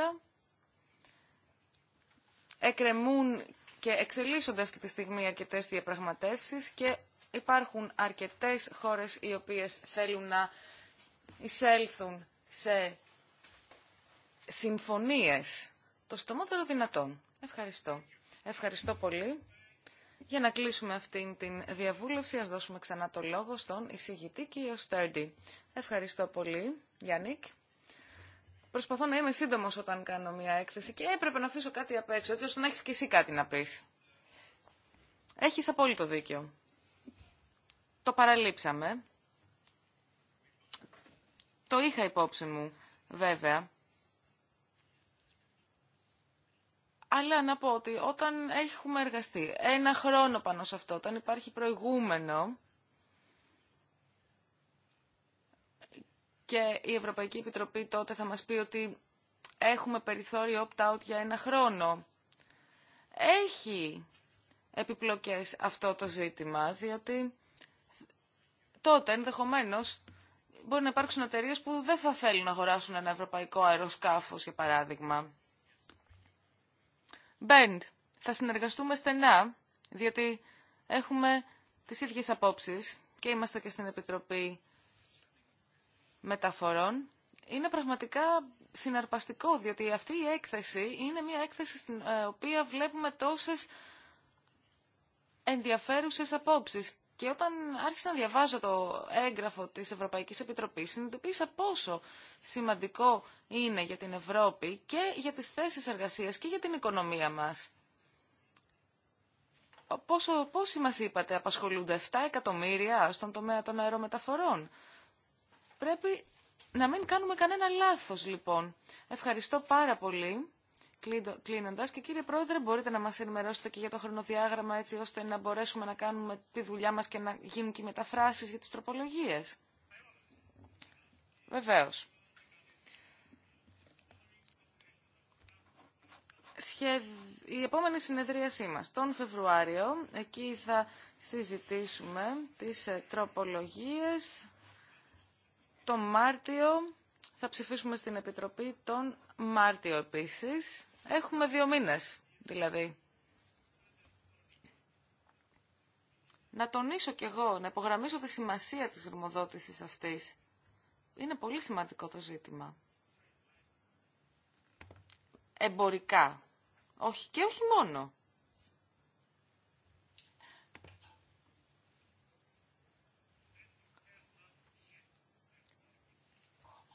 Εκρεμούν και εξελίσσονται αυτή τη στιγμή αρκετές διαπραγματεύσεις και υπάρχουν αρκετές χώρες οι οποίες θέλουν να εισέλθουν σε συμφωνίες το στομότερο δυνατόν. Ευχαριστώ. Ευχαριστώ πολύ. Για να κλείσουμε αυτήν την διαβούλευση, ας δώσουμε ξανά το λόγο στον εισηγητή κύριο Στέρντι. Ευχαριστώ πολύ, Γιάννικ. Προσπαθώ να είμαι σύντομο όταν κάνω μια έκθεση και έπρεπε να αφήσω κάτι απ' έξω, έτσι ώστε να έχει και εσύ κάτι να πει. Έχει απόλυτο δίκιο. Το παραλείψαμε. Το είχα υπόψη μου, βέβαια. Αλλά να πω ότι όταν έχουμε εργαστεί ένα χρόνο πάνω σε αυτό, όταν υπάρχει προηγούμενο και η Ευρωπαϊκή Επιτροπή τότε θα μας πει ότι έχουμε περιθώριο opt-out για ένα χρόνο, έχει επιπλοκές αυτό το ζήτημα, διότι τότε ενδεχομένως μπορεί να υπάρξουν εταιρείε που δεν θα θέλουν να αγοράσουν ένα ευρωπαϊκό αεροσκάφος, για παράδειγμα. Μπέντ, θα συνεργαστούμε στενά, διότι έχουμε τις ίδιες απόψεις και είμαστε και στην Επιτροπή Μεταφορών. Είναι πραγματικά συναρπαστικό, διότι αυτή η έκθεση είναι μια έκθεση στην ε, οποία βλέπουμε τόσες ενδιαφέρουσες απόψεις και όταν άρχισα να διαβάζω το έγγραφο της Ευρωπαϊκής Επιτροπής, συνειδητοποίησα πόσο σημαντικό είναι για την Ευρώπη και για τις θέσεις εργασίας και για την οικονομία μας. Πόσο, πόσοι μας είπατε απασχολούνται 7 εκατομμύρια στον τομέα των αερομεταφορών. Πρέπει να μην κάνουμε κανένα λάθος λοιπόν. Ευχαριστώ πάρα πολύ. Κλείνοντα και κύριε Πρόεδρε, μπορείτε να μα ενημερώσετε και για το χρονοδιάγραμμα έτσι ώστε να μπορέσουμε να κάνουμε τη δουλειά μα και να γίνουν και οι μεταφράσει για τι τροπολογίε. Βεβαίω. Η επόμενη συνεδρίασή μας, τον Φεβρουάριο, εκεί θα συζητήσουμε τις ε, τροπολογίες. Το Μάρτιο θα ψηφίσουμε στην Επιτροπή τον Μάρτιο επίσης. Έχουμε δύο μήνες, δηλαδή. Να τονίσω κι εγώ, να υπογραμμίσω τη σημασία της γνωμοδότησης αυτής. Είναι πολύ σημαντικό το ζήτημα. Εμπορικά. Όχι και όχι μόνο.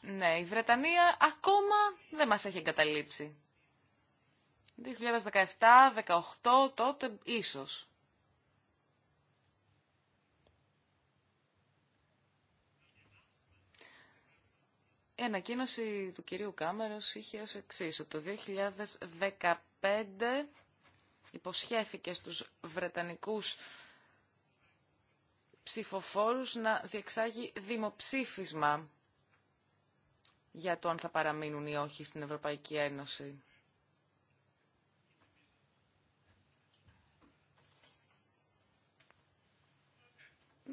Ναι, η Βρετανία ακόμα δεν μας έχει εγκαταλείψει. 2017-2018 τότε ίσως. Η ανακοίνωση του κυρίου Κάμερος είχε ως εξή. το 2015 υποσχέθηκε στους Βρετανικούς ψηφοφόρους να διεξάγει δημοψήφισμα για το αν θα παραμείνουν ή όχι στην Ευρωπαϊκή Ένωση.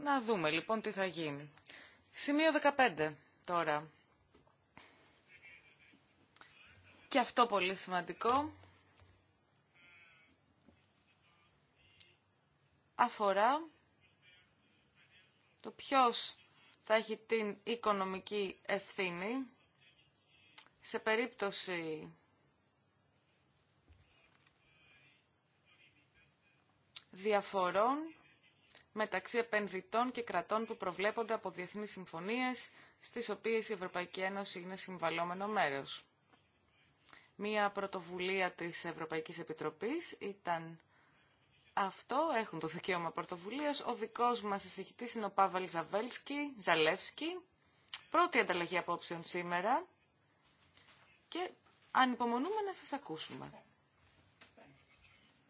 Να δούμε λοιπόν τι θα γίνει. Σημείο 15 τώρα. Και αυτό πολύ σημαντικό. Αφορά το ποιος θα έχει την οικονομική ευθύνη σε περίπτωση διαφορών μεταξύ επενδυτών και κρατών που προβλέπονται από διεθνείς συμφωνίες, στις οποίες η Ευρωπαϊκή Ένωση είναι συμβαλόμενο μέρος. Μία πρωτοβουλία της Ευρωπαϊκής Επιτροπής ήταν αυτό, έχουν το δικαίωμα πρωτοβουλίας. Ο δικός μας εισηγητής είναι ο Παύλ Ζαβέλσκι, Ζαλεύσκι. Πρώτη ανταλλαγή απόψεων σήμερα και ανυπομονούμε να σας ακούσουμε.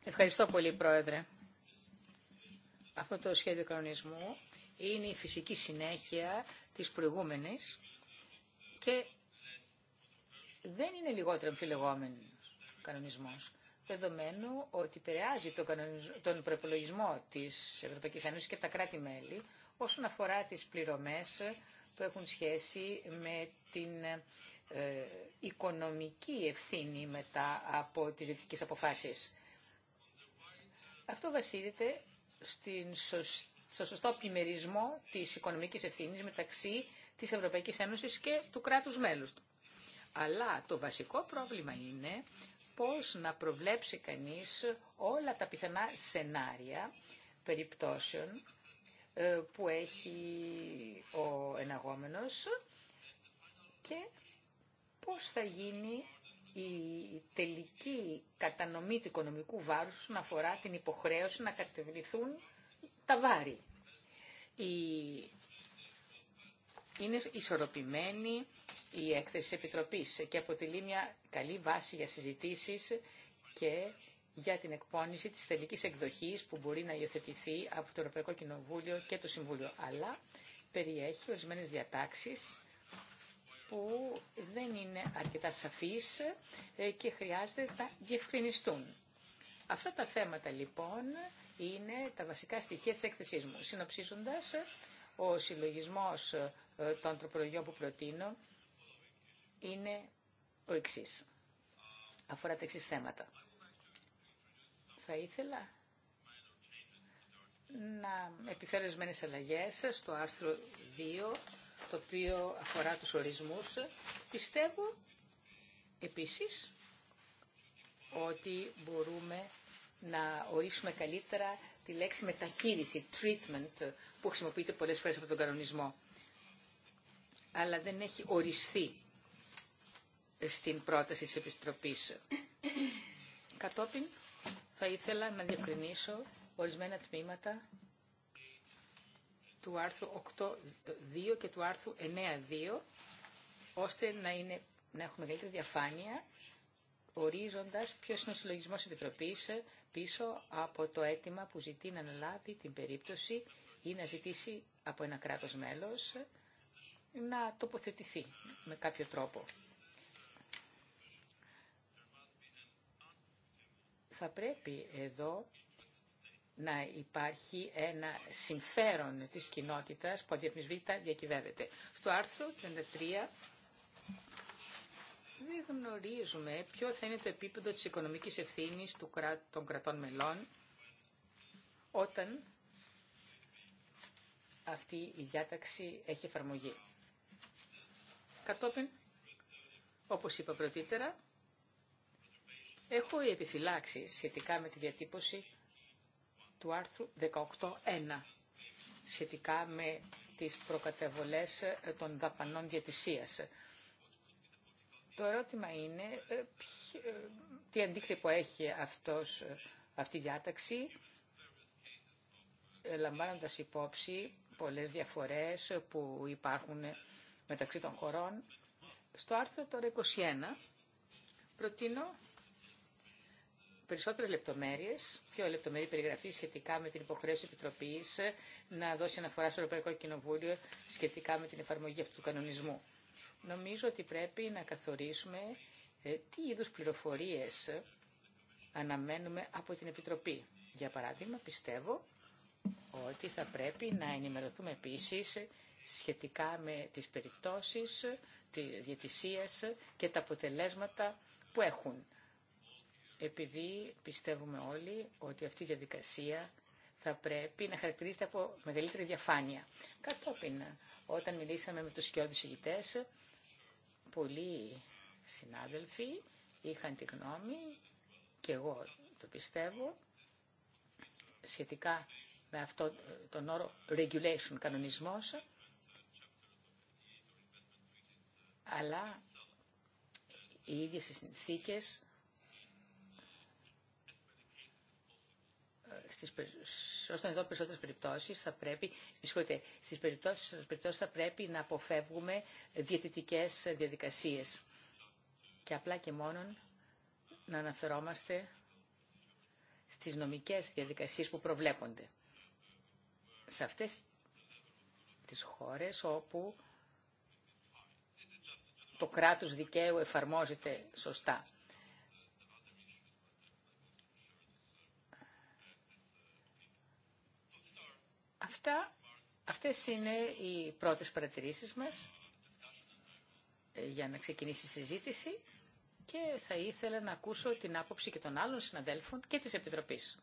Ευχαριστώ πολύ, Πρόεδρε αυτό το σχέδιο κανονισμού είναι η φυσική συνέχεια της προηγούμενης και δεν είναι λιγότερο ο κανονισμός δεδομένου ότι επηρεάζει τον, τον προπολογισμό της Ευρωπαϊκής Ένωσης και τα κράτη-μέλη όσον αφορά τις πληρωμές που έχουν σχέση με την ε, οικονομική ευθύνη μετά από τις δυτικές αποφάσεις. Αυτό βασίζεται στο σωστό πλημερισμό της οικονομικής ευθύνης μεταξύ της Ευρωπαϊκής Ένωσης και του κράτους μέλους του. Αλλά το βασικό πρόβλημα είναι πώς να προβλέψει κανείς όλα τα πιθανά σενάρια περιπτώσεων ε, που έχει ο εναγόμενος και πώς θα γίνει η τελική κατανομή του οικονομικού βάρους να αφορά την υποχρέωση να κατευθυνθούν τα βάρη. Η... Είναι ισορροπημένη η έκθεση της Επιτροπής και αποτελεί μια καλή βάση για συζητήσεις και για την εκπόνηση της τελικής εκδοχής που μπορεί να υιοθετηθεί από το Ευρωπαϊκό Κοινοβούλιο και το Συμβούλιο. Αλλά περιέχει ορισμένες διατάξεις που δεν είναι αρκετά σαφείς ε, και χρειάζεται να διευκρινιστούν. Αυτά τα θέματα λοιπόν είναι τα βασικά στοιχεία της έκθεσής μου. Συνοψίζοντας, ο συλλογισμός ε, των τροπολογιών που προτείνω είναι ο εξής. Αφορά τα εξής θέματα. Θα ήθελα να επιφέρω ορισμένε αλλαγέ στο άρθρο 2 το οποίο αφορά τους ορισμούς. Πιστεύω επίσης ότι μπορούμε να ορίσουμε καλύτερα τη λέξη μεταχείριση, treatment, που χρησιμοποιείται πολλές φορές από τον κανονισμό. Αλλά δεν έχει οριστεί στην πρόταση της Επιστροπής. Κατόπιν θα ήθελα να διευκρινίσω ορισμένα τμήματα του άρθρου 8.2 και του άρθρου 9.2, ώστε να, είναι, να έχουμε μεγαλύτερη διαφάνεια, ορίζοντας ποιος είναι ο συλλογισμός επιτροπής ε, πίσω από το αίτημα που ζητεί να αναλάβει την περίπτωση ή να ζητήσει από ένα κράτος μέλος ε, να τοποθετηθεί με κάποιο τρόπο. Θα πρέπει εδώ να υπάρχει ένα συμφέρον της κοινότητας που αδιαπνισβήτητα διακυβεύεται. Στο άρθρο 33 δεν γνωρίζουμε ποιο θα είναι το επίπεδο της οικονομικής ευθύνης του των κρατών μελών όταν αυτή η διάταξη έχει εφαρμογή. Κατόπιν, όπως είπα πρωτήτερα, έχω επιφυλάξει σχετικά με τη διατύπωση του άρθρου 18.1 σχετικά με τις προκατεβολές ε, των δαπανών διατησίας. Το ερώτημα είναι ε, ε, τι αντίκτυπο έχει αυτός, αυτή η διάταξη, λαμβάνοντας υπόψη πολλές διαφορές που υπάρχουν μεταξύ των χωρών. Στο άρθρο τώρα 21 προτείνω περισσότερες λεπτομέρειες, πιο λεπτομερή περιγραφή σχετικά με την υποχρέωση Επιτροπής να δώσει αναφορά στο Ευρωπαϊκό Κοινοβούλιο σχετικά με την εφαρμογή αυτού του κανονισμού. Νομίζω ότι πρέπει να καθορίσουμε ε, τι είδους πληροφορίες αναμένουμε από την Επιτροπή. Για παράδειγμα, πιστεύω ότι θα πρέπει να ενημερωθούμε επίσης σχετικά με τις περιπτώσεις, τη διατησίας και τα αποτελέσματα που έχουν επειδή πιστεύουμε όλοι ότι αυτή η διαδικασία θα πρέπει να χαρακτηρίζεται από μεγαλύτερη διαφάνεια. Κατόπιν, όταν μιλήσαμε με τους σκιώδους ηγητές, πολλοί συνάδελφοι είχαν τη γνώμη, και εγώ το πιστεύω, σχετικά με αυτό τον όρο regulation, κανονισμός, αλλά οι ίδιες οι συνθήκες στις, όσον εδώ περισσότερες περιπτώσεις θα πρέπει, μισχωρείτε, στις περιπτώσεις, περιπτώσεις θα πρέπει να αποφεύγουμε διαιτητικές διαδικασίες και απλά και μόνον να αναφερόμαστε στις νομικές διαδικασίες που προβλέπονται. Σε αυτές τις χώρες όπου το κράτος δικαίου εφαρμόζεται σωστά. Αυτά, αυτές είναι οι πρώτες παρατηρήσεις μας ε, για να ξεκινήσει η συζήτηση και θα ήθελα να ακούσω την άποψη και των άλλων συναδέλφων και της Επιτροπής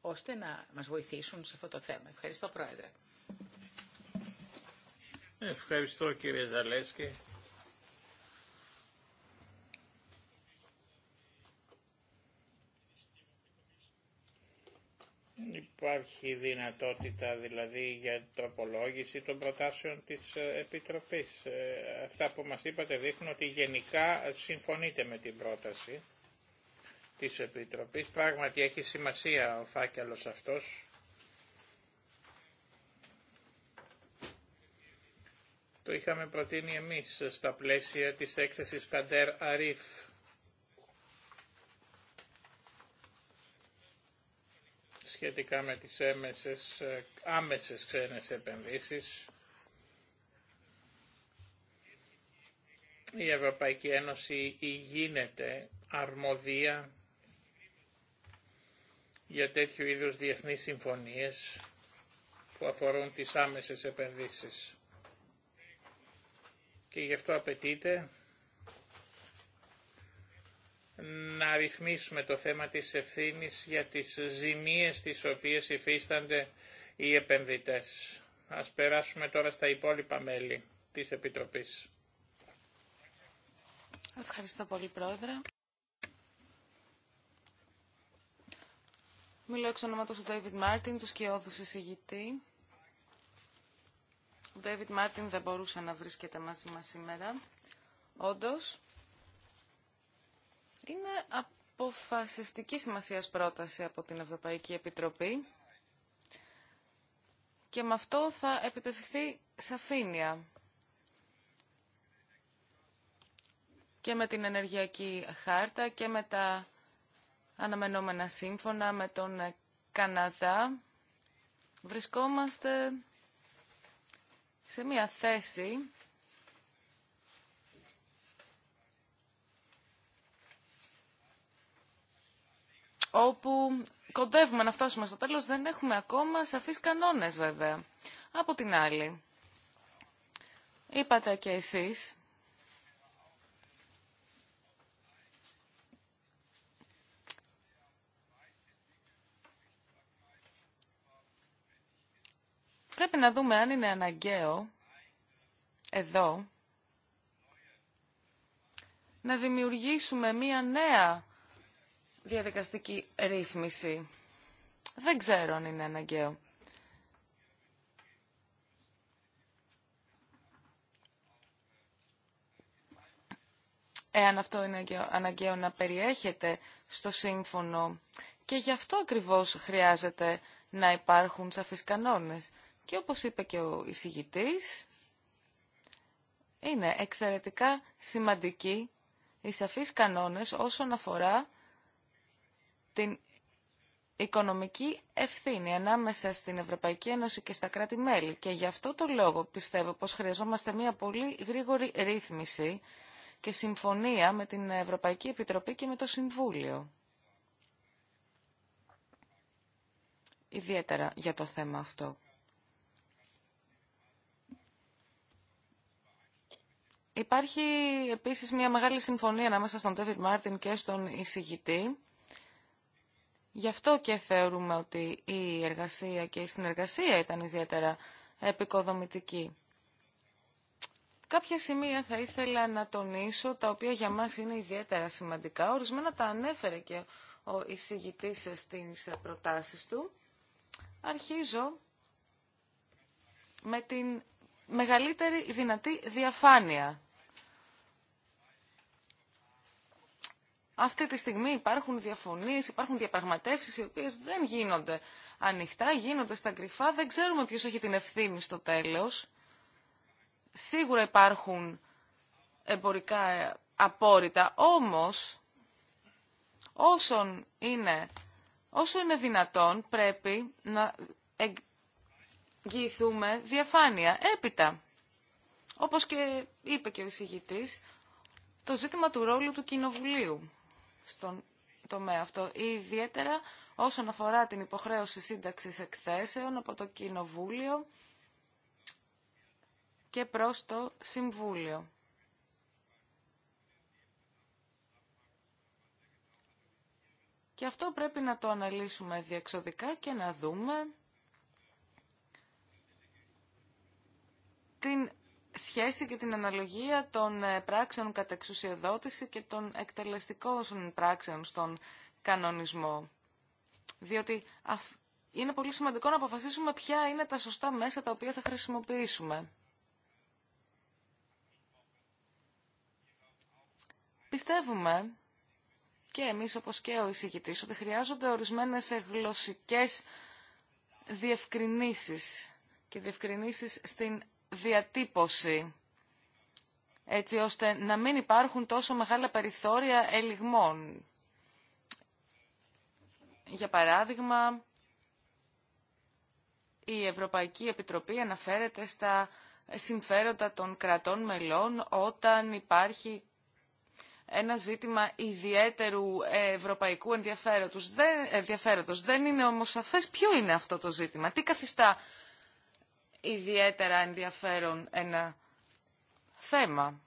ώστε να μας βοηθήσουν σε αυτό το θέμα. Ευχαριστώ Πρόεδρε. Ευχαριστώ κύριε Ζαλέσκη. Υπάρχει δυνατότητα δηλαδή για τροπολόγηση των προτάσεων της ε, Επιτροπής. Ε, αυτά που μας είπατε δείχνουν ότι γενικά συμφωνείτε με την πρόταση της Επιτροπής. Πράγματι έχει σημασία ο φάκελος αυτός. Το είχαμε προτείνει εμείς στα πλαίσια της έκθεσης Καντέρ Αρίφ σχετικά με τις έμεσες, ε, άμεσες ξένες επενδύσεις. Η Ευρωπαϊκή Ένωση γίνεται αρμοδία για τέτοιου είδους διεθνείς συμφωνίες που αφορούν τις άμεσες επενδύσεις. Και γι' αυτό απαιτείται να ρυθμίσουμε το θέμα της ευθύνη για τις ζημίες τις οποίες υφίστανται οι επενδυτές. Ας περάσουμε τώρα στα υπόλοιπα μέλη της Επιτροπής. Ευχαριστώ πολύ, Πρόεδρε. Μιλώ εξ ονόματος του David Μάρτιν, του σκιώδους εισηγητή. Ο David Μάρτιν δεν μπορούσε να βρίσκεται μαζί μας σήμερα. Όντως, είναι αποφασιστική σημασίας πρόταση από την Ευρωπαϊκή Επιτροπή και με αυτό θα επιτευχθεί σαφήνεια. Και με την ενεργειακή χάρτα και με τα αναμενόμενα σύμφωνα με τον Καναδά βρισκόμαστε σε μια θέση όπου κοντεύουμε να φτάσουμε στο τέλος, δεν έχουμε ακόμα σαφείς κανόνες βέβαια. Από την άλλη, είπατε και εσείς, πρέπει να δούμε αν είναι αναγκαίο εδώ να δημιουργήσουμε μία νέα διαδικαστική ρύθμιση. Δεν ξέρω αν είναι αναγκαίο. Εάν αυτό είναι αναγκαίο να περιέχεται στο σύμφωνο και γι' αυτό ακριβώς χρειάζεται να υπάρχουν σαφείς κανόνες. Και όπως είπε και ο εισηγητής, είναι εξαιρετικά σημαντική οι σαφείς κανόνες όσον αφορά την οικονομική ευθύνη ανάμεσα στην Ευρωπαϊκή Ένωση και στα κράτη-μέλη. Και γι' αυτό το λόγο πιστεύω πως χρειαζόμαστε μια πολύ γρήγορη ρύθμιση και συμφωνία με την Ευρωπαϊκή Επιτροπή και με το Συμβούλιο. Ιδιαίτερα για το θέμα αυτό. Υπάρχει επίσης μια μεγάλη συμφωνία ανάμεσα στον Τέβιτ Μάρτιν και στον εισηγητή Γι' αυτό και θεωρούμε ότι η εργασία και η συνεργασία ήταν ιδιαίτερα επικοδομητική. Κάποια σημεία θα ήθελα να τονίσω, τα οποία για μας είναι ιδιαίτερα σημαντικά. Ορισμένα τα ανέφερε και ο εισηγητής στις προτάσεις του. Αρχίζω με την μεγαλύτερη δυνατή διαφάνεια. Αυτή τη στιγμή υπάρχουν διαφωνίες, υπάρχουν διαπραγματεύσεις οι οποίες δεν γίνονται ανοιχτά, γίνονται στα κρυφά, δεν ξέρουμε ποιος έχει την ευθύνη στο τέλος. Σίγουρα υπάρχουν εμπορικά ε, απόρριτα, όμως όσον είναι, όσο είναι δυνατόν πρέπει να εγγυηθούμε διαφάνεια. Έπειτα, όπως και είπε και ο εισηγητής, το ζήτημα του ρόλου του Κοινοβουλίου στον τομέα αυτό. ή Ιδιαίτερα όσον αφορά την υποχρέωση σύνταξης εκθέσεων από το Κοινοβούλιο και προς το Συμβούλιο. Και αυτό πρέπει να το αναλύσουμε διεξοδικά και να δούμε την σχέση και την αναλογία των ε, πράξεων κατά εξουσιοδότηση και των εκτελεστικών πράξεων στον κανονισμό. Διότι είναι πολύ σημαντικό να αποφασίσουμε ποια είναι τα σωστά μέσα τα οποία θα χρησιμοποιήσουμε. Πιστεύουμε και εμείς όπως και ο εισηγητής ότι χρειάζονται ορισμένες γλωσσικές διευκρινήσεις και διευκρινήσεις στην διατύπωση έτσι ώστε να μην υπάρχουν τόσο μεγάλα περιθώρια ελιγμών. Για παράδειγμα, η Ευρωπαϊκή Επιτροπή αναφέρεται στα συμφέροντα των κρατών μελών όταν υπάρχει ένα ζήτημα ιδιαίτερου ευρωπαϊκού ενδιαφέροντος. Δεν, ενδιαφέροντος. Δεν είναι όμως σαφές ποιο είναι αυτό το ζήτημα. Τι καθιστά ιδιαίτερα ενδιαφέρον ένα θέμα.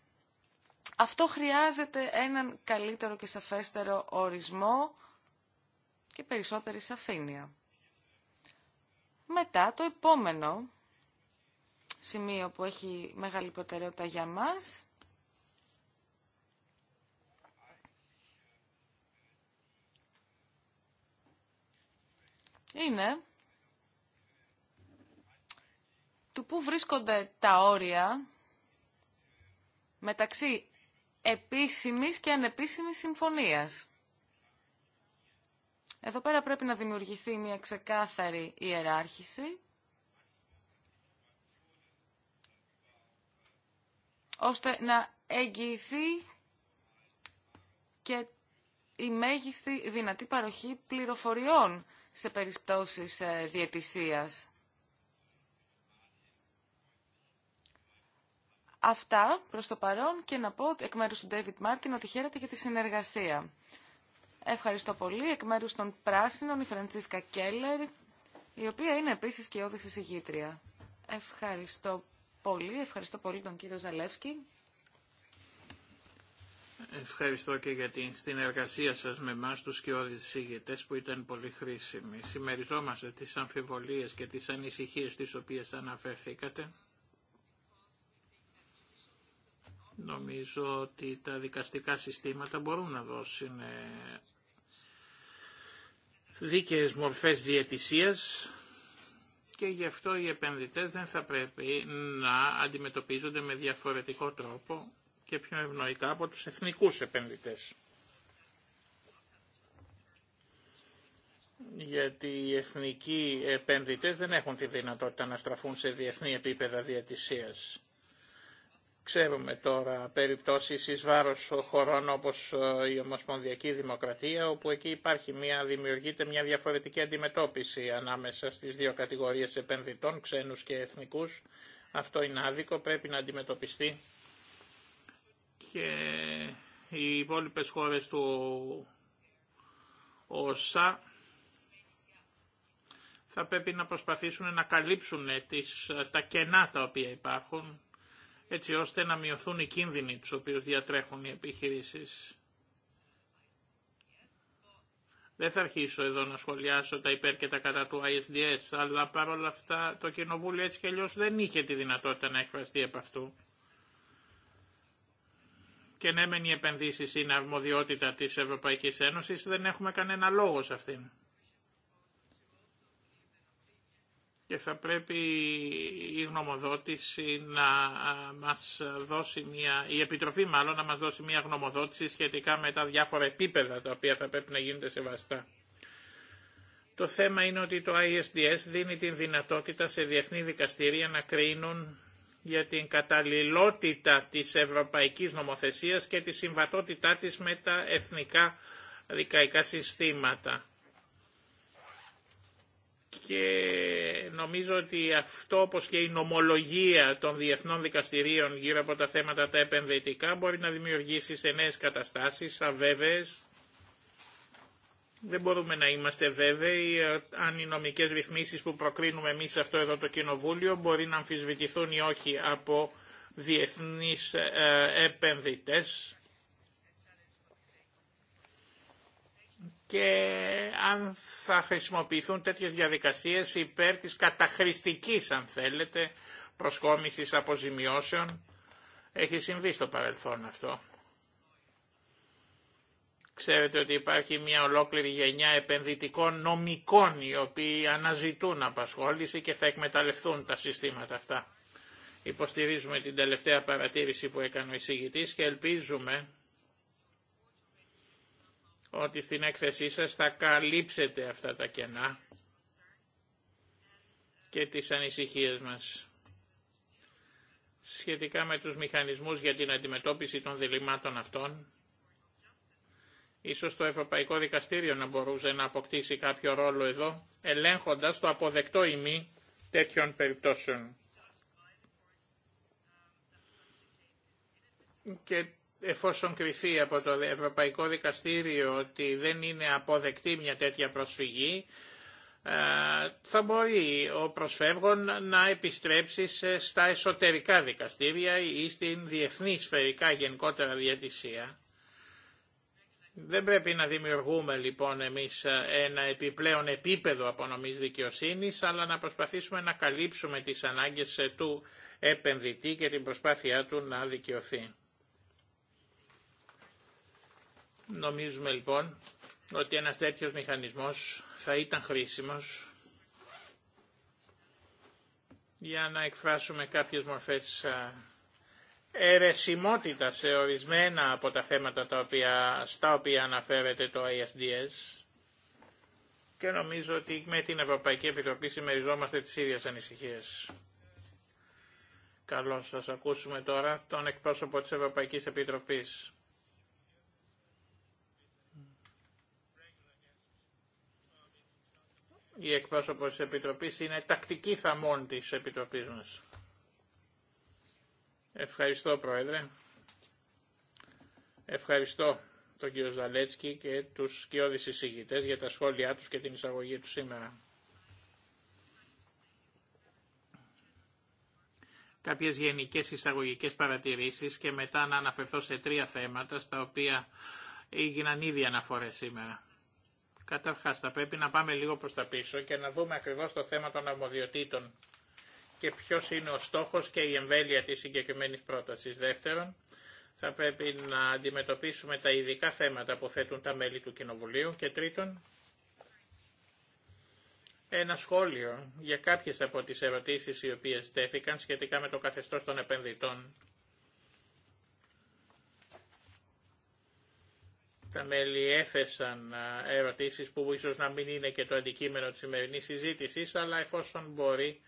Αυτό χρειάζεται έναν καλύτερο και σαφέστερο ορισμό και περισσότερη σαφήνεια. Μετά το επόμενο σημείο που έχει μεγάλη προτεραιότητα για μας είναι του πού βρίσκονται τα όρια μεταξύ επίσημης και ανεπίσημης συμφωνίας. Εδώ πέρα πρέπει να δημιουργηθεί μια ξεκάθαρη ιεράρχηση, ώστε να εγγυηθεί και η μέγιστη δυνατή παροχή πληροφοριών σε περιπτώσεις ε, διαιτησίας. Αυτά προς το παρόν και να πω εκ μέρους του David Μάρτιν ότι χαίρεται για τη συνεργασία. Ευχαριστώ πολύ εκ μέρους των Πράσινων η Φραντσίσκα Κέλλερ, η οποία είναι επίσης και όδηση συγγήτρια. Ευχαριστώ πολύ, ευχαριστώ πολύ τον κύριο Ζαλεύσκη. Ευχαριστώ και για την συνεργασία σας με εμάς τους και συγγετές που ήταν πολύ χρήσιμη. Συμμεριζόμαστε τις αμφιβολίες και τις ανησυχίες τις οποίες αναφέρθηκατε Νομίζω ότι τα δικαστικά συστήματα μπορούν να δώσουν ε, δίκαιες μορφές διαιτησίας και γι' αυτό οι επενδυτές δεν θα πρέπει να αντιμετωπίζονται με διαφορετικό τρόπο και πιο ευνοϊκά από τους εθνικούς επενδυτές. γιατί οι εθνικοί επενδυτές δεν έχουν τη δυνατότητα να στραφούν σε διεθνή επίπεδα διατησίας. Ξέρουμε τώρα περιπτώσεις εις βάρος χωρών όπως ε, η Ομοσπονδιακή Δημοκρατία, όπου εκεί υπάρχει μια, δημιουργείται μια διαφορετική αντιμετώπιση ανάμεσα στις δύο κατηγορίες επενδυτών, ξένους και εθνικούς. Αυτό είναι άδικο, πρέπει να αντιμετωπιστεί και οι υπόλοιπε χώρες του ΩΣΑ θα πρέπει να προσπαθήσουν να καλύψουν τις, τα κενά τα οποία υπάρχουν έτσι ώστε να μειωθούν οι κίνδυνοι τους οποίους διατρέχουν οι επιχειρήσεις. Δεν θα αρχίσω εδώ να σχολιάσω τα υπέρ και τα κατά του ISDS, αλλά παρόλα αυτά το Κοινοβούλιο έτσι και αλλιώς δεν είχε τη δυνατότητα να εκφραστεί από αυτού. Και ναι μεν οι επενδύσεις είναι αρμοδιότητα της Ευρωπαϊκής Ένωσης, δεν έχουμε κανένα λόγο σε αυτήν. και θα πρέπει η γνωμοδότηση να μας δώσει μια, η Επιτροπή μάλλον να μας δώσει μια γνωμοδότηση σχετικά με τα διάφορα επίπεδα τα οποία θα πρέπει να γίνονται σεβαστά. Το θέμα είναι ότι το ISDS δίνει την δυνατότητα σε διεθνή δικαστήρια να κρίνουν για την καταλληλότητα της ευρωπαϊκής νομοθεσίας και τη συμβατότητά της με τα εθνικά δικαϊκά συστήματα και νομίζω ότι αυτό όπως και η νομολογία των διεθνών δικαστηρίων γύρω από τα θέματα τα επενδυτικά μπορεί να δημιουργήσει σε νέες καταστάσεις αβέβαιες. Δεν μπορούμε να είμαστε βέβαιοι αν οι νομικές ρυθμίσεις που προκρίνουμε εμείς αυτό εδώ το κοινοβούλιο μπορεί να αμφισβητηθούν ή όχι από διεθνείς ε, επενδυτές και αν θα χρησιμοποιηθούν τέτοιες διαδικασίες υπέρ της καταχρηστικής, αν θέλετε, προσκόμισης αποζημιώσεων. Έχει συμβεί στο παρελθόν αυτό. Ξέρετε ότι υπάρχει μια ολόκληρη γενιά επενδυτικών νομικών οι οποίοι αναζητούν απασχόληση και θα εκμεταλλευτούν τα συστήματα αυτά. Υποστηρίζουμε την τελευταία παρατήρηση που έκανε ο εισηγητής και ελπίζουμε ότι στην έκθεσή σας θα καλύψετε αυτά τα κενά και τις ανησυχίες μας σχετικά με τους μηχανισμούς για την αντιμετώπιση των διλημάτων αυτών. Ίσως το Ευρωπαϊκό Δικαστήριο να μπορούσε να αποκτήσει κάποιο ρόλο εδώ, ελέγχοντας το αποδεκτό ημί τέτοιων περιπτώσεων. Και εφόσον κρυθεί από το Ευρωπαϊκό Δικαστήριο ότι δεν είναι αποδεκτή μια τέτοια προσφυγή, ε, θα μπορεί ο προσφεύγων να επιστρέψει στα εσωτερικά δικαστήρια ή στην διεθνή σφαιρικά γενικότερα διατησία. Δεν πρέπει να δημιουργούμε λοιπόν εμείς ε, ένα επιπλέον επίπεδο απονομής δικαιοσύνης, αλλά να προσπαθήσουμε να καλύψουμε τις ανάγκες ε, του επενδυτή και την προσπάθειά του να δικαιωθεί. Νομίζουμε λοιπόν ότι ένας τέτοιος μηχανισμός θα ήταν χρήσιμος για να εκφράσουμε κάποιες μορφές αιρεσιμότητα σε ορισμένα από τα θέματα τα οποία, στα οποία αναφέρεται το ISDS και νομίζω ότι με την Ευρωπαϊκή Επιτροπή συμμεριζόμαστε τις ίδιες ανησυχίες. Καλώς σας ακούσουμε τώρα τον εκπρόσωπο της Ευρωπαϊκής Επιτροπής. η εκπρόσωπος της Επιτροπής είναι τακτική θαμών της Επιτροπής μας. Ευχαριστώ Πρόεδρε. Ευχαριστώ τον κύριο Ζαλέτσκι και τους σκιώδεις εισηγητές για τα σχόλιά τους και την εισαγωγή τους σήμερα. Κάποιες γενικές εισαγωγικές παρατηρήσεις και μετά να αναφερθώ σε τρία θέματα στα οποία έγιναν ήδη αναφορές σήμερα. Καταρχά, θα πρέπει να πάμε λίγο προς τα πίσω και να δούμε ακριβώς το θέμα των αρμοδιοτήτων και ποιο είναι ο στόχος και η εμβέλεια της συγκεκριμένη πρότασης. Δεύτερον, θα πρέπει να αντιμετωπίσουμε τα ειδικά θέματα που θέτουν τα μέλη του Κοινοβουλίου. Και τρίτον, ένα σχόλιο για κάποιες από τις ερωτήσεις οι οποίες στέθηκαν σχετικά με το καθεστώς των επενδυτών τα μέλη έθεσαν ερωτήσεις που ίσως να μην είναι και το αντικείμενο της σημερινής συζήτησης, αλλά εφόσον μπορεί,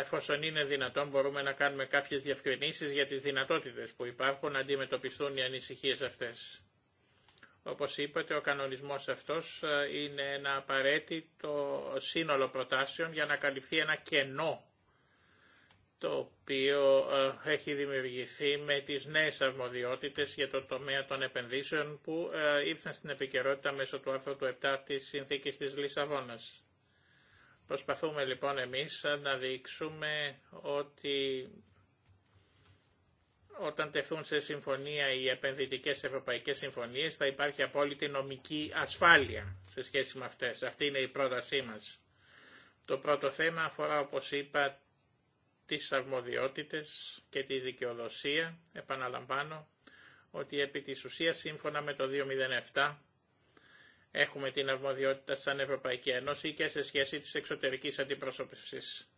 εφόσον είναι δυνατόν, μπορούμε να κάνουμε κάποιες διευκρινήσεις για τις δυνατότητες που υπάρχουν να αντιμετωπιστούν οι ανησυχίες αυτές. Όπως είπατε, ο κανονισμός αυτός είναι ένα απαραίτητο σύνολο προτάσεων για να καλυφθεί ένα κενό το οποίο ε, έχει δημιουργηθεί με τις νέες αρμοδιότητες για το τομέα των επενδύσεων που ε, ήρθαν στην επικαιρότητα μέσω του άρθρου του 7 της Συνθήκης της Λισαβόνας. Προσπαθούμε λοιπόν εμείς να δείξουμε ότι όταν τεθούν σε συμφωνία οι επενδυτικές ευρωπαϊκές συμφωνίες θα υπάρχει απόλυτη νομική ασφάλεια σε σχέση με αυτές. Αυτή είναι η πρότασή μας. Το πρώτο θέμα αφορά, όπως είπα, τις αρμοδιότητες και τη δικαιοδοσία, επαναλαμβάνω, ότι επί της ουσίας σύμφωνα με το 2007 έχουμε την αρμοδιότητα σαν Ευρωπαϊκή Ένωση και σε σχέση της εξωτερικής αντιπρόσωπησης.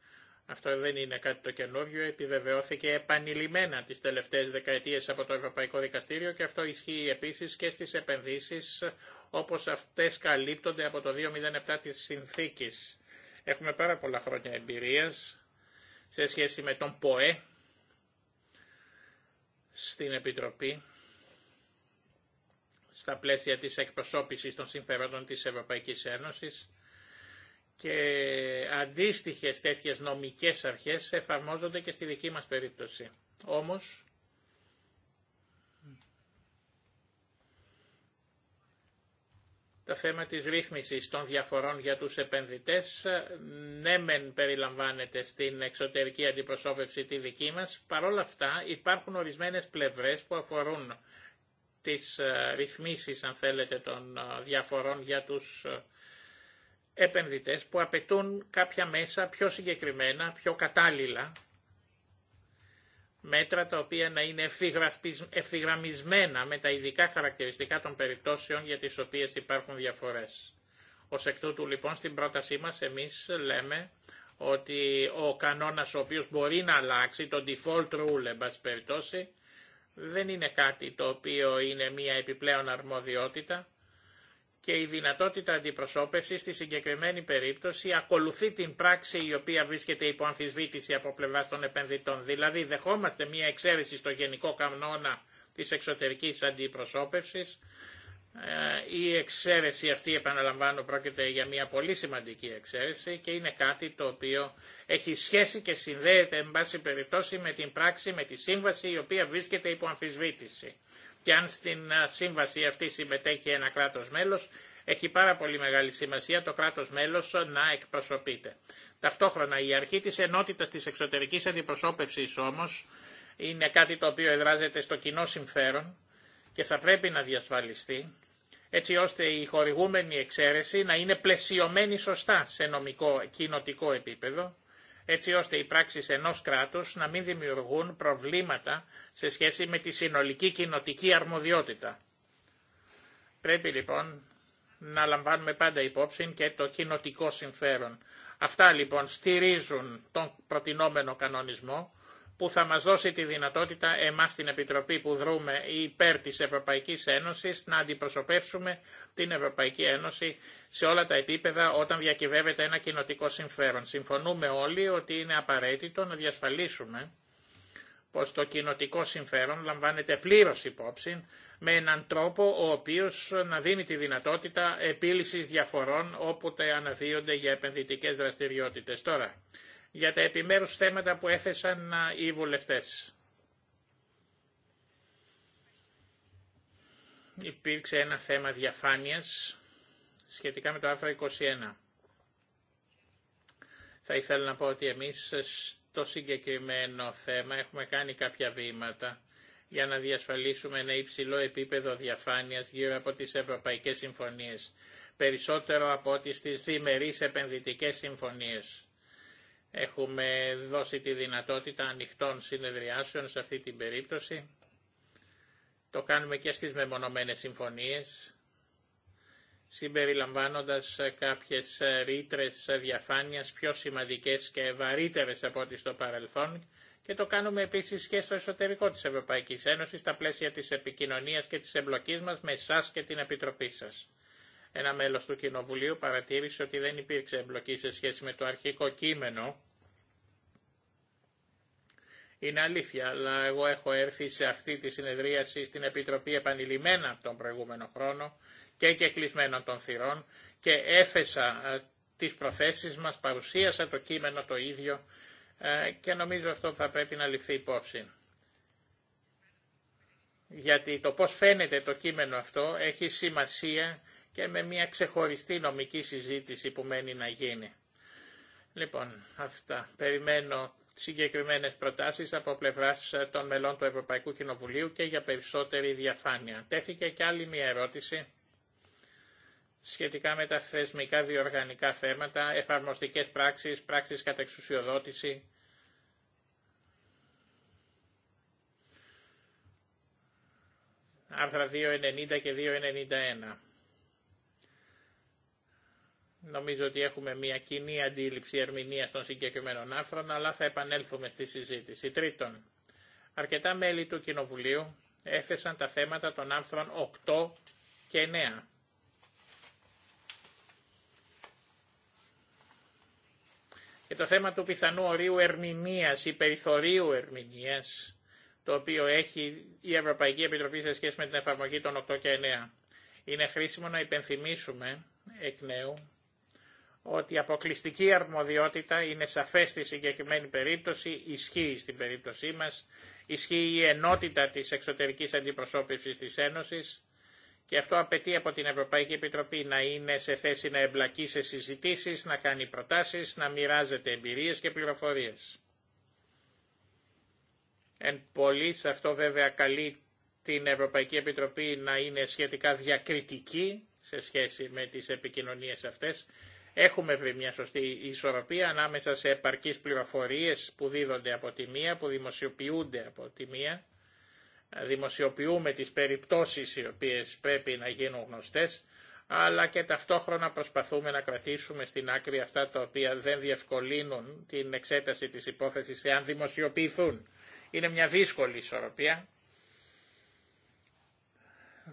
Αυτό δεν είναι κάτι το καινούργιο επιβεβαιώθηκε επανειλημμένα τις τελευταίες δεκαετίες από το Ευρωπαϊκό Δικαστήριο και αυτό ισχύει επίσης και στις επενδύσεις όπως αυτές καλύπτονται από το 2007 της συνθήκης. Έχουμε πάρα πολλά χρόνια εμπειρίας σε σχέση με τον ΠΟΕ στην Επιτροπή στα πλαίσια της εκπροσώπησης των συμφέροντων της Ευρωπαϊκής Ένωσης και αντίστοιχες τέτοιες νομικές αρχές εφαρμόζονται και στη δική μας περίπτωση. Όμως, Το θέμα της ρύθμισης των διαφορών για τους επενδυτές, ναι μεν περιλαμβάνεται στην εξωτερική αντιπροσώπευση τη δική μας, όλα αυτά υπάρχουν ορισμένες πλευρές που αφορούν τις ε, ρυθμίσεις, αν θέλετε, των ε, διαφορών για τους ε, επενδυτές που απαιτούν κάποια μέσα πιο συγκεκριμένα, πιο κατάλληλα μέτρα τα οποία να είναι ευθυγραμμισμένα με τα ειδικά χαρακτηριστικά των περιπτώσεων για τις οποίες υπάρχουν διαφορές. Ως εκ τούτου λοιπόν στην πρότασή μας εμείς λέμε ότι ο κανόνας ο οποίος μπορεί να αλλάξει, το default rule εν πάση περιπτώσει, δεν είναι κάτι το οποίο είναι μια επιπλέον αρμοδιότητα, και η δυνατότητα αντιπροσώπευσης στη συγκεκριμένη περίπτωση ακολουθεί την πράξη η οποία βρίσκεται υπό αμφισβήτηση από πλευρά των επενδυτών. Δηλαδή δεχόμαστε μια εξαίρεση στο γενικό κανόνα της εξωτερικής αντιπροσώπευσης. Ε, η εξαίρεση αυτή, επαναλαμβάνω, πρόκειται για μια πολύ σημαντική εξαίρεση και είναι κάτι το οποίο έχει σχέση και συνδέεται, εν πάση περιπτώσει, με την πράξη, με τη σύμβαση η οποία βρίσκεται υπό αμφισβήτηση και αν στην ε, σύμβαση αυτή συμμετέχει ένα κράτος μέλος, έχει πάρα πολύ μεγάλη σημασία το κράτος μέλος ε, να εκπροσωπείται. Ταυτόχρονα η αρχή της ενότητας της εξωτερικής αντιπροσώπευσης όμως είναι κάτι το οποίο εδράζεται στο κοινό συμφέρον και θα πρέπει να διασφαλιστεί έτσι ώστε η χορηγούμενη εξαίρεση να είναι πλαισιωμένη σωστά σε νομικό κοινοτικό επίπεδο έτσι ώστε οι πράξεις ενός κράτους να μην δημιουργούν προβλήματα σε σχέση με τη συνολική κοινοτική αρμοδιότητα. Πρέπει λοιπόν να λαμβάνουμε πάντα υπόψη και το κοινοτικό συμφέρον. Αυτά λοιπόν στηρίζουν τον προτινόμενο κανονισμό που θα μας δώσει τη δυνατότητα εμάς στην Επιτροπή που δρούμε υπέρ της Ευρωπαϊκής Ένωσης να αντιπροσωπεύσουμε την Ευρωπαϊκή Ένωση σε όλα τα επίπεδα όταν διακυβεύεται ένα κοινοτικό συμφέρον. Συμφωνούμε όλοι ότι είναι απαραίτητο να διασφαλίσουμε πως το κοινοτικό συμφέρον λαμβάνεται πλήρως υπόψη με έναν τρόπο ο οποίος να δίνει τη δυνατότητα επίλυσης διαφορών όποτε αναδύονται για επενδυτικές δραστηριότητες. Τώρα, για τα επιμέρους θέματα που έθεσαν οι βουλευτές. Υπήρξε ένα θέμα διαφάνειας σχετικά με το άρθρο 21. Θα ήθελα να πω ότι εμείς στο συγκεκριμένο θέμα έχουμε κάνει κάποια βήματα για να διασφαλίσουμε ένα υψηλό επίπεδο διαφάνειας γύρω από τις ευρωπαϊκές συμφωνίες, περισσότερο από τις στις διμερείς επενδυτικές συμφωνίες. Έχουμε δώσει τη δυνατότητα ανοιχτών συνεδριάσεων σε αυτή την περίπτωση. Το κάνουμε και στις μεμονωμένες συμφωνίες, συμπεριλαμβάνοντας κάποιες ρήτρε διαφάνειας πιο σημαντικές και βαρύτερες από ό,τι στο παρελθόν και το κάνουμε επίσης και στο εσωτερικό της Ευρωπαϊκής Ένωσης, στα πλαίσια της επικοινωνίας και της εμπλοκής μας με εσά και την Επιτροπή σας. Ένα μέλος του Κοινοβουλίου παρατήρησε ότι δεν υπήρξε εμπλοκή σε σχέση με το αρχικό κείμενο. Είναι αλήθεια, αλλά εγώ έχω έρθει σε αυτή τη συνεδρίαση στην Επιτροπή επανειλημμένα τον προηγούμενο χρόνο και και των θυρών και έφεσα ε, τις προθέσεις μας, παρουσίασα το κείμενο το ίδιο ε, και νομίζω αυτό θα πρέπει να ληφθεί υπόψη. Γιατί το πώς φαίνεται το κείμενο αυτό έχει σημασία και με μια ξεχωριστή νομική συζήτηση που μένει να γίνει. Λοιπόν, αυτά. Περιμένω συγκεκριμένες προτάσεις από πλευράς των μελών του Ευρωπαϊκού Κοινοβουλίου και για περισσότερη διαφάνεια. Τέθηκε και άλλη μια ερώτηση σχετικά με τα θεσμικά διοργανικά θέματα, εφαρμοστικές πράξεις, πράξεις κατά εξουσιοδότηση. Άρθρα 2.90 και 2.91. Νομίζω ότι έχουμε μια κοινή αντίληψη ερμηνεία των συγκεκριμένων άρθρων, αλλά θα επανέλθουμε στη συζήτηση. Τρίτον, αρκετά μέλη του Κοινοβουλίου έθεσαν τα θέματα των άρθρων 8 και 9. Και το θέμα του πιθανού ορίου ερμηνείας ή περιθωρίου ερμηνείας, το οποίο έχει η Ευρωπαϊκή Επιτροπή σε σχέση με την εφαρμογή των 8 και 9. Είναι χρήσιμο να υπενθυμίσουμε εκ νέου ότι η αποκλειστική αρμοδιότητα είναι σαφές στη συγκεκριμένη περίπτωση, ισχύει στην περίπτωσή μας, ισχύει η ενότητα της εξωτερικής αντιπροσώπευσης της Ένωσης και αυτό απαιτεί από την Ευρωπαϊκή Επιτροπή να είναι σε θέση να εμπλακεί σε συζητήσεις, να κάνει προτάσεις, να μοιράζεται εμπειρίες και πληροφορίες. Εν σε αυτό βέβαια καλεί την Ευρωπαϊκή Επιτροπή να είναι σχετικά διακριτική σε σχέση με τις επικοινωνίες αυτές Έχουμε βρει μια σωστή ισορροπία ανάμεσα σε επαρκείς πληροφορίες που δίδονται από τη μία, που δημοσιοποιούνται από τη μία. Δημοσιοποιούμε τις περιπτώσεις οι οποίες πρέπει να γίνουν γνωστές, αλλά και ταυτόχρονα προσπαθούμε να κρατήσουμε στην άκρη αυτά τα οποία δεν διευκολύνουν την εξέταση της υπόθεσης εάν δημοσιοποιηθούν. Είναι μια δύσκολη κρατησουμε στην ακρη αυτα τα οποια δεν διευκολυνουν την εξεταση της υπόθεση εαν δημοσιοποιηθουν ειναι μια δυσκολη ισορροπια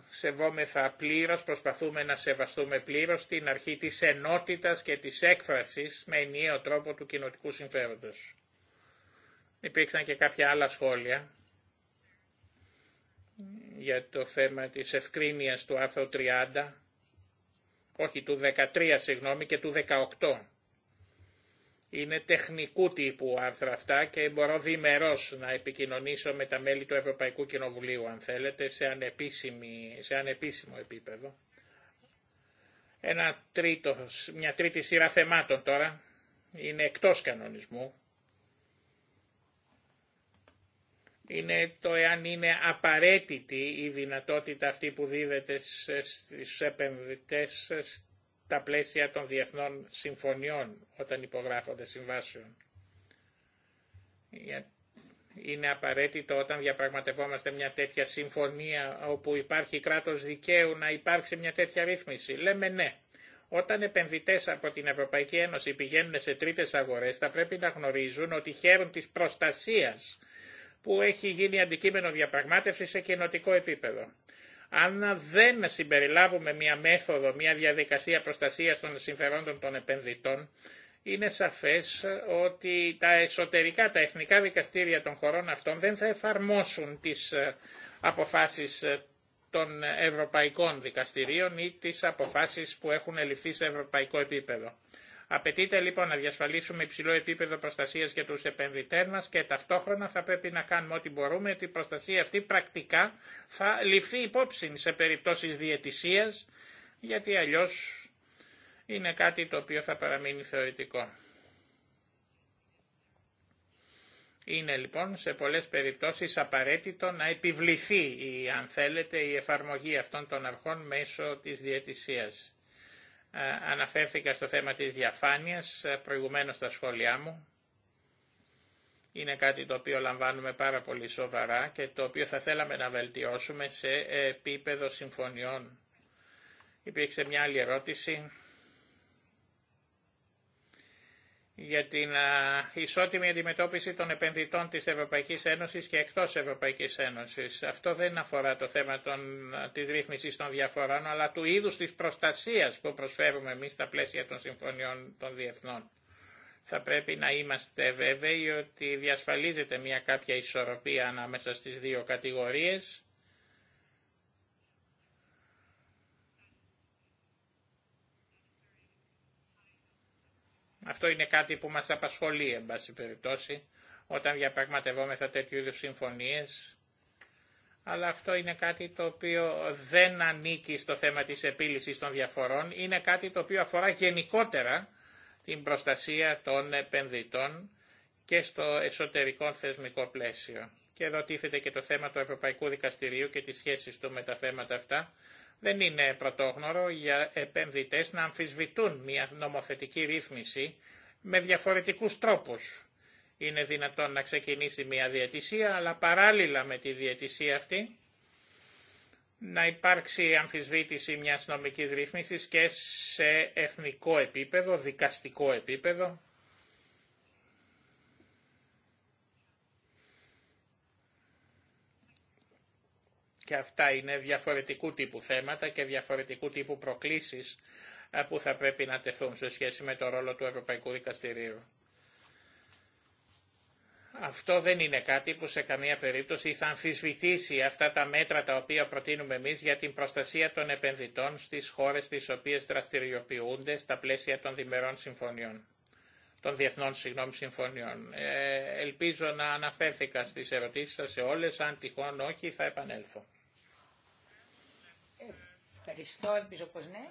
σεβόμεθα πλήρως, προσπαθούμε να σεβαστούμε πλήρως την αρχή της ενότητας και της έκφρασης με ενιαίο τρόπο του κοινοτικού συμφέροντος. Υπήρξαν και κάποια άλλα σχόλια για το θέμα της ευκρίνειας του άρθρου 30, όχι του 13 συγγνώμη και του 18. Είναι τεχνικού τύπου άρθρα αυτά και μπορώ διμερώς να επικοινωνήσω με τα μέλη του Ευρωπαϊκού Κοινοβουλίου, αν θέλετε, σε, ανεπίσημη, σε ανεπίσημο επίπεδο. Ένα τρίτο, μια τρίτη σειρά θεμάτων τώρα είναι εκτός κανονισμού. Είναι το εάν είναι απαραίτητη η δυνατότητα αυτή που δίδεται στους επενδυτές τα πλαίσια των διεθνών συμφωνιών όταν υπογράφονται συμβάσεων. Είναι απαραίτητο όταν διαπραγματευόμαστε μια τέτοια συμφωνία όπου υπάρχει κράτος δικαίου να υπάρξει μια τέτοια ρύθμιση. Λέμε ναι. Όταν επενδυτές από την Ευρωπαϊκή Ένωση πηγαίνουν σε τρίτες αγορές θα πρέπει να γνωρίζουν ότι χαίρουν της προστασίας που έχει γίνει αντικείμενο διαπραγμάτευση σε κοινοτικό επίπεδο. Αν δεν συμπεριλάβουμε μια μέθοδο, μια διαδικασία προστασίας των συμφερόντων των επενδυτών, είναι σαφές ότι τα εσωτερικά, τα εθνικά δικαστήρια των χωρών αυτών δεν θα εφαρμόσουν τις ε, αποφάσεις ε, των ευρωπαϊκών δικαστηρίων ή τις αποφάσεις που έχουν ληφθεί σε ευρωπαϊκό επίπεδο. Απαιτείται λοιπόν να διασφαλίσουμε υψηλό επίπεδο προστασίας για τους επενδυτές μα και ταυτόχρονα θα πρέπει να κάνουμε ό,τι μπορούμε ότι η προστασία αυτή πρακτικά θα ληφθεί υπόψη σε περιπτώσεις διαιτησία, γιατί αλλιώς είναι κάτι το οποίο θα παραμείνει θεωρητικό. Είναι λοιπόν σε πολλές περιπτώσεις απαραίτητο να επιβληθεί η, αν θέλετε, η εφαρμογή αυτών των αρχών μέσω της διαιτησίας. Ε, αναφέρθηκα στο θέμα της διαφάνειας ε, προηγουμένως στα σχόλιά μου. Είναι κάτι το οποίο λαμβάνουμε πάρα πολύ σοβαρά και το οποίο θα θέλαμε να βελτιώσουμε σε επίπεδο συμφωνιών. Υπήρξε μια άλλη ερώτηση για την ισότιμη αντιμετώπιση των επενδυτών της Ευρωπαϊκής Ένωσης και εκτός Ευρωπαϊκής Ένωσης. Αυτό δεν αφορά το θέμα των, της ρύθμισης των διαφορών, αλλά του είδους της προστασίας που προσφέρουμε εμείς στα πλαίσια των συμφωνιών των διεθνών. Θα πρέπει να είμαστε βέβαιοι ότι διασφαλίζεται μια κάποια ισορροπία ανάμεσα στις δύο κατηγορίες Αυτό είναι κάτι που μας απασχολεί, εν πάση περιπτώσει, όταν διαπραγματευόμεθα τέτοιου είδους συμφωνίες, αλλά αυτό είναι κάτι το οποίο δεν ανήκει στο θέμα της επίλυσης των διαφορών, είναι κάτι το οποίο αφορά γενικότερα την προστασία των επενδυτών και στο εσωτερικό θεσμικό πλαίσιο και εδώ τίθεται και το θέμα του Ευρωπαϊκού Δικαστηρίου και τις σχέσεις του με τα θέματα αυτά, δεν είναι πρωτόγνωρο για επενδυτές να αμφισβητούν μια νομοθετική ρύθμιση με διαφορετικούς τρόπους. Είναι δυνατόν να ξεκινήσει μια διαιτησία, αλλά παράλληλα με τη διαιτησία αυτή να υπάρξει αμφισβήτηση μιας νομικής ρύθμισης και σε εθνικό επίπεδο, δικαστικό επίπεδο, και αυτά είναι διαφορετικού τύπου θέματα και διαφορετικού τύπου προκλήσεις ε, που θα πρέπει να τεθούν σε σχέση με το ρόλο του Ευρωπαϊκού Δικαστηρίου. Αυτό δεν είναι κάτι που σε καμία περίπτωση θα αμφισβητήσει αυτά τα μέτρα τα οποία προτείνουμε εμείς για την προστασία των επενδυτών στις χώρες τις οποίες δραστηριοποιούνται στα πλαίσια των διμερών συμφωνιών των διεθνών συγγνώμη συμφωνιών. Ε, ελπίζω να αναφέρθηκα στις ερωτήσεις σας σε όλες, αν τυχόν όχι θα επανέλθω. Ευχαριστώ, ελπίζω πως ναι.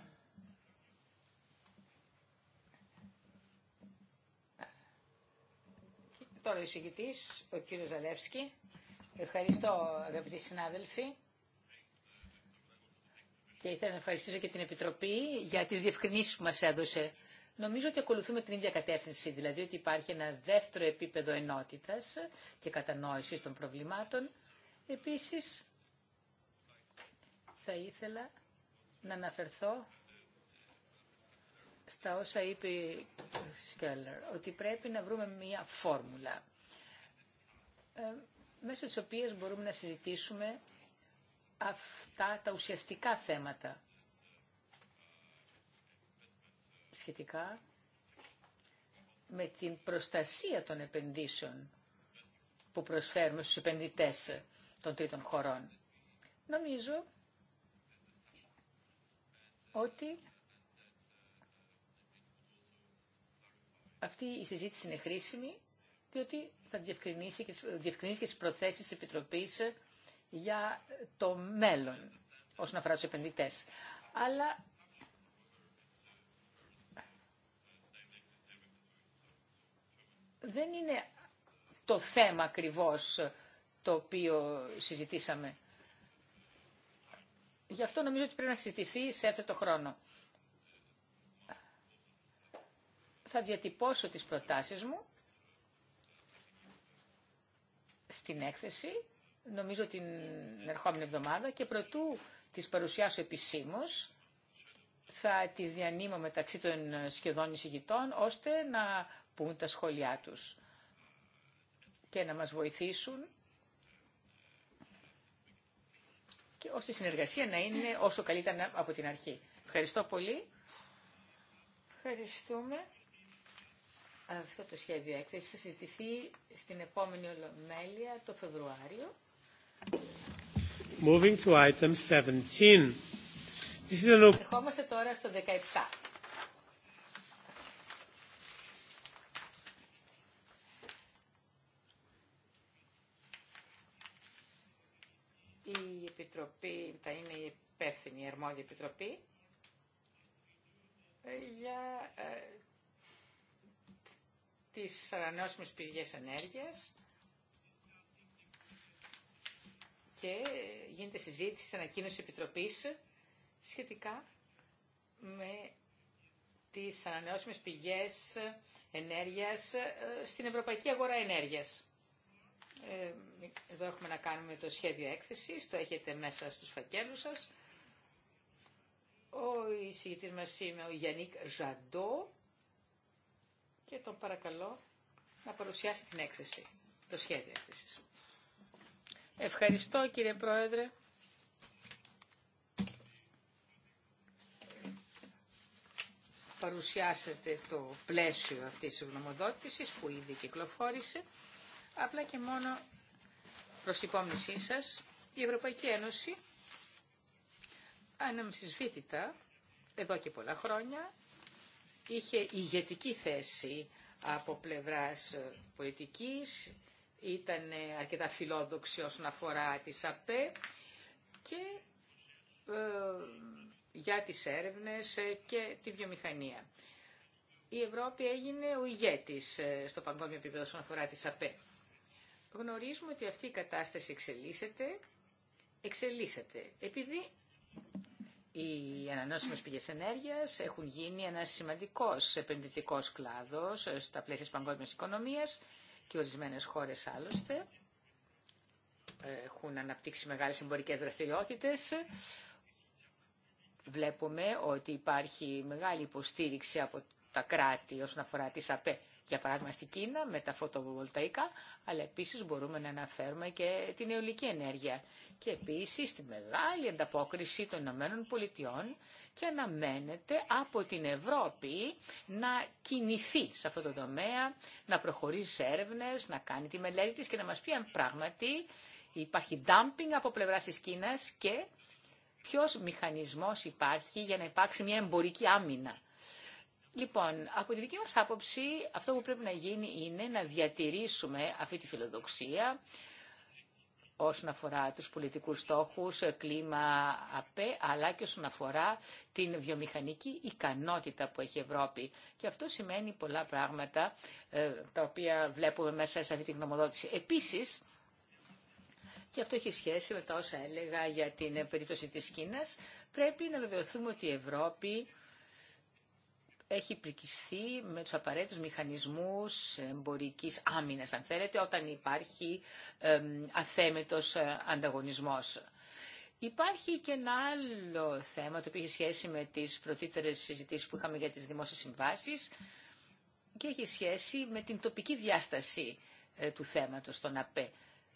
Τώρα ο εισηγητής, ο κύριος Ζαλεύσκη. Ευχαριστώ αγαπητοί συνάδελφοι. Και ήθελα να ευχαριστήσω και την Επιτροπή για τις διευκρινήσεις που μας έδωσε. Νομίζω ότι ακολουθούμε την ίδια κατεύθυνση, δηλαδή ότι υπάρχει ένα δεύτερο επίπεδο ενότητας και κατανόησης των προβλημάτων. Επίσης, θα ήθελα να αναφερθώ στα όσα είπε η Σκέλλερ, ότι πρέπει να βρούμε μία φόρμουλα ε, μέσω της οποίας μπορούμε να συζητήσουμε αυτά τα ουσιαστικά θέματα σχετικά με την προστασία των επενδύσεων που προσφέρουμε στους επενδυτές των τρίτων χωρών. Νομίζω ότι αυτή η συζήτηση είναι χρήσιμη, διότι θα διευκρινίσει και, διευκρινίσει και τις προθέσεις της Επιτροπής για το μέλλον όσον αφορά τους επενδυτές. Αλλά δεν είναι το θέμα ακριβώς το οποίο συζητήσαμε. Γι' αυτό νομίζω ότι πρέπει να συζητηθεί σε αυτό το χρόνο. Θα διατυπώσω τις προτάσεις μου στην έκθεση, νομίζω την ερχόμενη εβδομάδα και προτού τις παρουσιάσω επισήμως, θα τις διανύμω μεταξύ των σχεδόν εισηγητών, ώστε να πούν τα σχόλιά τους και να μας βοηθήσουν και ώστε η συνεργασία να είναι όσο καλύτερα από την αρχή. Ευχαριστώ πολύ. Ευχαριστούμε. Αυτό το σχέδιο έκθεση θα συζητηθεί στην επόμενη Ολομέλεια το Φεβρουάριο. Moving to item 17. Ερχόμαστε τώρα στο 17. Επιτροπή θα είναι η υπεύθυνη, η αρμόδια Επιτροπή ε, για ε, τις ανανεώσιμες πηγές ενέργειας και γίνεται συζήτηση σε ανακοίνωση Επιτροπής σχετικά με τις ανανεώσιμες πηγές ενέργειας ε, στην Ευρωπαϊκή Αγορά Ενέργειας. Ε, εδώ έχουμε να κάνουμε το σχέδιο έκθεσης, το έχετε μέσα στους φακέλους σας. Ο εισηγητής μας είναι ο Γιάννικ Ζαντό και τον παρακαλώ να παρουσιάσει την έκθεση, το σχέδιο έκθεσης. Ευχαριστώ κύριε Πρόεδρε. Παρουσιάσετε το πλαίσιο αυτής της γνωμοδότησης που ήδη κυκλοφόρησε. Απλά και μόνο προς υπόμνησή σας, η Ευρωπαϊκή Ένωση αναμφισβήτητα εδώ και πολλά χρόνια είχε ηγετική θέση από πλευράς πολιτικής, ήταν αρκετά φιλόδοξη όσον αφορά τις ΑΠΕ και ε, για τις έρευνες και τη βιομηχανία. Η Ευρώπη έγινε ο ηγέτης ε, στο παγκόσμιο επίπεδο όσον αφορά τις ΑΠΕ γνωρίζουμε ότι αυτή η κατάσταση εξελίσσεται, εξελίσσεται επειδή οι ανανεώσιμε πηγέ ενέργεια έχουν γίνει ένα σημαντικό επενδυτικό κλάδο στα πλαίσια τη παγκόσμια οικονομία και ορισμένε χώρε άλλωστε έχουν αναπτύξει μεγάλες εμπορικές δραστηριότητες. Βλέπουμε ότι υπάρχει μεγάλη υποστήριξη από τα κράτη όσον αφορά τις ΑΠΕ για παράδειγμα στην Κίνα με τα φωτοβολταϊκά, αλλά επίσης μπορούμε να αναφέρουμε και την αιωλική ενέργεια και επίσης τη μεγάλη ανταπόκριση των Ηνωμένων Πολιτειών και αναμένεται από την Ευρώπη να κινηθεί σε αυτό το τομέα, να προχωρήσει σε έρευνες, να κάνει τη μελέτη της και να μας πει αν πράγματι υπάρχει dumping από πλευρά της Κίνας και ποιος μηχανισμός υπάρχει για να υπάρξει μια εμπορική άμυνα Λοιπόν, από τη δική μας άποψη, αυτό που πρέπει να γίνει είναι να διατηρήσουμε αυτή τη φιλοδοξία όσον αφορά τους πολιτικούς στόχους, κλίμα ΑΠΕ, αλλά και όσον αφορά την βιομηχανική ικανότητα που έχει η Ευρώπη. Και αυτό σημαίνει πολλά πράγματα, ε, τα οποία βλέπουμε μέσα σε αυτή τη γνωμοδότηση. Επίσης, και αυτό έχει σχέση με τα όσα έλεγα για την περίπτωση της Κίνας, πρέπει να βεβαιωθούμε ότι η Ευρώπη έχει πληκιστεί με τους απαραίτητους μηχανισμούς εμπορικής άμυνας, αν θέλετε, όταν υπάρχει αθέμετος ε, ανταγωνισμός. Υπάρχει και ένα άλλο θέμα το οποίο έχει σχέση με τις πρωτύτερες συζητήσεις που είχαμε για τις δημόσιες συμβάσεις και έχει σχέση με την τοπική διάσταση ε, του θέματος των ΑΠΕ.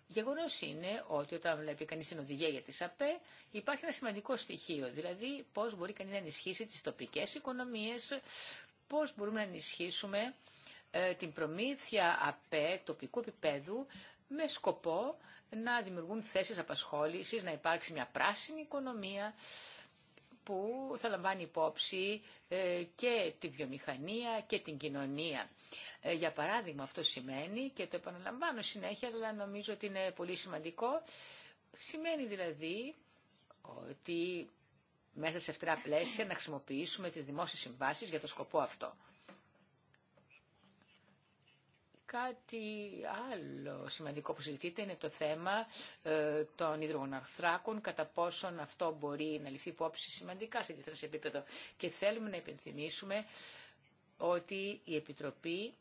Γεγονό είναι ότι όταν βλέπει κανεί την οδηγία για τη ΑΠΕ, υπάρχει ένα σημαντικό στοιχείο, δηλαδή πώ μπορεί κανεί να ενισχύσει τι τοπικέ οικονομίε, πώ μπορούμε να ενισχύσουμε ε, την προμήθεια ΑΠΕ τοπικού επίπεδου με σκοπό να δημιουργούν θέσεις απασχόλησης, να υπάρξει μια πράσινη οικονομία που θα λαμβάνει υπόψη ε, και τη βιομηχανία και την κοινωνία. Ε, για παράδειγμα, αυτό σημαίνει, και το επαναλαμβάνω συνέχεια, αλλά νομίζω ότι είναι πολύ σημαντικό, σημαίνει δηλαδή ότι μέσα σε αυτά πλαίσια να χρησιμοποιήσουμε τις δημόσιες συμβάσεις για το σκοπό αυτό. Κάτι άλλο σημαντικό που συζητείται είναι το θέμα ε, των υδρογοναρθράκων, κατά πόσον αυτό μπορεί να ληφθεί υπόψη σημαντικά σε διεθνές επίπεδο. Και θέλουμε να υπενθυμίσουμε ότι η Επιτροπή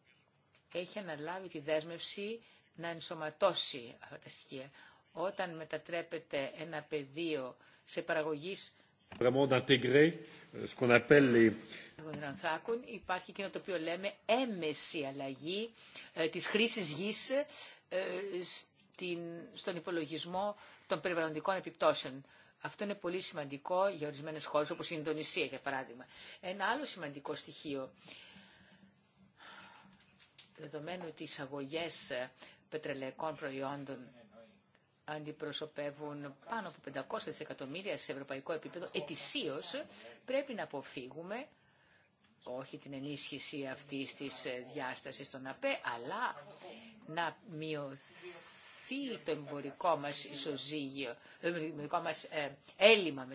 έχει αναλάβει τη δέσμευση να ενσωματώσει αυτά τα στοιχεία. Όταν μετατρέπεται ένα πεδίο σε παραγωγής ε, υπάρχει εκείνο το οποίο λέμε έμεση αλλαγή ε, της χρήσης γης ε, στον υπολογισμό των περιβαλλοντικών επιπτώσεων. Αυτό είναι πολύ σημαντικό για ορισμένε χώρε όπω η Ινδονησία, για παράδειγμα. Ένα άλλο σημαντικό στοιχείο, δεδομένου ότι οι εισαγωγέ πετρελαϊκών προϊόντων αντιπροσωπεύουν πάνω από 500 δισεκατομμύρια σε ευρωπαϊκό επίπεδο ετησίως, πρέπει να αποφύγουμε όχι την ενίσχυση αυτής της ε, διάσταση των ΑΠΕ, αλλά να μειωθεί το εμπορικό μας ισοζύγιο, το εμπορικό μα ε, έλλειμμα,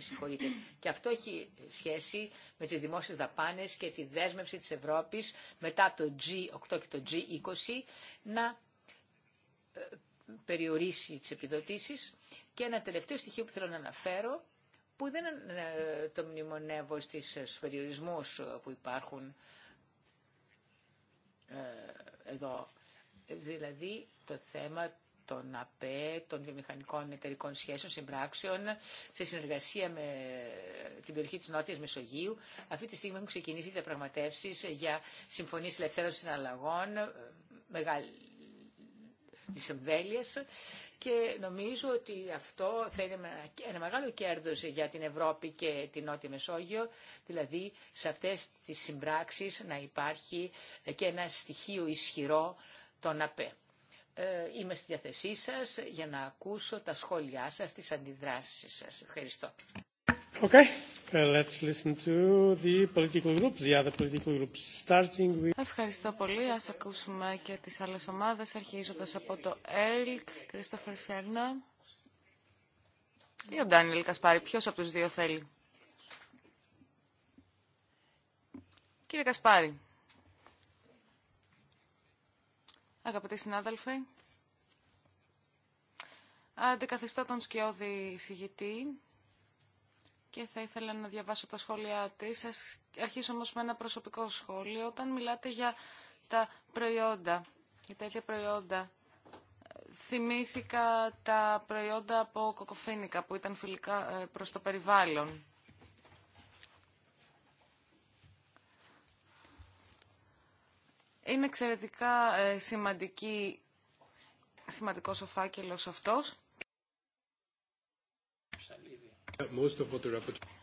Και αυτό έχει σχέση με τι δημόσιε δαπάνε και τη δέσμευση της Ευρώπης μετά το G8 και το G20 να ε, περιορίσει τις επιδοτήσεις. Και ένα τελευταίο στοιχείο που θέλω να αναφέρω, που δεν ε, το μνημονεύω στις ε, περιορισμούς ε, που υπάρχουν εδώ, δηλαδή το θέμα των ΑΠΕ, των βιομηχανικών εταιρικών σχέσεων, συμπράξεων, σε συνεργασία με την περιοχή της Νότιας Μεσογείου. Αυτή τη στιγμή έχουν ξεκινήσει διαπραγματεύσει για συμφωνίες ελευθέρων συναλλαγών, μεγάλη της εμβέλειας και νομίζω ότι αυτό θα είναι ένα μεγάλο κέρδος για την Ευρώπη και την Νότια Μεσόγειο, δηλαδή σε αυτές τις συμπράξεις να υπάρχει και ένα στοιχείο ισχυρό των ΑΠΕ. Ε, είμαι στη διαθεσή σας για να ακούσω τα σχόλιά σας, τις αντιδράσεις σας. Ευχαριστώ. Okay. Ευχαριστώ πολύ. Ας ακούσουμε και τις άλλες ομάδες, αρχίζοντας από το ΕΛΚ, Κρίστοφερ Φιέρνα ή ο Ντάνιελ Κασπάρη. Ποιος από τους δύο θέλει. Κύριε Κασπάρη. Αγαπητοί συνάδελφοι, αντικαθιστώ τον σκιώδη εισηγητή και θα ήθελα να διαβάσω τα σχόλιά της. αρχίσω όμως με ένα προσωπικό σχόλιο. Όταν μιλάτε για τα προϊόντα, για τέτοια προϊόντα, θυμήθηκα τα προϊόντα από κοκοφίνικα που ήταν φιλικά ε, προς το περιβάλλον. Είναι εξαιρετικά ε, σημαντική, σημαντικός ο φάκελος αυτός.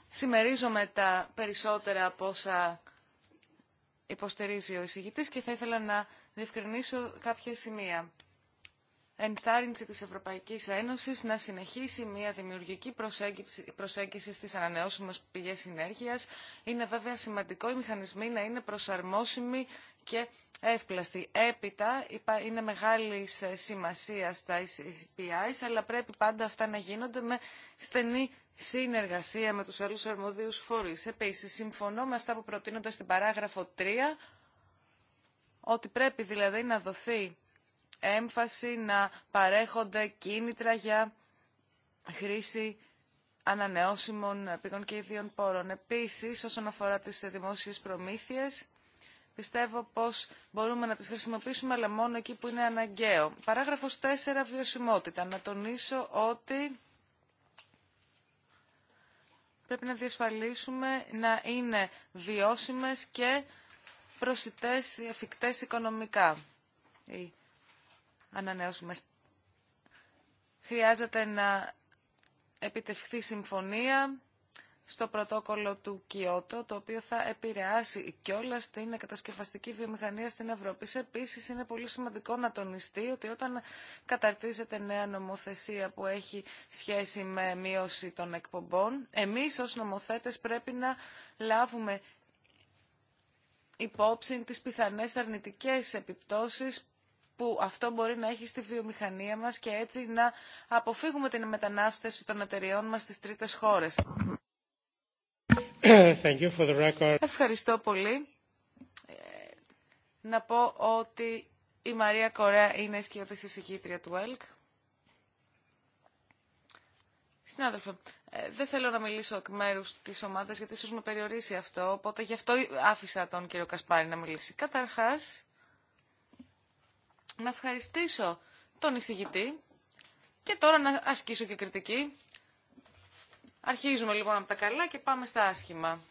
Σημερίζομαι τα περισσότερα από όσα υποστηρίζει ο εισηγητής και θα ήθελα να διευκρινίσω κάποια σημεία. Ενθάρρυνση της Ευρωπαϊκής Ένωσης να συνεχίσει μια δημιουργική προσέγγιση στις ανανεώσιμες πηγές ενέργειας. Είναι βέβαια σημαντικό οι μηχανισμοί να είναι προσαρμόσιμοι και εύπλαστη. Έπειτα είναι μεγάλη ε, σημασία τα SPI, αλλά πρέπει πάντα αυτά να γίνονται με στενή συνεργασία με τους άλλους αρμοδίους φορείς. Επίσης, συμφωνώ με αυτά που προτείνονται στην παράγραφο 3, ότι πρέπει δηλαδή να δοθεί έμφαση να παρέχονται κίνητρα για χρήση ανανεώσιμων πηγών και ιδίων πόρων. Επίσης, όσον αφορά τις δημόσιες προμήθειες, πιστεύω πως μπορούμε να τις χρησιμοποιήσουμε, αλλά μόνο εκεί που είναι αναγκαίο. Παράγραφος 4, βιωσιμότητα. Να τονίσω ότι πρέπει να διασφαλίσουμε να είναι βιώσιμες και προσιτές, εφικτές οικονομικά. Οι Χρειάζεται να επιτευχθεί συμφωνία στο πρωτόκολλο του Κιώτο, το οποίο θα επηρεάσει κιόλα την κατασκευαστική βιομηχανία στην Ευρώπη. Επίση, είναι πολύ σημαντικό να τονιστεί ότι όταν καταρτίζεται νέα νομοθεσία που έχει σχέση με μείωση των εκπομπών, εμεί ω νομοθέτε πρέπει να λάβουμε υπόψη τις πιθανές αρνητικές επιπτώσεις που αυτό μπορεί να έχει στη βιομηχανία μας και έτσι να αποφύγουμε την μετανάστευση των εταιριών μας στις τρίτες χώρες. Ευχαριστώ πολύ. Ε, να πω ότι η Μαρία Κορέα είναι σκιώδης εισηγήτρια του ΕΛΚ. Συνάδελφε, ε, δεν θέλω να μιλήσω εκ μέρου τη ομάδα γιατί ίσω με περιορίσει αυτό, οπότε γι' αυτό άφησα τον κύριο Κασπάρη να μιλήσει. Καταρχά, να ευχαριστήσω τον εισηγητή και τώρα να ασκήσω και κριτική. Αρχίζουμε λοιπόν από τα καλά και πάμε στα άσχημα.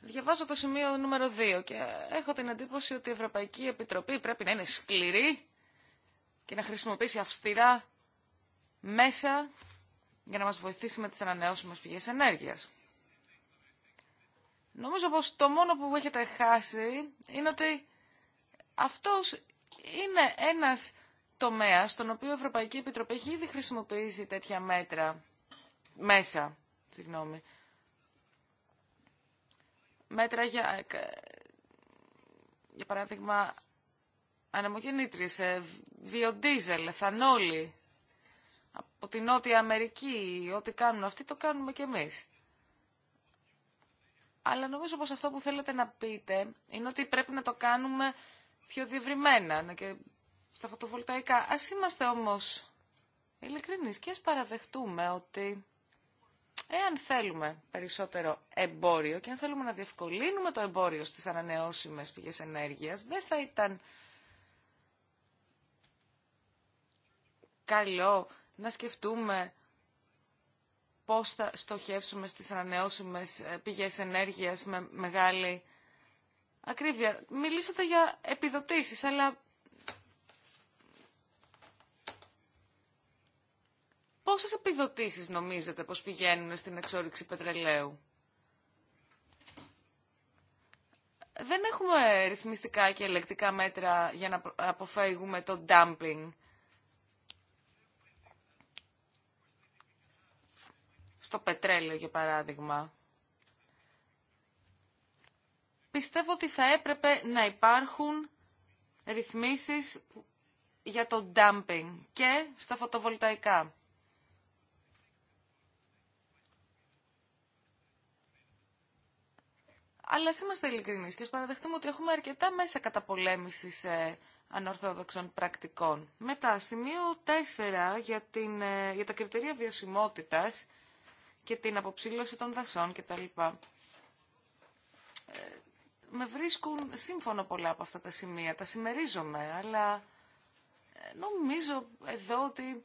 Διαβάζω το σημείο νούμερο 2 και έχω την εντύπωση ότι η Ευρωπαϊκή Επιτροπή πρέπει να είναι σκληρή και να χρησιμοποιήσει αυστηρά μέσα για να μας βοηθήσει με τις ανανεώσιμες πηγές ενέργειας. Νομίζω πως το μόνο που έχετε χάσει είναι ότι αυτός είναι ένας τομέα στον οποίο η Ευρωπαϊκή Επιτροπή έχει ήδη χρησιμοποιήσει τέτοια μέτρα μέσα. Συγγνώμη. Μέτρα για, για παράδειγμα ανεμογεννήτριες, ε, βιοντίζελ, εθανόλη από την Νότια Αμερική, ό,τι κάνουν αυτοί το κάνουμε κι εμείς. Αλλά νομίζω πως αυτό που θέλετε να πείτε είναι ότι πρέπει να το κάνουμε πιο διευρυμένα και στα φωτοβολταϊκά. Ας είμαστε όμως ειλικρινείς και ας παραδεχτούμε ότι εάν θέλουμε περισσότερο εμπόριο και αν θέλουμε να διευκολύνουμε το εμπόριο στις ανανεώσιμες πηγές ενέργειας, δεν θα ήταν καλό να σκεφτούμε πώς θα στοχεύσουμε στις ανανεώσιμες πηγές ενέργειας με μεγάλη ακρίβεια. Μιλήσατε για επιδοτήσεις, αλλά Πόσες επιδοτήσεις νομίζετε πως πηγαίνουν στην εξόριξη πετρελαίου. Δεν έχουμε ρυθμιστικά και ελεκτικά μέτρα για να αποφεύγουμε το dumping. Στο πετρέλαιο, για παράδειγμα. Πιστεύω ότι θα έπρεπε να υπάρχουν ρυθμίσεις για το dumping και στα φωτοβολταϊκά. Αλλά ας είμαστε ειλικρινείς και ας παραδεχτούμε ότι έχουμε αρκετά μέσα καταπολέμησης ε, ανορθόδοξων πρακτικών. Μετά, σημείο 4 για, την, ε, για τα κριτήρια βιωσιμότητας και την αποψήλωση των δασών κτλ. Ε, με βρίσκουν σύμφωνο πολλά από αυτά τα σημεία, τα συμμερίζομαι, αλλά νομίζω εδώ ότι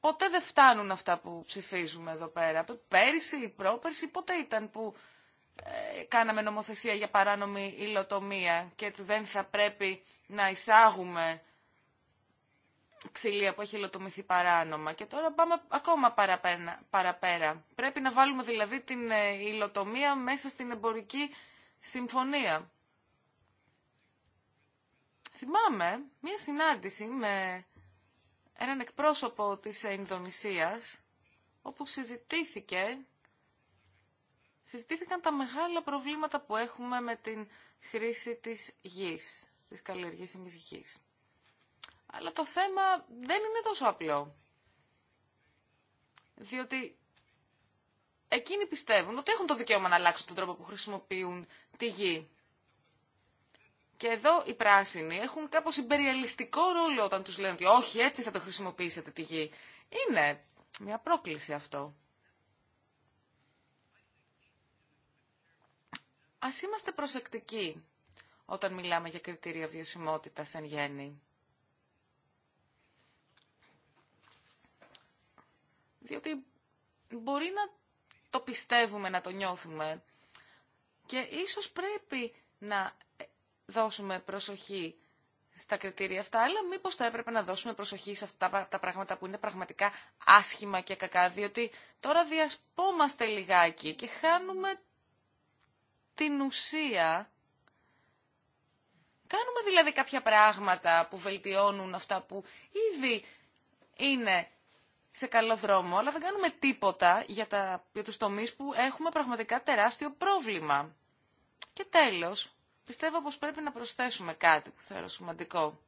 ποτέ δεν φτάνουν αυτά που ψηφίζουμε εδώ πέρα. Πέρυσι ή πρόπερσι ποτέ ήταν που ε, κάναμε νομοθεσία για παράνομη υλοτομία και του δεν θα πρέπει να εισάγουμε ξυλία που έχει υλοτομηθεί παράνομα. Και τώρα πάμε ακόμα παραπέρα. Πρέπει να βάλουμε δηλαδή την ε, υλοτομία μέσα στην εμπορική συμφωνία. Θυμάμαι μία συνάντηση με έναν εκπρόσωπο της Ινδονησίας, όπου συζητήθηκε συζητήθηκαν τα μεγάλα προβλήματα που έχουμε με την χρήση της γης, της καλλιεργήσιμης γης. Αλλά το θέμα δεν είναι τόσο απλό. Διότι εκείνοι πιστεύουν ότι έχουν το δικαίωμα να αλλάξουν τον τρόπο που χρησιμοποιούν τη γη. Και εδώ οι πράσινοι έχουν κάπως υπεριαλιστικό ρόλο όταν τους λένε ότι όχι έτσι θα το χρησιμοποιήσετε τη γη. Είναι μια πρόκληση αυτό. Ας είμαστε προσεκτικοί όταν μιλάμε για κριτήρια βιωσιμότητας εν γέννη. Διότι μπορεί να το πιστεύουμε, να το νιώθουμε και ίσως πρέπει να δώσουμε προσοχή στα κριτήρια αυτά, αλλά μήπως θα έπρεπε να δώσουμε προσοχή σε αυτά τα πράγματα που είναι πραγματικά άσχημα και κακά, διότι τώρα διασπόμαστε λιγάκι και χάνουμε την ουσία κάνουμε δηλαδή κάποια πράγματα που βελτιώνουν αυτά που ήδη είναι σε καλό δρόμο, αλλά δεν κάνουμε τίποτα για, τα, για τους τομείς που έχουμε πραγματικά τεράστιο πρόβλημα. Και τέλος, πιστεύω πως πρέπει να προσθέσουμε κάτι που θέλω σημαντικό.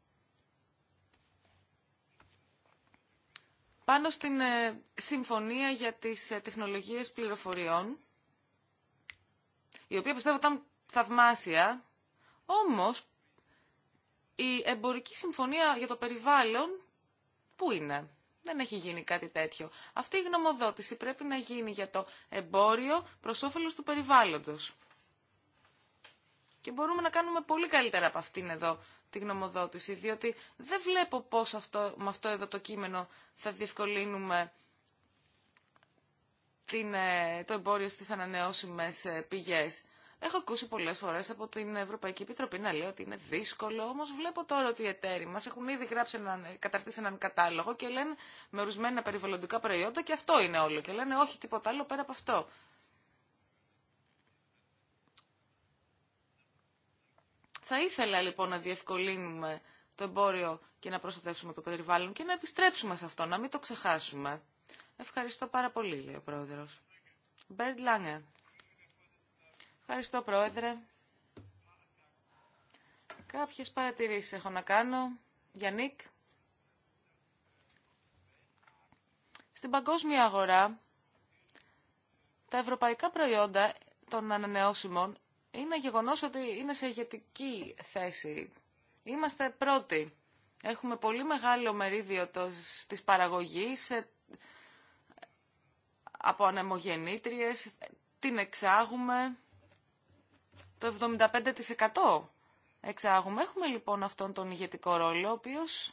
Πάνω στην ε, συμφωνία για τις ε, τεχνολογίες πληροφοριών, η οποία πιστεύω ήταν θαυμάσια, όμως η εμπορική συμφωνία για το περιβάλλον πού είναι. Δεν έχει γίνει κάτι τέτοιο. Αυτή η γνωμοδότηση πρέπει να γίνει για το εμπόριο προς όφελος του περιβάλλοντος. Και μπορούμε να κάνουμε πολύ καλύτερα από αυτήν εδώ τη γνωμοδότηση, διότι δεν βλέπω πώς αυτό, με αυτό εδώ το κείμενο θα διευκολύνουμε την, ε, το εμπόριο στις ανανεώσιμες ε, πηγές. Έχω ακούσει πολλές φορές από την Ευρωπαϊκή Επιτροπή να λέει ότι είναι δύσκολο, όμως βλέπω τώρα ότι οι εταίροι μας έχουν ήδη γράψει έναν, καταρτήσει έναν κατάλογο και λένε με ορισμένα περιβαλλοντικά προϊόντα και αυτό είναι όλο και λένε όχι τίποτα άλλο πέρα από αυτό. Θα ήθελα λοιπόν να διευκολύνουμε το εμπόριο και να προστατεύσουμε το περιβάλλον και να επιστρέψουμε σε αυτό, να μην το ξεχάσουμε. Ευχαριστώ πάρα πολύ, λέει ο πρόεδρος. Μπέρντ Λάνε. Ευχαριστώ, πρόεδρε. Κάποιες παρατηρήσεις έχω να κάνω. Για Νίκ. Στην παγκόσμια αγορά, τα ευρωπαϊκά προϊόντα των ανανεώσιμων είναι γεγονός ότι είναι σε ηγετική θέση. Είμαστε πρώτοι. Έχουμε πολύ μεγάλο μερίδιο της παραγωγής από ανεμογεννήτριες, την εξάγουμε το 75% εξάγουμε. Έχουμε λοιπόν αυτόν τον ηγετικό ρόλο, ο οποίος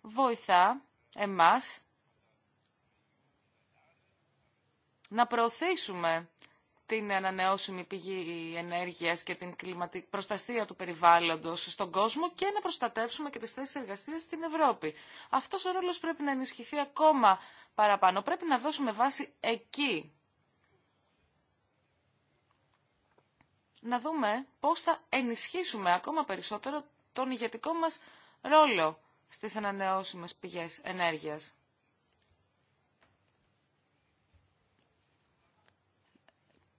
βοηθά εμάς να προωθήσουμε την ανανεώσιμη πηγή ενέργειας και την κλιματική προστασία του περιβάλλοντος στον κόσμο και να προστατεύσουμε και τις θέσεις εργασίας στην Ευρώπη. Αυτός ο ρόλος πρέπει να ενισχυθεί ακόμα παραπάνω. Πρέπει να δώσουμε βάση εκεί. Να δούμε πώς θα ενισχύσουμε ακόμα περισσότερο τον ηγετικό μας ρόλο στις ανανεώσιμες πηγές ενέργειας.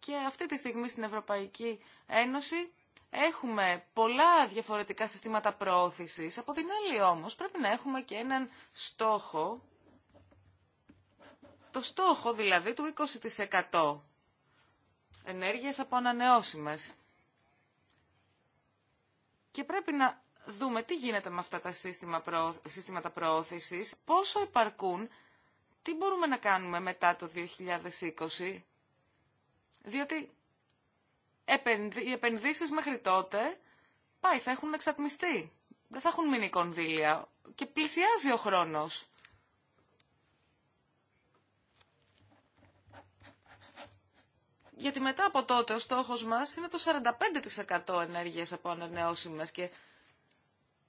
Και αυτή τη στιγμή στην Ευρωπαϊκή Ένωση έχουμε πολλά διαφορετικά συστήματα προώθησης. Από την άλλη όμως πρέπει να έχουμε και έναν στόχο, το στόχο δηλαδή του 20% ενέργειες από ανανεώσιμες. Και πρέπει να δούμε τι γίνεται με αυτά τα σύστηματα προώθησης, πόσο υπαρκούν, τι μπορούμε να κάνουμε μετά το 2020 διότι οι επενδύσεις μέχρι τότε πάει, θα έχουν εξατμιστεί. Δεν θα έχουν μείνει κονδύλια και πλησιάζει ο χρόνος. Γιατί μετά από τότε ο στόχος μας είναι το 45% ενέργειας από ανανεώσιμες και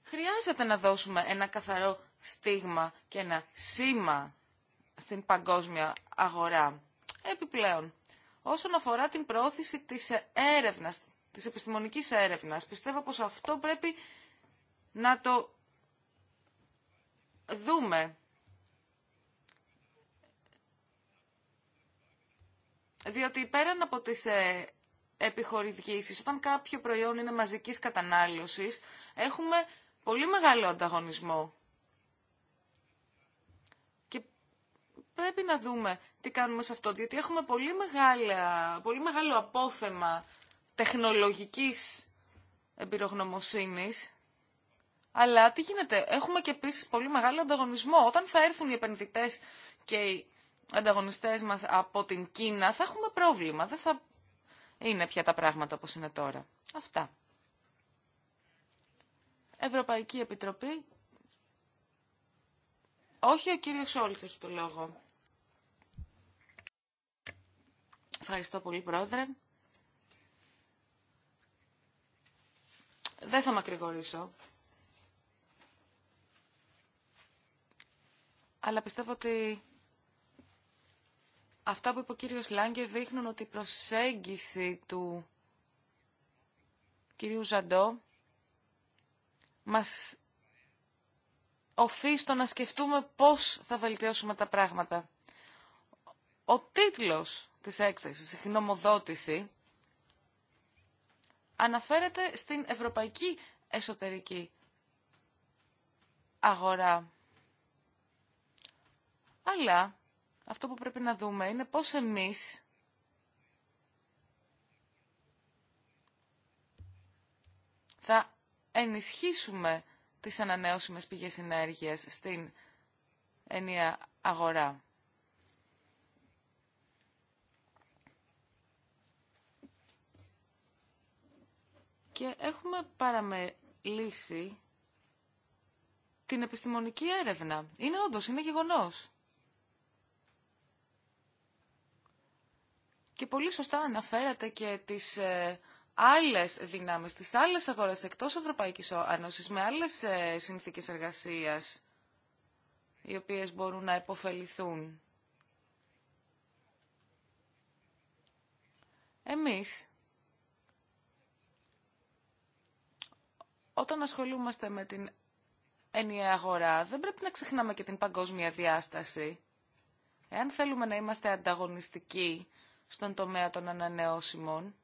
χρειάζεται να δώσουμε ένα καθαρό στίγμα και ένα σήμα στην παγκόσμια αγορά. Επιπλέον, Όσον αφορά την προώθηση της έρευνας, της επιστημονικής έρευνας, πιστεύω πως αυτό πρέπει να το δούμε. Διότι πέραν από τις ε, επιχορηγήσεις, όταν κάποιο προϊόν είναι μαζικής κατανάλωσης, έχουμε πολύ μεγάλο ανταγωνισμό. πρέπει να δούμε τι κάνουμε σε αυτό, διότι έχουμε πολύ, μεγάλα, πολύ μεγάλο απόθεμα τεχνολογικής εμπειρογνωμοσύνης, αλλά τι γίνεται, έχουμε και επίσης πολύ μεγάλο ανταγωνισμό. Όταν θα έρθουν οι επενδυτές και οι ανταγωνιστές μας από την Κίνα, θα έχουμε πρόβλημα, δεν θα είναι πια τα πράγματα όπως είναι τώρα. Αυτά. Ευρωπαϊκή Επιτροπή. Όχι, ο κύριος Σόλτς έχει το λόγο. Ευχαριστώ πολύ, Πρόεδρε. Δεν θα μακρηγορήσω. Αλλά πιστεύω ότι αυτά που είπε ο κύριος Λάγκε δείχνουν ότι η προσέγγιση του κυρίου Ζαντό μας οφεί στο να σκεφτούμε πώς θα βελτιώσουμε τα πράγματα. Ο τίτλος της έκθεσης, η γνωμοδότηση, αναφέρεται στην ευρωπαϊκή εσωτερική αγορά. Αλλά αυτό που πρέπει να δούμε είναι πώς εμείς θα ενισχύσουμε τις ανανεώσιμες πηγές ενέργειας στην ενία αγορά. και έχουμε παραμελήσει την επιστημονική έρευνα. Είναι όντως, είναι γεγονός. Και πολύ σωστά αναφέρατε και τις ε, άλλες δυνάμεις, τις άλλες αγορές εκτός Ευρωπαϊκής Ανώσης, με άλλες ε, συνθήκες εργασίας, οι οποίες μπορούν να επωφεληθούν. Εμείς Όταν ασχολούμαστε με την ενιαία αγορά, δεν πρέπει να ξεχνάμε και την παγκόσμια διάσταση. Εάν θέλουμε να είμαστε ανταγωνιστικοί στον τομέα των ανανεώσιμων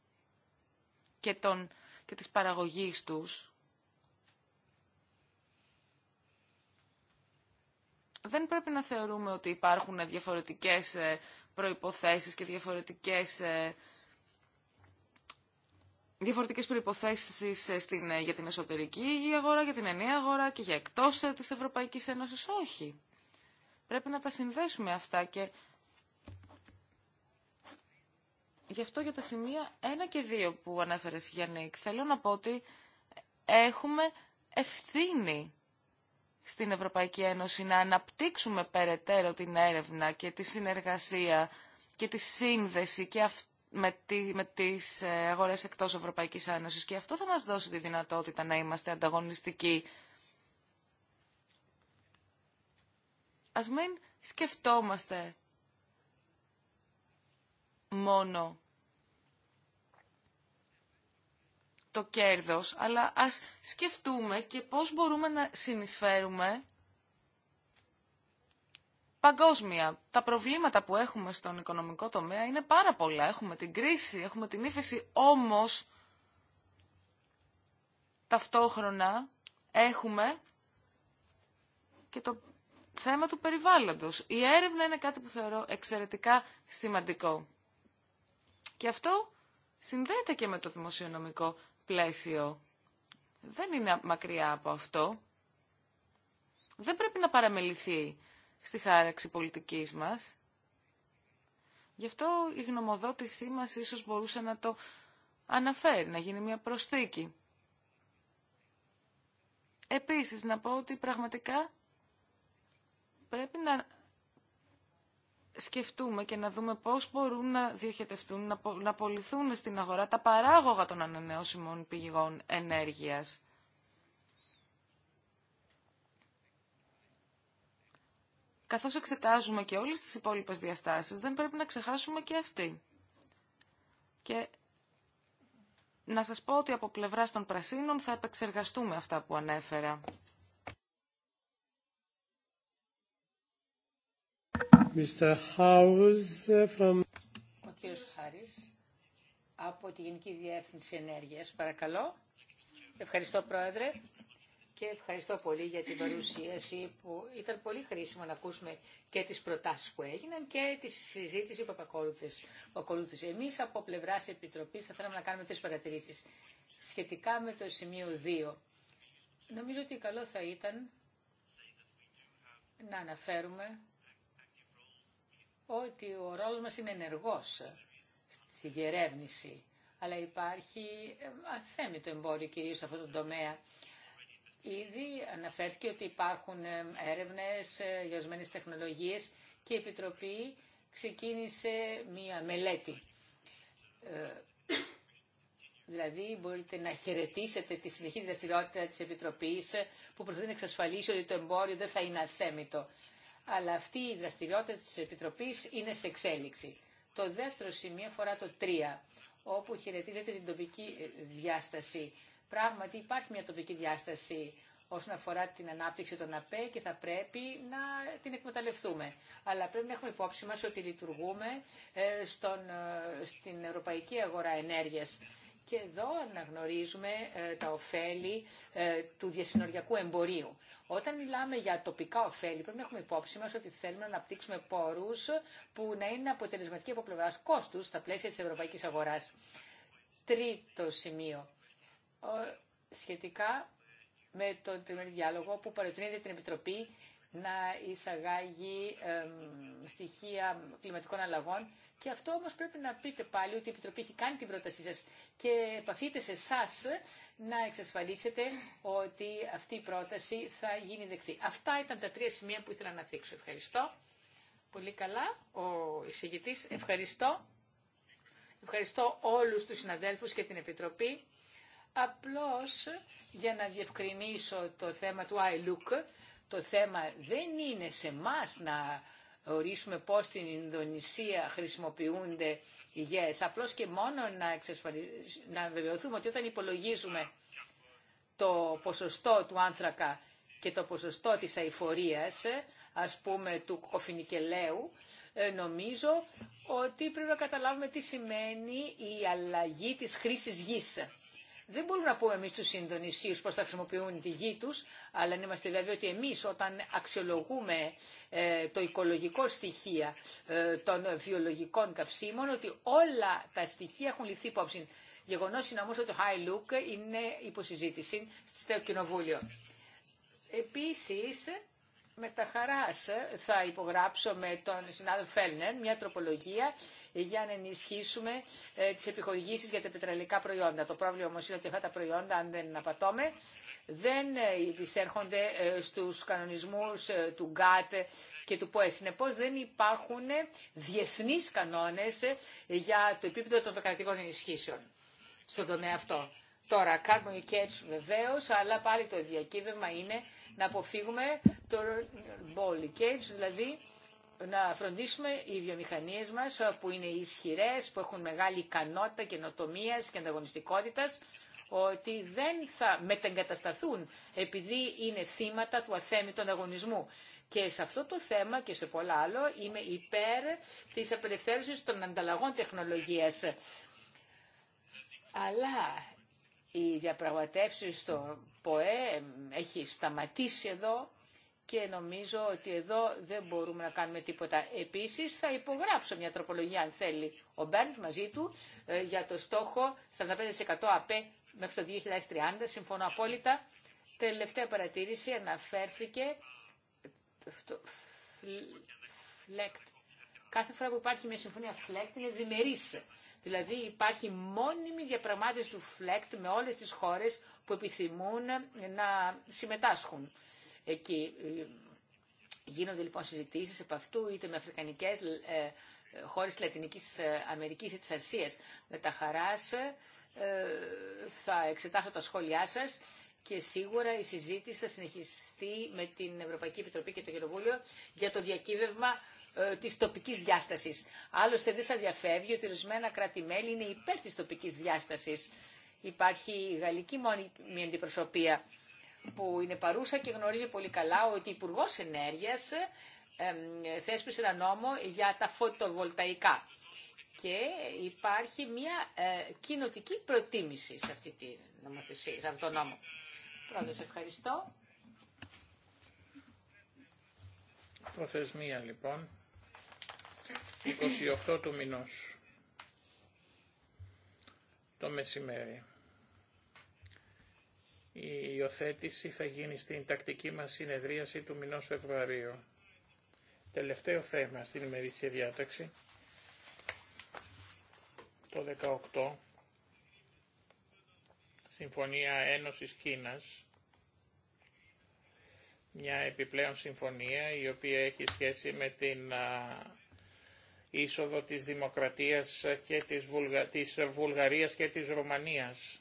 και, των, και της παραγωγής τους, δεν πρέπει να θεωρούμε ότι υπάρχουν διαφορετικές ε, προϋποθέσεις και διαφορετικές ε, Διαφορετικέ προποθέσει ε, ε, για την εσωτερική αγορά, για την ενιαία αγορά και για εκτός ε, της Ευρωπαϊκής Ένωση. Όχι. Πρέπει να τα συνδέσουμε αυτά και γι' αυτό για τα σημεία 1 και 2 που ανέφερες Γιάννη, θέλω να πω ότι έχουμε ευθύνη στην Ευρωπαϊκή Ένωση να αναπτύξουμε περαιτέρω την έρευνα και τη συνεργασία και τη σύνδεση και αυτό με, τι, με τις ε, αγορές εκτός Ευρωπαϊκής Ένωσης και αυτό θα μας δώσει τη δυνατότητα να είμαστε ανταγωνιστικοί. Ας μην σκεφτόμαστε μόνο το κέρδος, αλλά ας σκεφτούμε και πώς μπορούμε να συνεισφέρουμε παγκόσμια. Τα προβλήματα που έχουμε στον οικονομικό τομέα είναι πάρα πολλά. Έχουμε την κρίση, έχουμε την ύφεση, όμως ταυτόχρονα έχουμε και το θέμα του περιβάλλοντος. Η έρευνα είναι κάτι που θεωρώ εξαιρετικά σημαντικό. Και αυτό συνδέεται και με το δημοσιονομικό πλαίσιο. Δεν είναι μακριά από αυτό. Δεν πρέπει να παραμεληθεί στη χάραξη πολιτικής μας. Γι' αυτό η γνωμοδότησή μας ίσως μπορούσε να το αναφέρει, να γίνει μια προσθήκη. Επίσης, να πω ότι πραγματικά πρέπει να σκεφτούμε και να δούμε πώς μπορούν να διοχετευτούν, να απολυθούν στην αγορά τα παράγωγα των ανανεώσιμων πηγών ενέργειας. καθώς εξετάζουμε και όλες τις υπόλοιπες διαστάσεις, δεν πρέπει να ξεχάσουμε και αυτή. Και να σας πω ότι από πλευράς των πρασίνων θα επεξεργαστούμε αυτά που ανέφερα. Mr. House from... Ο κύριος Χάρης, από τη Γενική Διεύθυνση Ενέργειας, παρακαλώ. Ευχαριστώ, Πρόεδρε και ευχαριστώ πολύ για την παρουσίαση που ήταν πολύ χρήσιμο να ακούσουμε και τις προτάσεις που έγιναν και τη συζήτηση που ακολούθησε. Εμείς από πλευράς Επιτροπής θα θέλαμε να κάνουμε τρεις παρατηρήσεις σχετικά με το σημείο 2. Νομίζω ότι καλό θα ήταν να αναφέρουμε ότι ο ρόλος μας είναι ενεργός στη διερεύνηση, αλλά υπάρχει αθέμητο εμπόριο κυρίως σε αυτό το τομέα Ήδη αναφέρθηκε ότι υπάρχουν ε, έρευνες ε, για ορισμένε τεχνολογίες και η Επιτροπή ξεκίνησε μία μελέτη. Ε, δηλαδή μπορείτε να χαιρετήσετε τη συνεχή δραστηριότητα της Επιτροπής που προσπαθεί να εξασφαλίσει ότι το εμπόριο δεν θα είναι αθέμητο. Αλλά αυτή η δραστηριότητα της Επιτροπής είναι σε εξέλιξη. Το δεύτερο σημείο αφορά το 3, όπου χαιρετίζεται την τοπική διάσταση. Πράγματι υπάρχει μια τοπική διάσταση όσον αφορά την ανάπτυξη των ΑΠΕ και θα πρέπει να την εκμεταλλευτούμε. Αλλά πρέπει να έχουμε υπόψη μας ότι λειτουργούμε ε, στον, ε, στην ευρωπαϊκή αγορά ενέργειας. Και εδώ αναγνωρίζουμε ε, τα ωφέλη του διασυνοριακού εμπορίου. Όταν μιλάμε για τοπικά ωφέλη, πρέπει να έχουμε υπόψη μα ότι θέλουμε να αναπτύξουμε πόρου που να είναι αποτελεσματικοί από πλευρά κόστου στα πλαίσια τη ευρωπαϊκή αγορά. Τρίτο σημείο σχετικά με τον τριμερή διάλογο που παροτρύνεται την Επιτροπή να εισαγάγει στοιχεία κλιματικών αλλαγών. Και αυτό όμως πρέπει να πείτε πάλι ότι η Επιτροπή έχει κάνει την πρότασή σας και επαφείτε σε εσά να εξασφαλίσετε ότι αυτή η πρόταση θα γίνει δεκτή. Αυτά ήταν τα τρία σημεία που ήθελα να θίξω. Ευχαριστώ. Πολύ καλά. Ο εισηγητής. Ευχαριστώ. Ευχαριστώ όλους τους συναδέλφους και την Επιτροπή. Απλώς για να διευκρινίσω το θέμα του look, το θέμα δεν είναι σε μας να ορίσουμε πώς στην Ινδονησία χρησιμοποιούνται οι γέες. Απλώς και μόνο να, να βεβαιωθούμε ότι όταν υπολογίζουμε το ποσοστό του άνθρακα και το ποσοστό της αηφορίας, ας πούμε του κοφινικελαίου, ε, νομίζω ότι πρέπει να καταλάβουμε τι σημαίνει η αλλαγή της χρήσης γης. Δεν μπορούμε να πούμε εμεί του Ινδονησίου πώ θα χρησιμοποιούν τη γη του, αλλά να είμαστε βέβαιοι ότι εμεί όταν αξιολογούμε ε, το οικολογικό στοιχεία ε, των βιολογικών καυσίμων, ότι όλα τα στοιχεία έχουν ληφθεί υπόψη. Γεγονό είναι όμω ότι το High Look είναι υποσυζήτηση στο Κοινοβούλιο. Επίση, με τα χαρά θα υπογράψω με τον συνάδελφο Φέλνερ μια τροπολογία για να ενισχύσουμε ε, τις επιχορηγήσεις για τα πετρελαϊκά προϊόντα. Το πρόβλημα όμως είναι ότι αυτά τα προϊόντα, αν δεν απατώμε, δεν ε, εισέρχονται ε, στους κανονισμούς του ΓΚΑΤ και του ΠΟΕ. Συνεπώ. δεν υπάρχουν διεθνείς κανόνες για το επίπεδο των δοκρατικών ενισχύσεων στον τομέα αυτό. Τώρα, carbon catch βεβαίω, αλλά πάλι το διακύβευμα είναι να αποφύγουμε το ball catch, δηλαδή να φροντίσουμε οι βιομηχανίε μα ε, που είναι ισχυρές, που έχουν μεγάλη ικανότητα καινοτομία και ανταγωνιστικότητα, ότι δεν θα μετεγκατασταθούν επειδή είναι θύματα του αθέμητου ανταγωνισμού. Και σε αυτό το θέμα και σε πολλά άλλο είμαι υπέρ της απελευθέρωσης των ανταλλαγών τεχνολογίας. Αλλά οι διαπραγματεύσεις στο ΠΟΕ ε, έχει σταματήσει εδώ και νομίζω ότι εδώ δεν μπορούμε να κάνουμε τίποτα. Επίσης θα υπογράψω μια τροπολογία αν θέλει ο Μπέρντ μαζί του ε, για το στόχο 45% ΑΠΕ μέχρι το 2030. Συμφωνώ απόλυτα. Τελευταία παρατήρηση αναφέρθηκε το φλεκτ. Κάθε φορά που υπάρχει μια συμφωνία φλεκτ είναι διμερής. Δηλαδή υπάρχει μόνιμη διαπραγμάτευση του φλεκτ με όλες τις χώρες που επιθυμούν να συμμετάσχουν. Εκεί ε, γίνονται λοιπόν συζητήσεις από αυτού είτε με αφρικανικές ε, χώρες της Λατινικής ε, Αμερικής ή της Ασίας. Με τα χαράς θα εξετάσω τα σχόλιά σας και σίγουρα η συζήτηση θα συνεχιστεί με την Ευρωπαϊκή Επιτροπή και το Κοινοβούλιο για το διακύβευμα τη τοπική διάσταση. Άλλωστε δεν θα διαφεύγει ότι ορισμένα κράτη-μέλη είναι υπέρ τη τοπική διάσταση. Υπάρχει η γαλλική μόνιμη αντιπροσωπεία που είναι παρούσα και γνωρίζει πολύ καλά ότι ο Υπουργό Ενέργεια θέσπισε ένα νόμο για τα φωτοβολταϊκά. Και υπάρχει μια ε, κοινοτική προτίμηση σε αυτή τη νομοθεσία, σε αυτόν τον νόμο. Πρόεδρε, ευχαριστώ. Προθεσμία λοιπόν. 28 του μηνός. Το μεσημέρι. Η υιοθέτηση θα γίνει στην τακτική μας συνεδρίαση του μηνός Φεβρουαρίου. Τελευταίο θέμα στην ημερήσια διάταξη, το 18, Συμφωνία Ένωσης Κίνας, μια επιπλέον συμφωνία η οποία έχει σχέση με την είσοδο της Δημοκρατίας και της, της Βουλγαρίας και της Ρουμανίας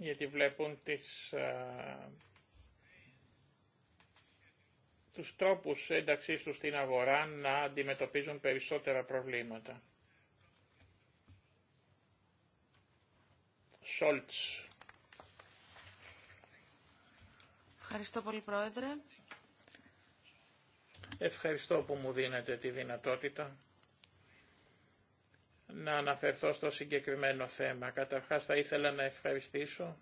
γιατί βλέπουν τις, τους τρόπους ένταξής τους στην αγορά να αντιμετωπίζουν περισσότερα προβλήματα. Σόλτς. Ευχαριστώ πολύ Πρόεδρε. Ευχαριστώ που μου δίνετε τη δυνατότητα να αναφερθώ στο συγκεκριμένο θέμα. Καταρχάς θα ήθελα να ευχαριστήσω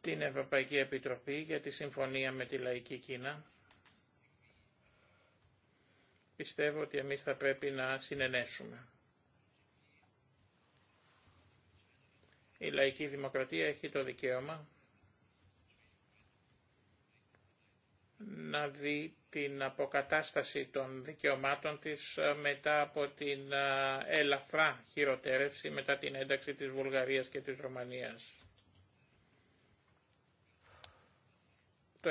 την Ευρωπαϊκή Επιτροπή για τη συμφωνία με τη Λαϊκή Κίνα. Πιστεύω ότι εμείς θα πρέπει να συνενέσουμε. Η λαϊκή δημοκρατία έχει το δικαίωμα να δει την αποκατάσταση των δικαιωμάτων της ε, μετά από την ε, ελαφρά χειροτέρευση μετά την ένταξη της Βουλγαρίας και της Ρωμανίας. Το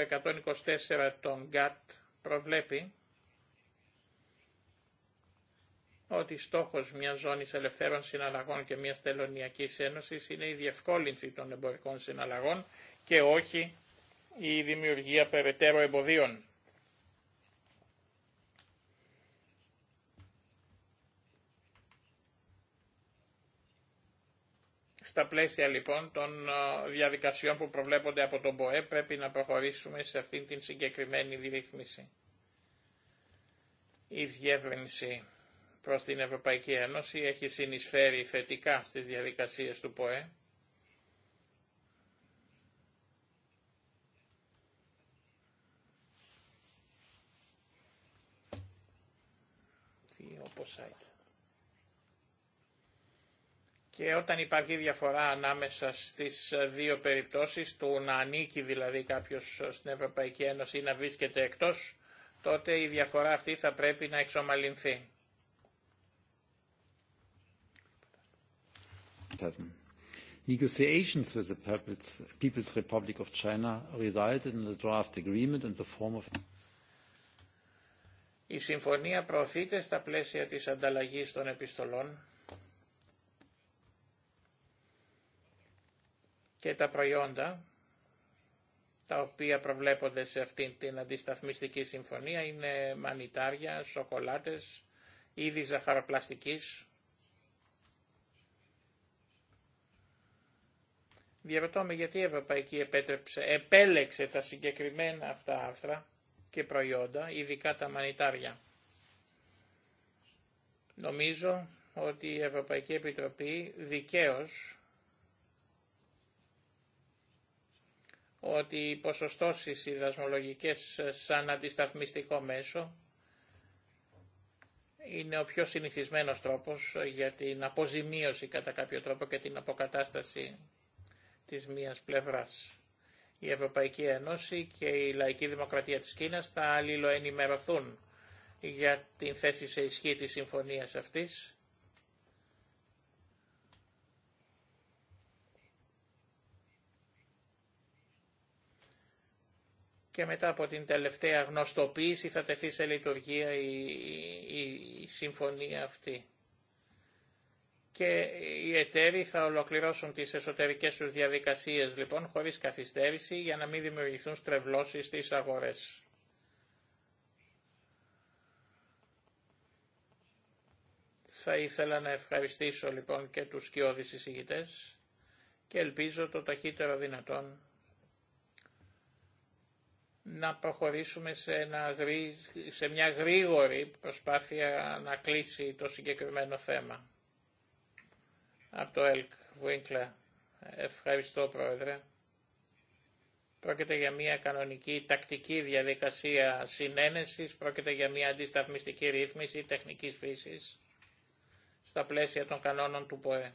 124 των ΓΚΑΤ προβλέπει ότι στόχος μιας ζώνης ελευθέρων συναλλαγών και μιας τελωνιακής ένωσης είναι η διευκόλυνση των εμπορικών συναλλαγών και όχι ή η δημιουργια περαιτέρω εμποδίων. Στα πλαίσια λοιπόν των ε, διαδικασιών που προβλέπονται από τον ΠΟΕ πρέπει να προχωρήσουμε σε αυτήν την συγκεκριμένη διεύθυνση Η διεύρυνση προς την Ευρωπαϊκή Ένωση έχει συνεισφέρει θετικά στις διαδικασίες του ΠΟΕ site. Και όταν υπάρχει διαφορά ανάμεσα στις ε, δύο περιπτώσεις, του να ανήκει δηλαδή κάποιος ε, στην Ευρωπαϊκή Ένωση ή να βρίσκεται εκτός, τότε η διαφορά αυτή θα πρέπει να εξομαλυνθεί. Negotiations with the People's Republic of China resulted in the draft agreement in the form of η συμφωνία προωθείται στα πλαίσια της ανταλλαγής των επιστολών και τα προϊόντα τα οποία προβλέπονται σε αυτήν την αντισταθμιστική συμφωνία είναι μανιτάρια, σοκολάτες, είδη ζαχαροπλαστικής. Διαρωτώ με γιατί η Ευρωπαϊκή επέτρεψε, επέλεξε τα συγκεκριμένα αυτά άρθρα και προϊόντα, ειδικά τα μανιτάρια. Νομίζω ότι η Ευρωπαϊκή Επιτροπή δικαίως ότι οι ποσοστώσεις οι δασμολογικές σαν αντισταθμιστικό μέσο είναι ο πιο συνηθισμένος τρόπος για την αποζημίωση κατά κάποιο τρόπο και την αποκατάσταση της μίας πλευράς η Ευρωπαϊκή Ένωση και η Λαϊκή Δημοκρατία της Κίνας θα αλληλοενημερωθούν για την θέση σε ισχύ της συμφωνίας αυτής. και μετά από την τελευταία γνωστοποίηση θα τεθεί σε λειτουργία η συμφωνία αυτή και οι εταίροι θα ολοκληρώσουν τις εσωτερικές τους διαδικασίες λοιπόν χωρίς καθυστέρηση για να μην δημιουργηθούν στρεβλώσεις στις αγορές. Θα ήθελα να ευχαριστήσω λοιπόν και τους σκιώδεις εισηγητές και ελπίζω το ταχύτερο δυνατόν να προχωρήσουμε σε, σε μια γρήγορη προσπάθεια να κλείσει το συγκεκριμένο θέμα από το ΕΛΚ, Βουίνκλα. Ευχαριστώ Πρόεδρε. Πρόκειται για μια κανονική τακτική διαδικασία συνένεσης, πρόκειται για μια αντισταθμιστική ρύθμιση τεχνικής φύσης στα πλαίσια των κανόνων του ΠΟΕ.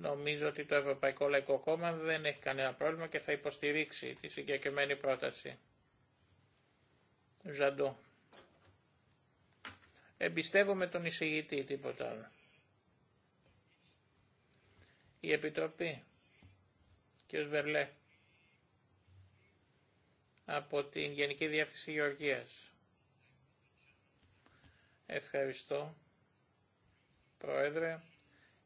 Νομίζω ότι το Ευρωπαϊκό Λαϊκό Κόμμα δεν έχει κανένα πρόβλημα και θα υποστηρίξει τη συγκεκριμένη πρόταση. Ζαντού. Εμπιστεύομαι τον εισηγητή, τίποτα άλλο η Επιτροπή. κ. Βερλέ, από την Γενική Διεύθυνση Γεωργίας. Ευχαριστώ, Πρόεδρε.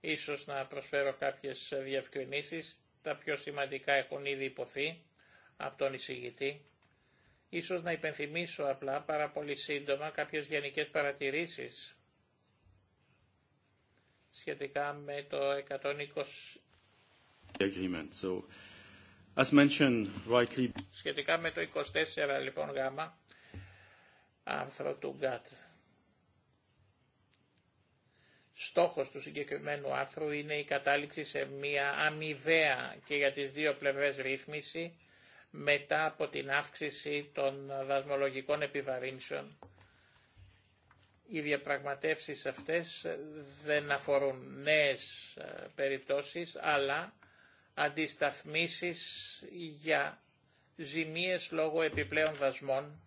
Ίσως να προσφέρω κάποιες διευκρινήσεις. Τα πιο σημαντικά έχουν ήδη υποθεί από τον εισηγητή. Ίσως να υπενθυμίσω απλά πάρα πολύ σύντομα κάποιες γενικές παρατηρήσεις σχετικά με το 120. So, Σχετικά με το 24 λοιπόν γάμα άρθρο του ΓΚΑΤ. Στόχος του συγκεκριμένου άρθρου είναι η κατάληξη σε μια αμοιβαία και για τις δύο πλευρές ρύθμιση μετά από την αύξηση των δασμολογικών επιβαρύνσεων οι διαπραγματεύσεις αυτές δεν αφορούν νέες ε, περιπτώσεις, αλλά αντισταθμίσεις για ζημίες λόγω επιπλέον δασμών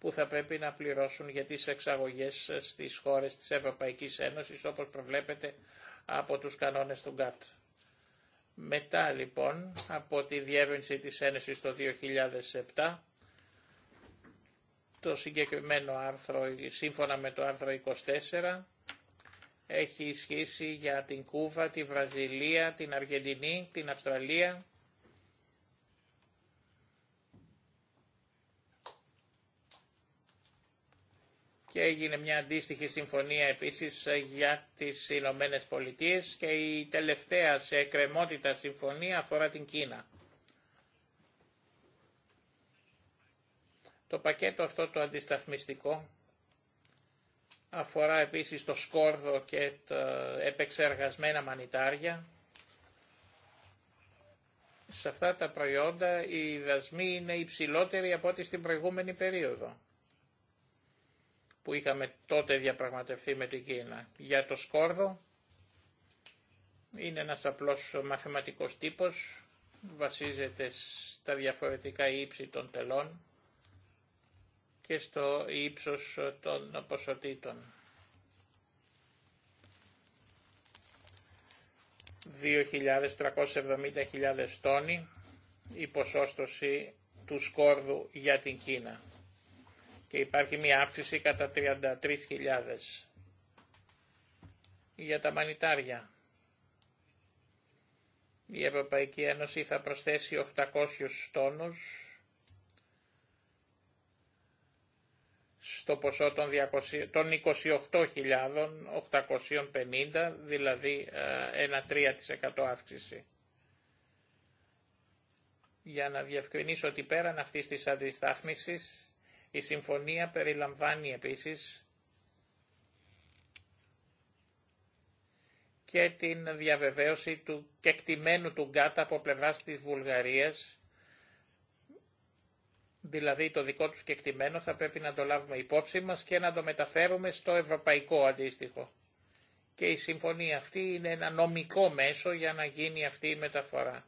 που θα πρέπει να πληρώσουν για τις εξαγωγές ε, στις χώρες της Ευρωπαϊκής Ένωσης, όπως προβλέπεται από τους κανόνες του ΓΚΑΤ. Μετά λοιπόν από τη διεύρυνση της Ένωσης το 2007, το συγκεκριμένο άρθρο, σύμφωνα με το άρθρο 24, έχει ισχύσει για την Κούβα, τη Βραζιλία, την Αργεντινή, την Αυστραλία, και έγινε μια αντίστοιχη συμφωνία επίσης για τις Ηνωμένε Πολιτείες και η τελευταία σε εκκρεμότητα συμφωνία αφορά την Κίνα. Το πακέτο αυτό το αντισταθμιστικό αφορά επίσης το σκόρδο και τα επεξεργασμένα μανιτάρια. Σε αυτά τα προϊόντα οι δασμοί είναι υψηλότεροι από ό,τι στην προηγούμενη περίοδο που είχαμε τότε διαπραγματευτεί με την Κίνα. Για το σκόρδο είναι ένας απλός μαθηματικός τύπος, βασίζεται στα διαφορετικά ύψη των τελών και στο ύψος των ποσοτήτων. ...2.370.000 τόνοι η ποσόστοση του σκόρδου για την Κίνα. Και υπάρχει μια αύξηση κατά 33.000 για τα μανιτάρια. Η Ευρωπαϊκή Ένωση θα προσθέσει 800 τόνους στο ποσό των 28.850, δηλαδή ε, ένα 3% αύξηση. Για να διευκρινίσω ότι πέραν αυτής της αντιστάθμισης, η συμφωνία περιλαμβάνει επίσης και την διαβεβαίωση του κεκτημένου του ΓΚΑΤ από πλευράς της Βουλγαρίας δηλαδή το δικό τους κεκτημένο θα πρέπει να το λάβουμε υπόψη μας και να το μεταφέρουμε στο ευρωπαϊκό αντίστοιχο. Και η συμφωνία αυτή είναι ένα νομικό μέσο για να γίνει αυτή η μεταφορά.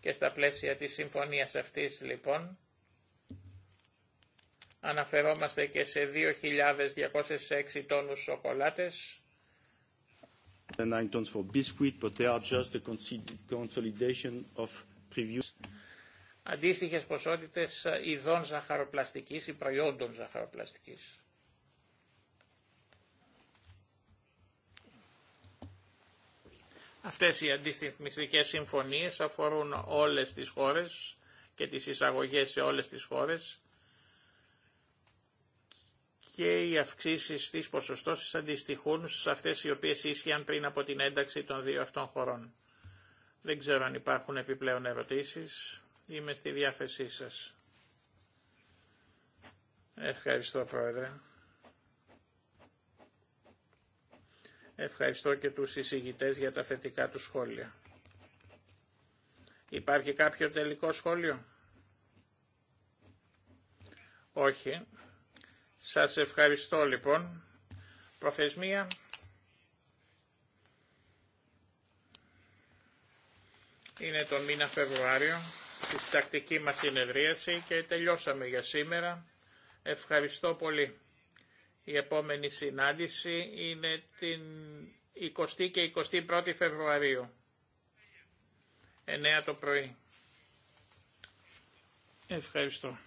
Και στα πλαίσια της συμφωνίας αυτής λοιπόν αναφερόμαστε και σε 2.206 τόνους σοκολάτες, αντίστοιχες ποσότητες ειδών ζαχαροπλαστικής ή προϊόντων ζαχαροπλαστικής. Αυτές οι αντιστοιχμιστικές συμφωνίες αφορούν όλες τις χώρες και τις εισαγωγές σε όλες τις χώρες και οι αυξήσει της ποσοστώση αντιστοιχούν σε αυτές οι οποίες ίσχυαν πριν από την ένταξη των δύο αυτών χωρών. Δεν ξέρω αν υπάρχουν επιπλέον ερωτήσεις. Είμαι στη διάθεσή σας. Ευχαριστώ Πρόεδρε. Ευχαριστώ και τους εισηγητές για τα θετικά του σχόλια. Υπάρχει κάποιο τελικό σχόλιο? Όχι. Σας ευχαριστώ λοιπόν. Προθεσμία. Είναι το μήνα Φεβρουάριο της τακτική μας συνεδρίαση και τελειώσαμε για σήμερα. Ευχαριστώ πολύ. Η επόμενη συνάντηση είναι την 20 και 21 Φεβρουαρίου, 9 το πρωί. Ευχαριστώ.